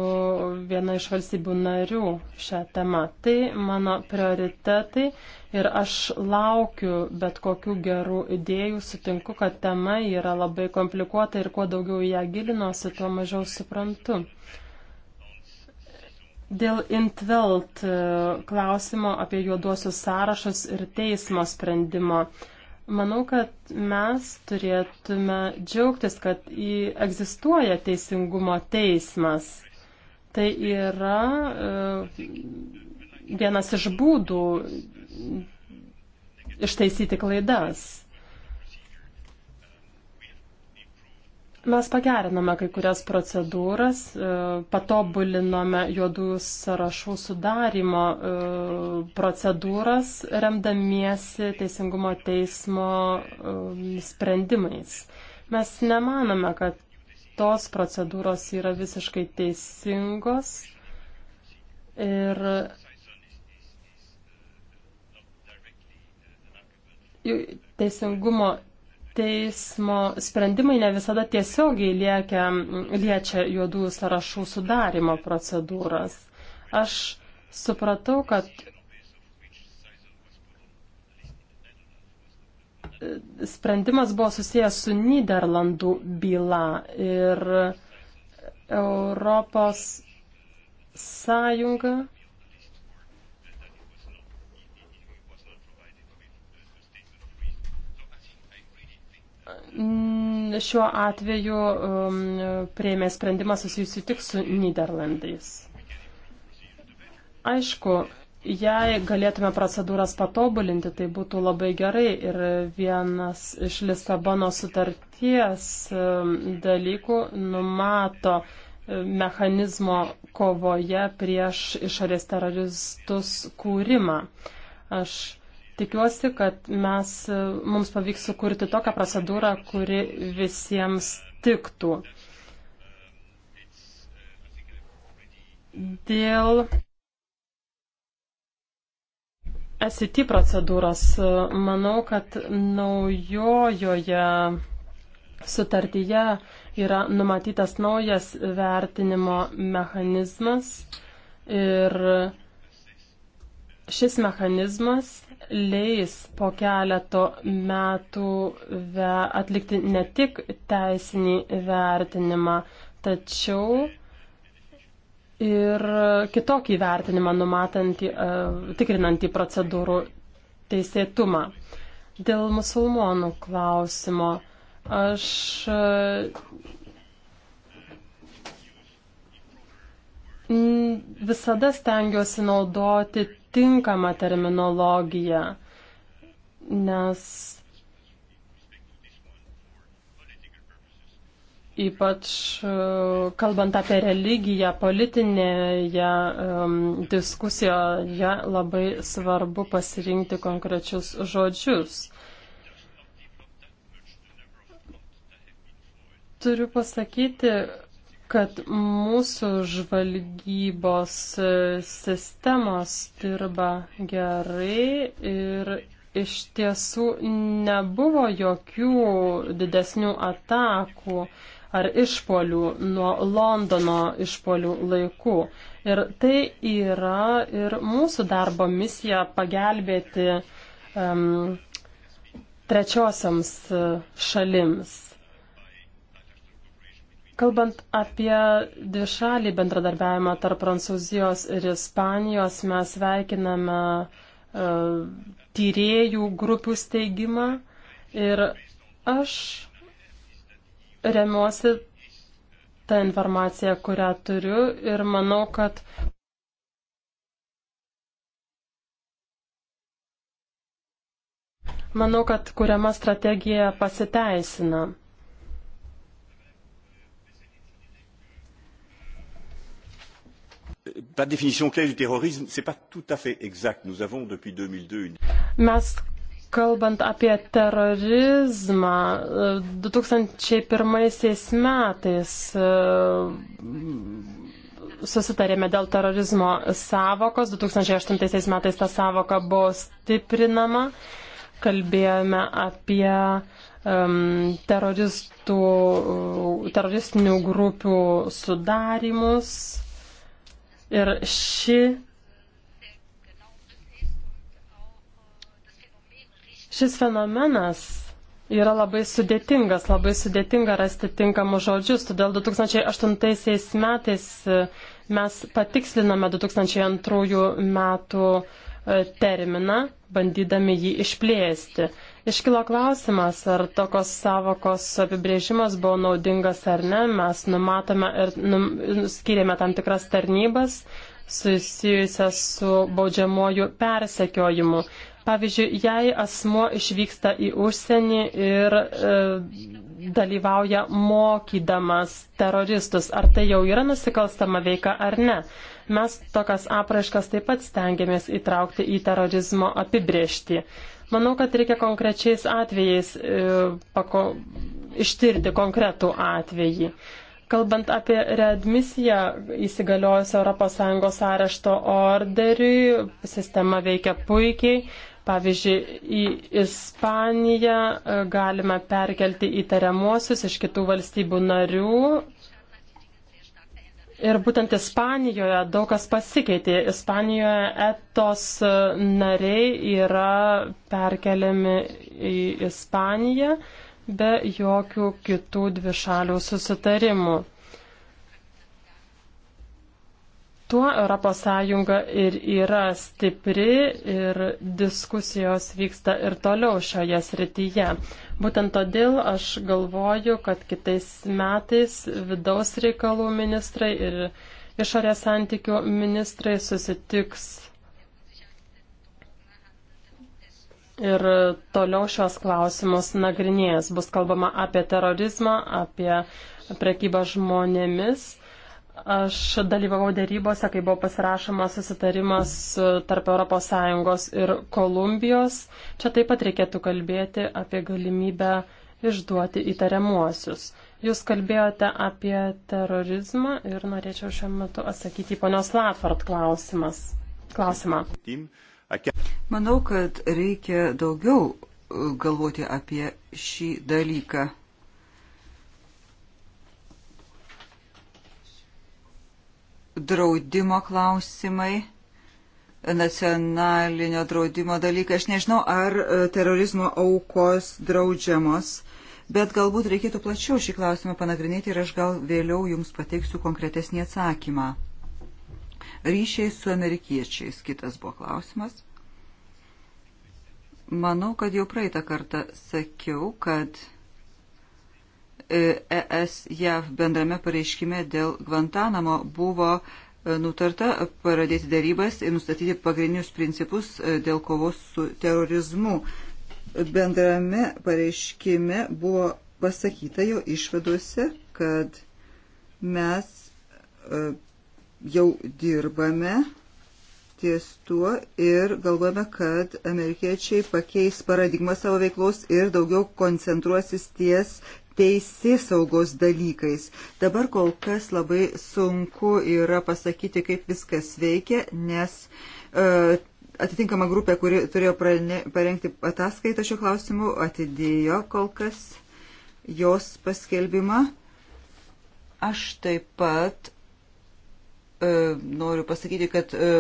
viena iš valstybių narių šią temą. Tai mano prioritetai ir aš laukiu bet kokių gerų idėjų, sutinku, kad tema yra labai komplikuota ir kuo daugiau ją gilinuosi, tuo mažiau suprantu. Dėl Intvelt e, klausimo apie juoduosius sąrašus ir teismo sprendimo. Manau, kad mes turėtume džiaugtis, kad egzistuoja teisingumo teismas. Tai yra e, vienas iš būdų ištaisyti klaidas. Mes pagerinome kai kurias procedūras, e, patobulinome juodųjų sąrašų sudarimo e, procedūras, remdamiesi Teisingumo teismo e, sprendimais. Mes nemanome, kad tos procedūros yra visiškai teisingos ir Teisingumo teismo sprendimai ne visada tiesiogiai liekia, liečia juodųjų sąrašų sudarimo procedūras. Aš supratau, kad sprendimas buvo susijęs su Niderlandų byla ir Europos sąjunga Mm, šiuo atveju um, prieimė sprendimą susijusiu tik su Niderlandais. Aišku, jei galėtume procedūras patobulinti, tai būtų labai gerai ir vienas iš Lisabono sutarties um, dalykų numato um, mechanizmo kovoje prieš išorės teroristus kūrimą. Aš Tikiuosi, kad mes, mums pavyks sukurti tokią procedūrą, kuri visiems tiktų. Dėl SIT procedūros manau, kad naujojoje sutartyje yra numatytas naujas vertinimo mechanizmas ir šis mechanizmas leis po keleto metų atlikti ne tik teisinį vertinimą, tačiau ir kitokį vertinimą numatantį, e, tikrinantį procedūrų teisėtumą. Dėl musulmonų klausimo aš e, visada stengiuosi naudoti tinkamą terminologiją, nes ypač e, kalbant apie religiją, politinėje um, diskusijoje labai svarbu pasirinkti konkrečius žodžius. Turiu pasakyti, kad mūsų žvalgybos sistemos dirba gerai ir iš tiesų nebuvo jokių didesnių atakų ar išpolių nuo Londono išpolių laikų. Ir tai yra ir mūsų darbo misija pagelbėti um, trečiosiams e, šalims. Kalbant apie dvišalį bendradarbiavimą tarp Prancūzijos ir Ispanijos, mes veikiname uh, e, tyriejų grupių steigimą ir aš remiuosi tą informaciją, kurią turiu ir manau, kad manau, kad kuriama strategija pasiteisina. par définition clé du terrorisme, ce n'est pas tout à fait exact. Nous avons depuis 2002 une. Mes kalbant apie terorizmą, 2001 metais e, susitarėme dėl terorizmo savokos, 2008 metais ta savoka buvo stiprinama, kalbėjome apie um, teroristų, teroristinių grupių sudarimus. Ir ši, šis fenomenas yra labai sudėtingas, labai sudėtinga rasti tinkamus žodžius. Todėl 2008 metais e, mes patikslinome 2002 metų e, terminą, bandydami jį išplėsti. Iškilo klausimas, ar tokios savokos apibrėžimas buvo naudingas ar ne. Mes numatome ir num, skiriame tam tikras tarnybas susijusias su baudžiamuoju persekiojimu. Pavyzdžiui, jei asmuo išvyksta į užsienį ir e, dalyvauja mokydamas teroristus, ar tai jau yra nusikalstama veika ar ne. Mes tokias apraiškas taip pat stengiamės įtraukti į terorizmo apibriežtį. Manau, kad reikia konkrečiais atvejais e, pako, ištirti konkretų atvejį. Kalbant apie readmisiją įsigaliojusio ES arešto orderiui, sistema veikia puikiai. Pavyzdžiui, į Ispaniją e, galime perkelti įtariamuosius iš kitų valstybių narių, Ir būtent Ispanijoje daug kas pasikeitė. Ispanijoje etos nariai yra perkeliami į Ispaniją be jokių kitų dvišalių susitarimų. Tuo ES ir yra stipri ir diskusijos vyksta ir toliau šioje srityje. Būtent todėl aš galvoju, kad kitais metais vidaus reikalų ministrai ir išorės santykių ministrai susitiks ir toliau šios klausimus nagrinės. Bus kalbama apie terorizmą, apie prekybą žmonėmis. Aš dalyvavau dėrybose, kai buvo pasirašomas susitarimas e, tarp ES ir Kolumbijos. Čia taip pat reikėtų kalbėti apie galimybę išduoti įtariamuosius. Jūs kalbėjote apie terorizmą ir norėčiau šiuo metu atsakyti į ponios Lafart klausimas. klausimą. Manau, kad reikia daugiau e, galvoti apie šį dalyką. draudimo klausimai, nacionalinio draudimo dalykai. Aš nežinau, ar e, terorizmo aukos draudžiamos, bet galbūt reikėtų plačiau šį klausimą panagrinėti ir aš gal vėliau jums pateiksiu konkretesnį atsakymą. Ryšiai su amerikiečiais kitas buvo klausimas. Manau, kad jau praeitą kartą sakiau, kad ES e JAV bendrame pareiškime dėl Gvantanamo buvo e, nutarta pradėti darybas ir nustatyti pagrindinius principus e, dėl kovos su terorizmu. Bendrame pareiškime buvo pasakyta jo išvadose, kad mes jau dirbame ties tuo ir galvojame, kad amerikiečiai pakeis paradigmą savo veiklos ir daugiau koncentruosis ties teisės saugos dalykais. Dabar kol kas labai sunku yra pasakyti, kaip viskas veikia, nes e, atitinkama grupė, kuri turėjo prane, parengti ataskaitą šiuo klausimu, atidėjo kol kas jos paskelbimą. Aš taip pat e, noriu pasakyti, kad e,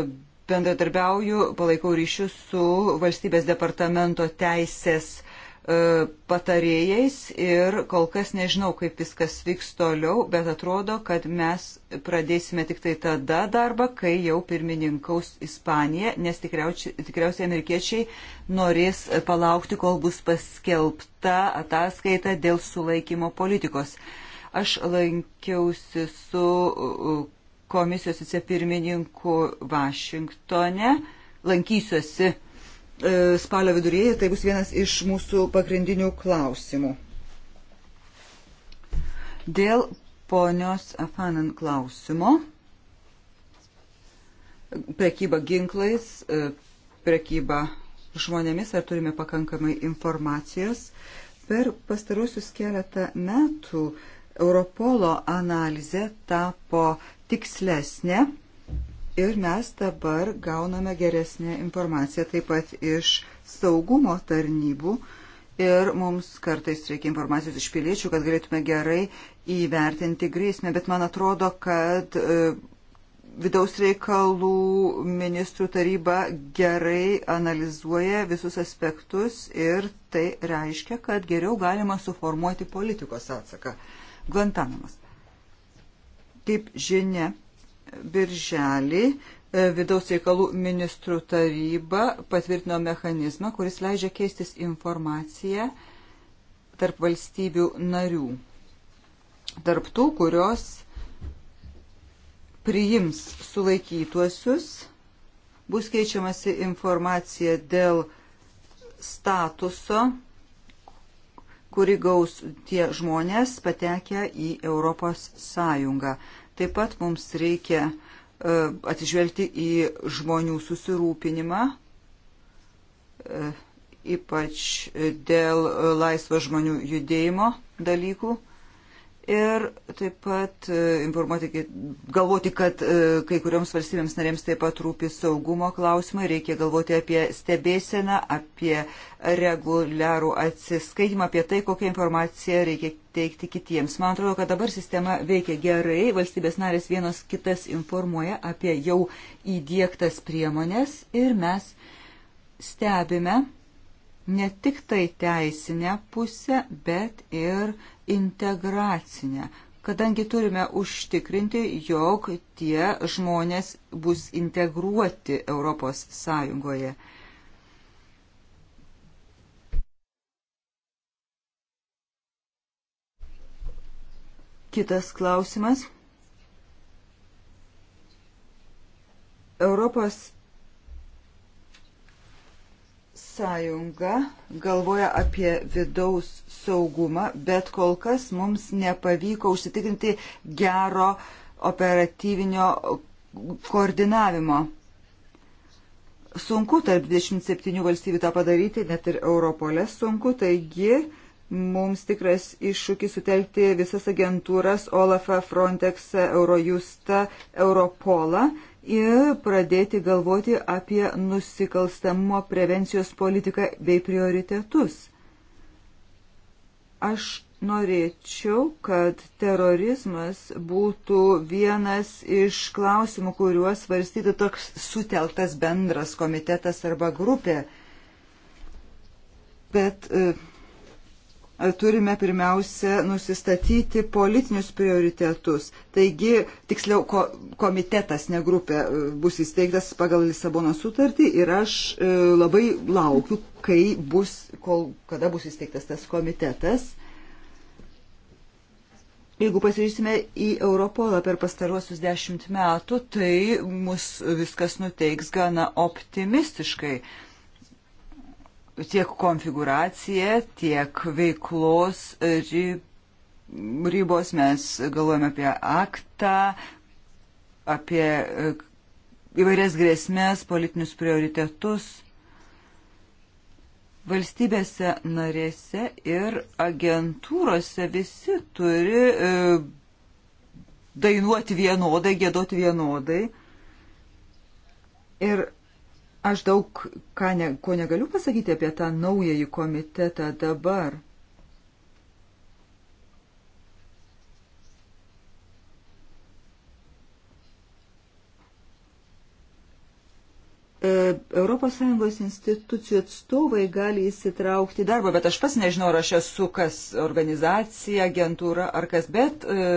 bendradarbiauju, palaikau ryšius su valstybės departamento teisės E, patarėjais ir kol kas nežinau, kaip viskas vyks toliau, bet atrodo, kad mes pradėsime tik tai tada darbą, kai jau pirmininkaus Ispanija, nes tikriausiai, tikriausiai amerikiečiai norės palaukti, kol bus paskelbta ataskaita dėl sulaikymo politikos. Aš lankiausi su komisijos vicepirmininku Vašingtone, lankysiuosi E, spalio vidurėje, tai bus vienas iš mūsų pagrindinių klausimų. Dėl ponios Afanan klausimo, prekyba ginklais, e, prekyba žmonėmis, ar turime pakankamai informacijos, per pastarusius keletą metų Europolo analizė tapo tikslesnė Ir mes dabar gauname geresnę informaciją taip pat iš saugumo tarnybų. Ir mums kartais reikia informacijos iš piliečių, kad galėtume gerai įvertinti grėsmę. Bet man atrodo, kad e, vidaus reikalų ministrų taryba gerai analizuoja visus aspektus ir tai reiškia, kad geriau galima suformuoti politikos atsaką. Guantanamas. Kaip žinia, birželį e, vidaus reikalų ministrų taryba patvirtino mechanizmą, kuris leidžia keistis informaciją tarp valstybių narių. Tarp tų, kurios priims sulaikytuosius, bus keičiamasi informacija dėl statuso, kuri gaus tie žmonės patekę į Europos Sąjungą. Taip pat mums reikia e, atsižvelgti į žmonių susirūpinimą, e, ypač dėl laisvo žmonių judėjimo dalykų. Ir taip pat e, informuoti, galvoti, kad e, kai kurioms valstybėms narėms taip pat rūpi saugumo klausimai, reikia galvoti apie stebėseną, apie reguliarų atsiskaitimą, apie tai, kokią informaciją reikia teikti kitiems. Man atrodo, kad dabar sistema veikia gerai, valstybės narės vienos kitas informuoja apie jau įdėktas priemonės ir mes stebime ne tik tai teisinę pusę, bet ir integracinę, kadangi turime užtikrinti, jog tie žmonės bus integruoti Europos Sąjungoje. Kitas klausimas. Europos Sąjunga galvoja apie vidaus saugumą, bet kol kas mums nepavyko užsitikrinti gero operatyvinio koordinavimo. Sunku tarp 27 valstybių tą padaryti, net ir Europolė sunku, taigi mums tikras iššūkis sutelkti visas agentūras OLAFą, Frontexą, Eurojustą, Europolą ir pradėti galvoti apie nusikalstamumo prevencijos politiką bei prioritetus. Aš norėčiau, kad terorizmas būtų vienas iš klausimų, kuriuos svarstytų toks suteltas bendras komitetas arba grupė. Bet uh, E, turime pirmiausia nusistatyti politinius prioritetus. Taigi, tiksliau, ko, komitetas, ne grupė, e, bus įsteigtas pagal Lisabono sutartį ir aš e, labai laukiu, kai bus, kol, kada bus įsteigtas tas komitetas. Jeigu pasižiūrėsime į Europolą per pastaruosius dešimt metų, tai mus viskas nuteiks gana optimistiškai. E, tiek konfiguracija, tiek veiklos ribos. Mes galvojame apie aktą, apie e, įvairias grėsmės, politinius prioritetus valstybėse narėse ir agentūrose visi turi e, dainuoti vienodai, gėdoti vienodai. Ir Aš daug ką ne, ko negaliu pasakyti apie tą naująjį komitetą dabar. ES institucijų atstovai gali įsitraukti į darbą, bet aš pas nežinau, ar aš esu kas organizacija, agentūra ar kas, bet e,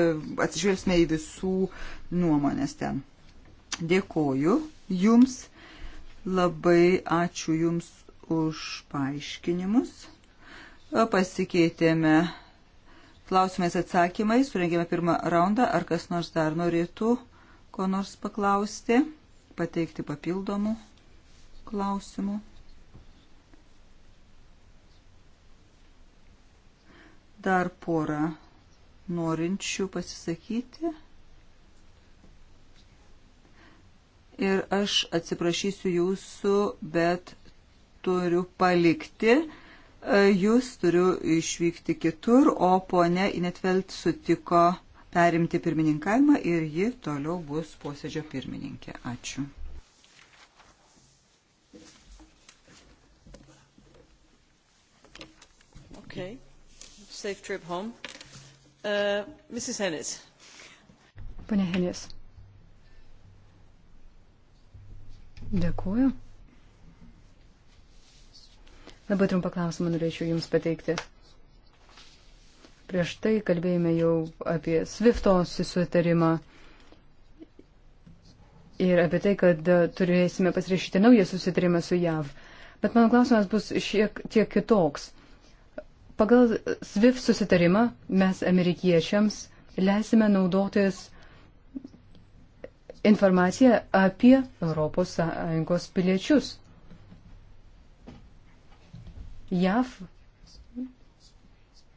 atsižvelgsime į visų nuomonės ten. Dėkoju Jums. Labai ačiū Jums už paaiškinimus. Pasikeitėme klausimais atsakymais, surengėme pirmą raundą. Ar kas nors dar norėtų ko nors paklausti, pateikti papildomų klausimų? Dar porą norinčių pasisakyti. ir aš atsiprašysiu jūsų, bet turiu palikti. E, jūs turiu išvykti kitur, o ponia Inetvelt sutiko perimti pirmininkavimą ir ji toliau bus posėdžio pirmininkė. Ačiū. Okay. Safe trip home. Uh, Mrs. Hennis. Pane Hennis. Dėkuoju. Labai trumpą klausimą norėčiau Jums pateikti. Prieš tai kalbėjome jau apie Svifto susitarimą ir apie tai, kad e, turėsime pasirašyti naują susitarimą su JAV. Bet mano klausimas bus šiek tiek kitoks. Pagal SWIFT susitarimą mes amerikiečiams leisime naudotis informaciją apie ES piliečius. JAV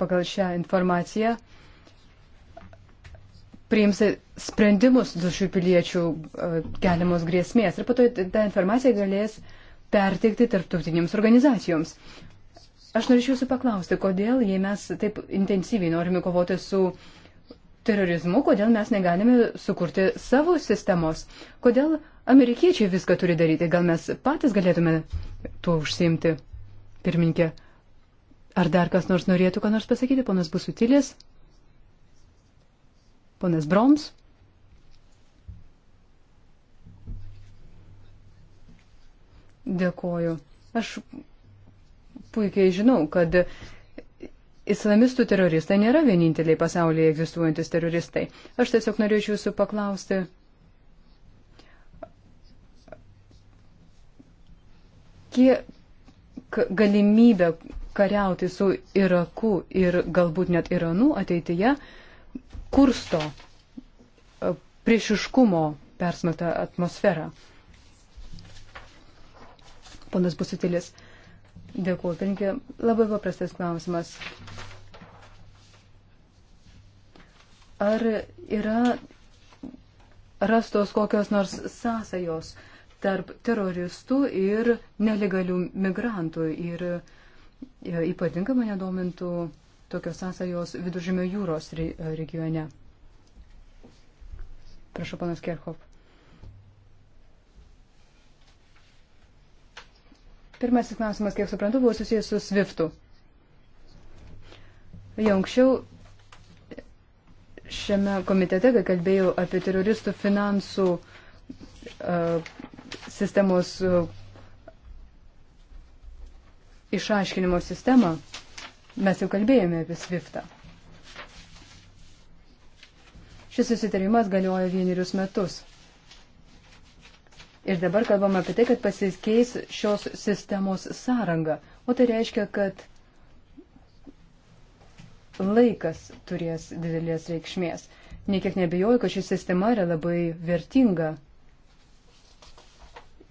pagal šią informaciją priims sprendimus dėl šių piliečių e, keliamos grėsmės ir po to tą informaciją galės perteikti tarptautinėms organizacijoms. Aš norėčiau jūsų paklausti, kodėl, jei mes taip intensyviai norime kovoti su uh, terorizmu, kodėl mes negalime sukurti savo sistemos, kodėl amerikiečiai viską turi daryti, gal mes patys galėtume tuo užsiimti, pirminkė. Ar dar kas nors norėtų, ką nors pasakyti, ponas Busutilis, ponas Broms? Dėkoju. Aš puikiai žinau, kad islamistų teroristai nėra vieninteliai pasaulyje egzistuojantis teroristai. Aš tiesiog norėčiau jūsų paklausti. Kiek galimybė kariauti su Iraku ir galbūt net Iranu ateityje kursto e, priešiškumo persmetą atmosferą? Ponas Busutilis. Uh, Dėkuoju, pirinkė. Labai paprastas klausimas. Ar yra rastos kokios nors sąsajos tarp teroristų ir nelegalių migrantų? Ir e, ypatinga mane domintų tokios sąsajos viduržymio jūros regione. Prašau, panas Kerhop. Pirmasis klausimas, kiek suprantu, buvo susijęs su SWIFTu. Jau anksčiau šiame komitete, kai kalbėjau apie teroristų finansų uh, sistemos uh, išaiškinimo sistemą, mes jau kalbėjome apie SWIFTą. Šis susitarimas galioja vienerius metus. Ir dabar kalbam apie tai, kad pasikeis šios sistemos sąranga. O tai reiškia, kad laikas turės didelės reikšmės. Niekiek nebejoju, kad ši sistema yra labai vertinga.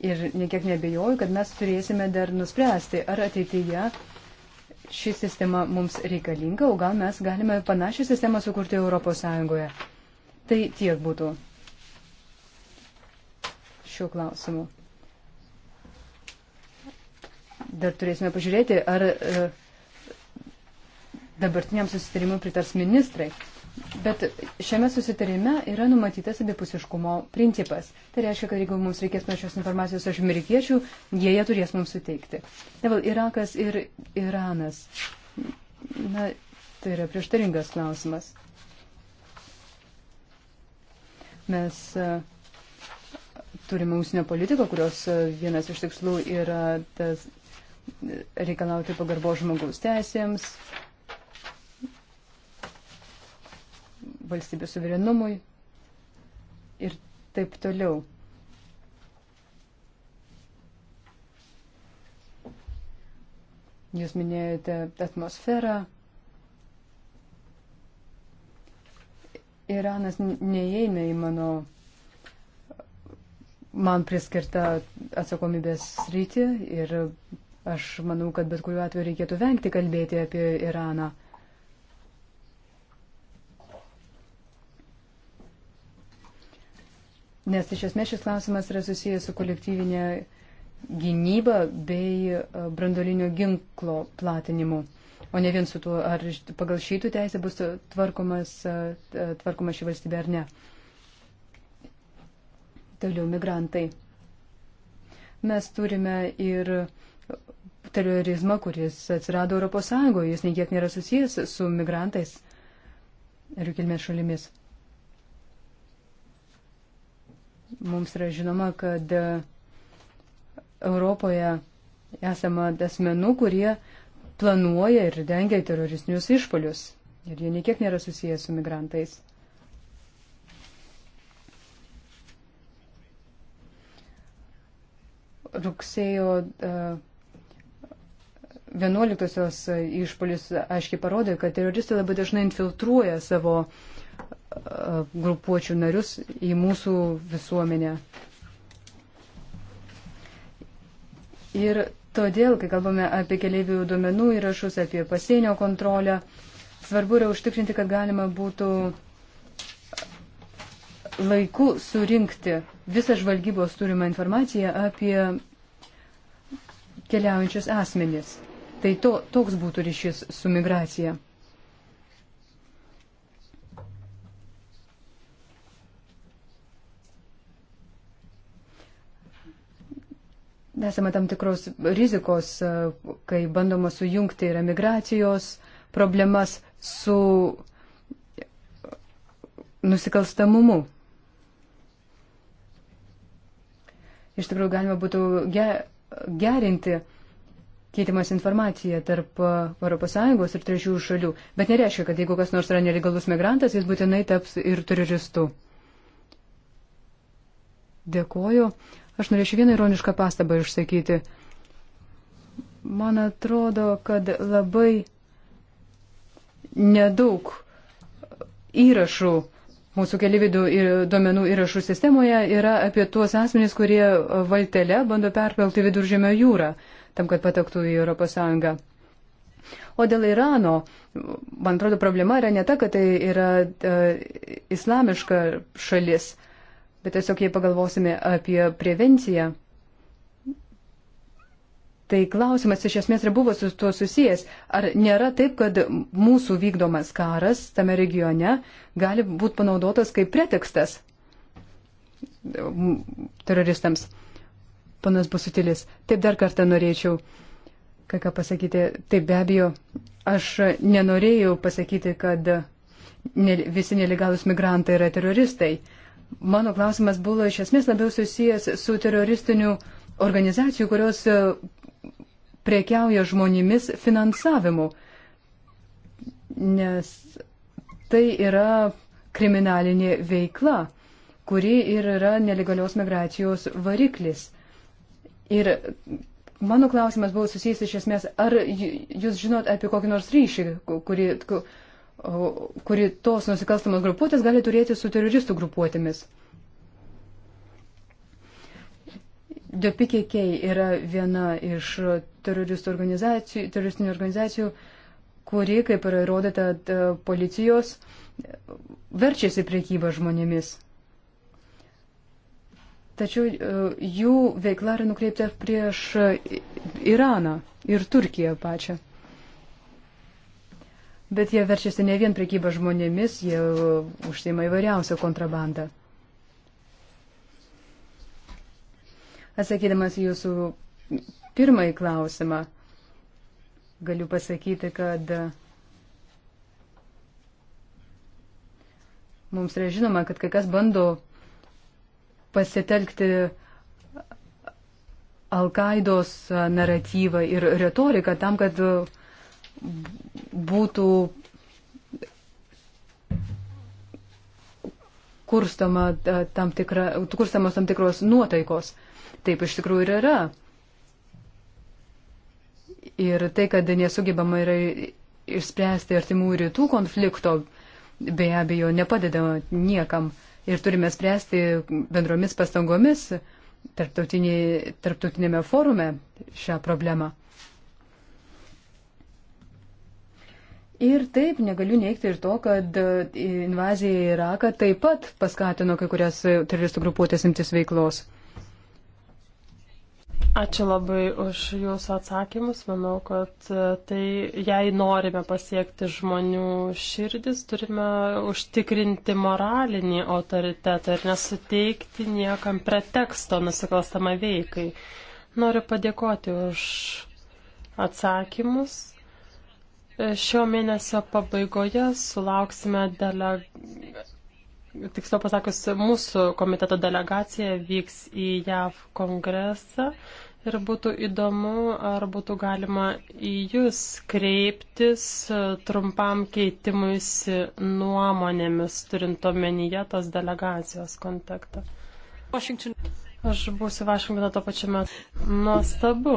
Ir niekiek nebejoju, kad mes turėsime dar nuspręsti, ar ateityje ši sistema mums reikalinga, o gal mes galime panašią sistemą sukurti Europos Sąjungoje. Tai tiek būtų šiuo klausimu. Dar turėsime pažiūrėti, ar e, dabartiniam susitarimui pritars ministrai. Bet šiame susitarime yra numatytas abipusiškumo principas. Tai reiškia, kad jeigu mums reikės panašios informacijos iš amerikiečių, jie ją turės mums suteikti. Dabar Irakas ir Iranas. Na, tai yra prieštaringas klausimas. Mes uh, turime užsienio politiką, kurios e, vienas iš tikslų yra tas e, reikalauti pagarbo žmogaus teisėms, valstybės suverenumui ir taip toliau. Jūs minėjote atmosferą. Iranas neįeina į mano man priskirta atsakomybės sritį ir aš manau, kad bet kuriuo atveju reikėtų vengti kalbėti apie Iraną. Nes iš esmės šis klausimas yra susijęs su kolektyvinė gynyba bei e, brandolinio ginklo platinimu. O ne vien su tuo, ar pagal šytų teisę bus tvarkomas, e, tvarkoma ši valstybė ar ne. Uh, toliau migrantai. Mes turime ir terorizmą, kuris atsirado Europos Sąjungoje, jis niekiek nėra susijęs su migrantais ir kilmės šalimis. Mums yra žinoma, kad Europoje esama asmenų, kurie planuoja ir dengia teroristinius išpolius. Ir jie niekiek nėra susijęs su migrantais. rugsėjo 11-osios e, išpolis aiškiai parodė, kad teroristai labai dažnai infiltruoja savo e, grupuočių narius į mūsų visuomenę. Ir todėl, kai kalbame apie keliaivių duomenų įrašus, apie pasienio kontrolę, svarbu yra užtikrinti, kad galima būtų uh, laiku surinkti visą žvalgybos turimą informaciją apie keliaujančius asmenis. Tai to, toks būtų ryšys su migracija. Nesame tam tikros rizikos, kai bandoma sujungti yra migracijos problemas su nusikalstamumu. iš tikrųjų galima būtų ge, gerinti keitimas informacija tarp ES ir trečiųjų šalių. Bet nereiškia, kad jeigu kas nors yra nelegalus migrantas, jis būtinai taps ir teroristu. Dėkoju. Aš norėčiau vieną ironišką pastabą išsakyti. Man atrodo, kad labai nedaug įrašų mūsų keliavių duomenų įrašų sistemoje yra apie tuos asmenys, kurie valtele bando perplaukti viduržėmio jūrą, tam, kad patektų į ES. O dėl Irano, man atrodo, problema yra ne ta, kad tai yra e, islamiška šalis, bet tiesiog jei pagalvosime apie prevenciją Tai klausimas iš esmės ir buvo su tuo susijęs. Ar nėra taip, kad mūsų vykdomas karas tame regione gali būti panaudotas kaip pretekstas teroristams? Panas Busutilis, taip dar kartą norėčiau kai ką pasakyti. Taip be abejo, aš nenorėjau pasakyti, kad ne, visi nelegalus migrantai yra teroristai. Mano klausimas buvo iš esmės labiau susijęs su teroristiniu organizacijų, kurios priekiauja žmonėmis finansavimu, nes tai yra kriminalinė veikla, kuri ir yra nelegalios migracijos variklis. Ir mano klausimas buvo susijęs iš esmės, ar jūs žinot apie kokį nors ryšį, kuri, kuri tos nusikalstamos grupuotės gali turėti su teroristų grupuotėmis? Dopikė Kei yra viena iš organizacijų, teroristinių organizacijų, kuri, kaip yra įrodyta policijos, verčiasi priekybą žmonėmis. Tačiau e, jų veikla yra nukreipta prieš Iraną ir Turkiją pačią. Bet jie verčiasi ne vien priekybą žmonėmis, jie e, užsima įvairiausią kontrabandą. Atsakydamas jūsų pirmąjį klausimą, galiu pasakyti, kad mums yra žinoma, kad kai kas bando pasitelkti Alkaidos naratyvą ir retoriką tam, kad būtų kurstama e, tam tikra, kurstamos tam tikros nuotaikos. Taip iš tikrųjų ir yra. Ir tai, kad nesugebama yra išspręsti artimų rytų konflikto, be abejo, nepadeda niekam. Ir turime spręsti bendromis pastangomis tarptautinė, tarptautinėme forume šią problemą. Ir taip, negaliu neikti ir to, kad invazija į Iraką taip pat paskatino kai kurias teroristų grupuotės imtis veiklos. Ačiū labai už Jūsų atsakymus. Manau, kad e, tai, jei norime pasiekti žmonių širdis, turime užtikrinti moralinį autoritetą ir nesuteikti niekam preteksto nusikalstamą veikai. Noriu padėkoti už atsakymus. E, šio mėnesio pabaigoje sulauksime dele tiksliau pasakius, mūsų komiteto delegacija vyks į JAV kongresą ir būtų įdomu, ar būtų galima į jūs kreiptis trumpam keitimuisi nuomonėmis, turint omenyje tos delegacijos kontaktą. Washington. Aš būsiu Vašingtono to pačiame. Nuostabu.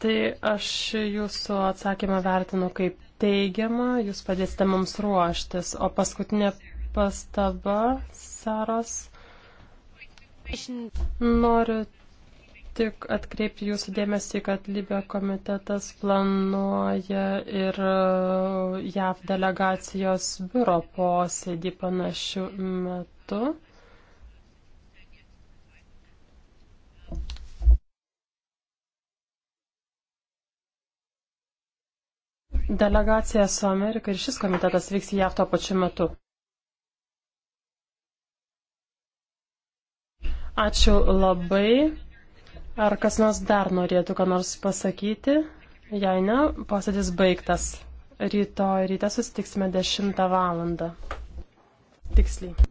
Tai aš jūsų atsakymą vertinu kaip teigiama, jūs padėsite mums ruoštis. O paskutinė pastaba, Saros. Noriu tik atkreipti jūsų dėmesį, kad Libė komitetas planuoja ir uh, JAV delegacijos biuro posėdį panašių metų. delegacija su Amerika ir šis komitetas vyks į JAV tuo pačiu metu. Ačiū labai. Ar kas nors dar norėtų ką nors pasakyti? Jei ne, posėdis baigtas. Ryto ryte susitiksime 10 valandą. Tiksliai.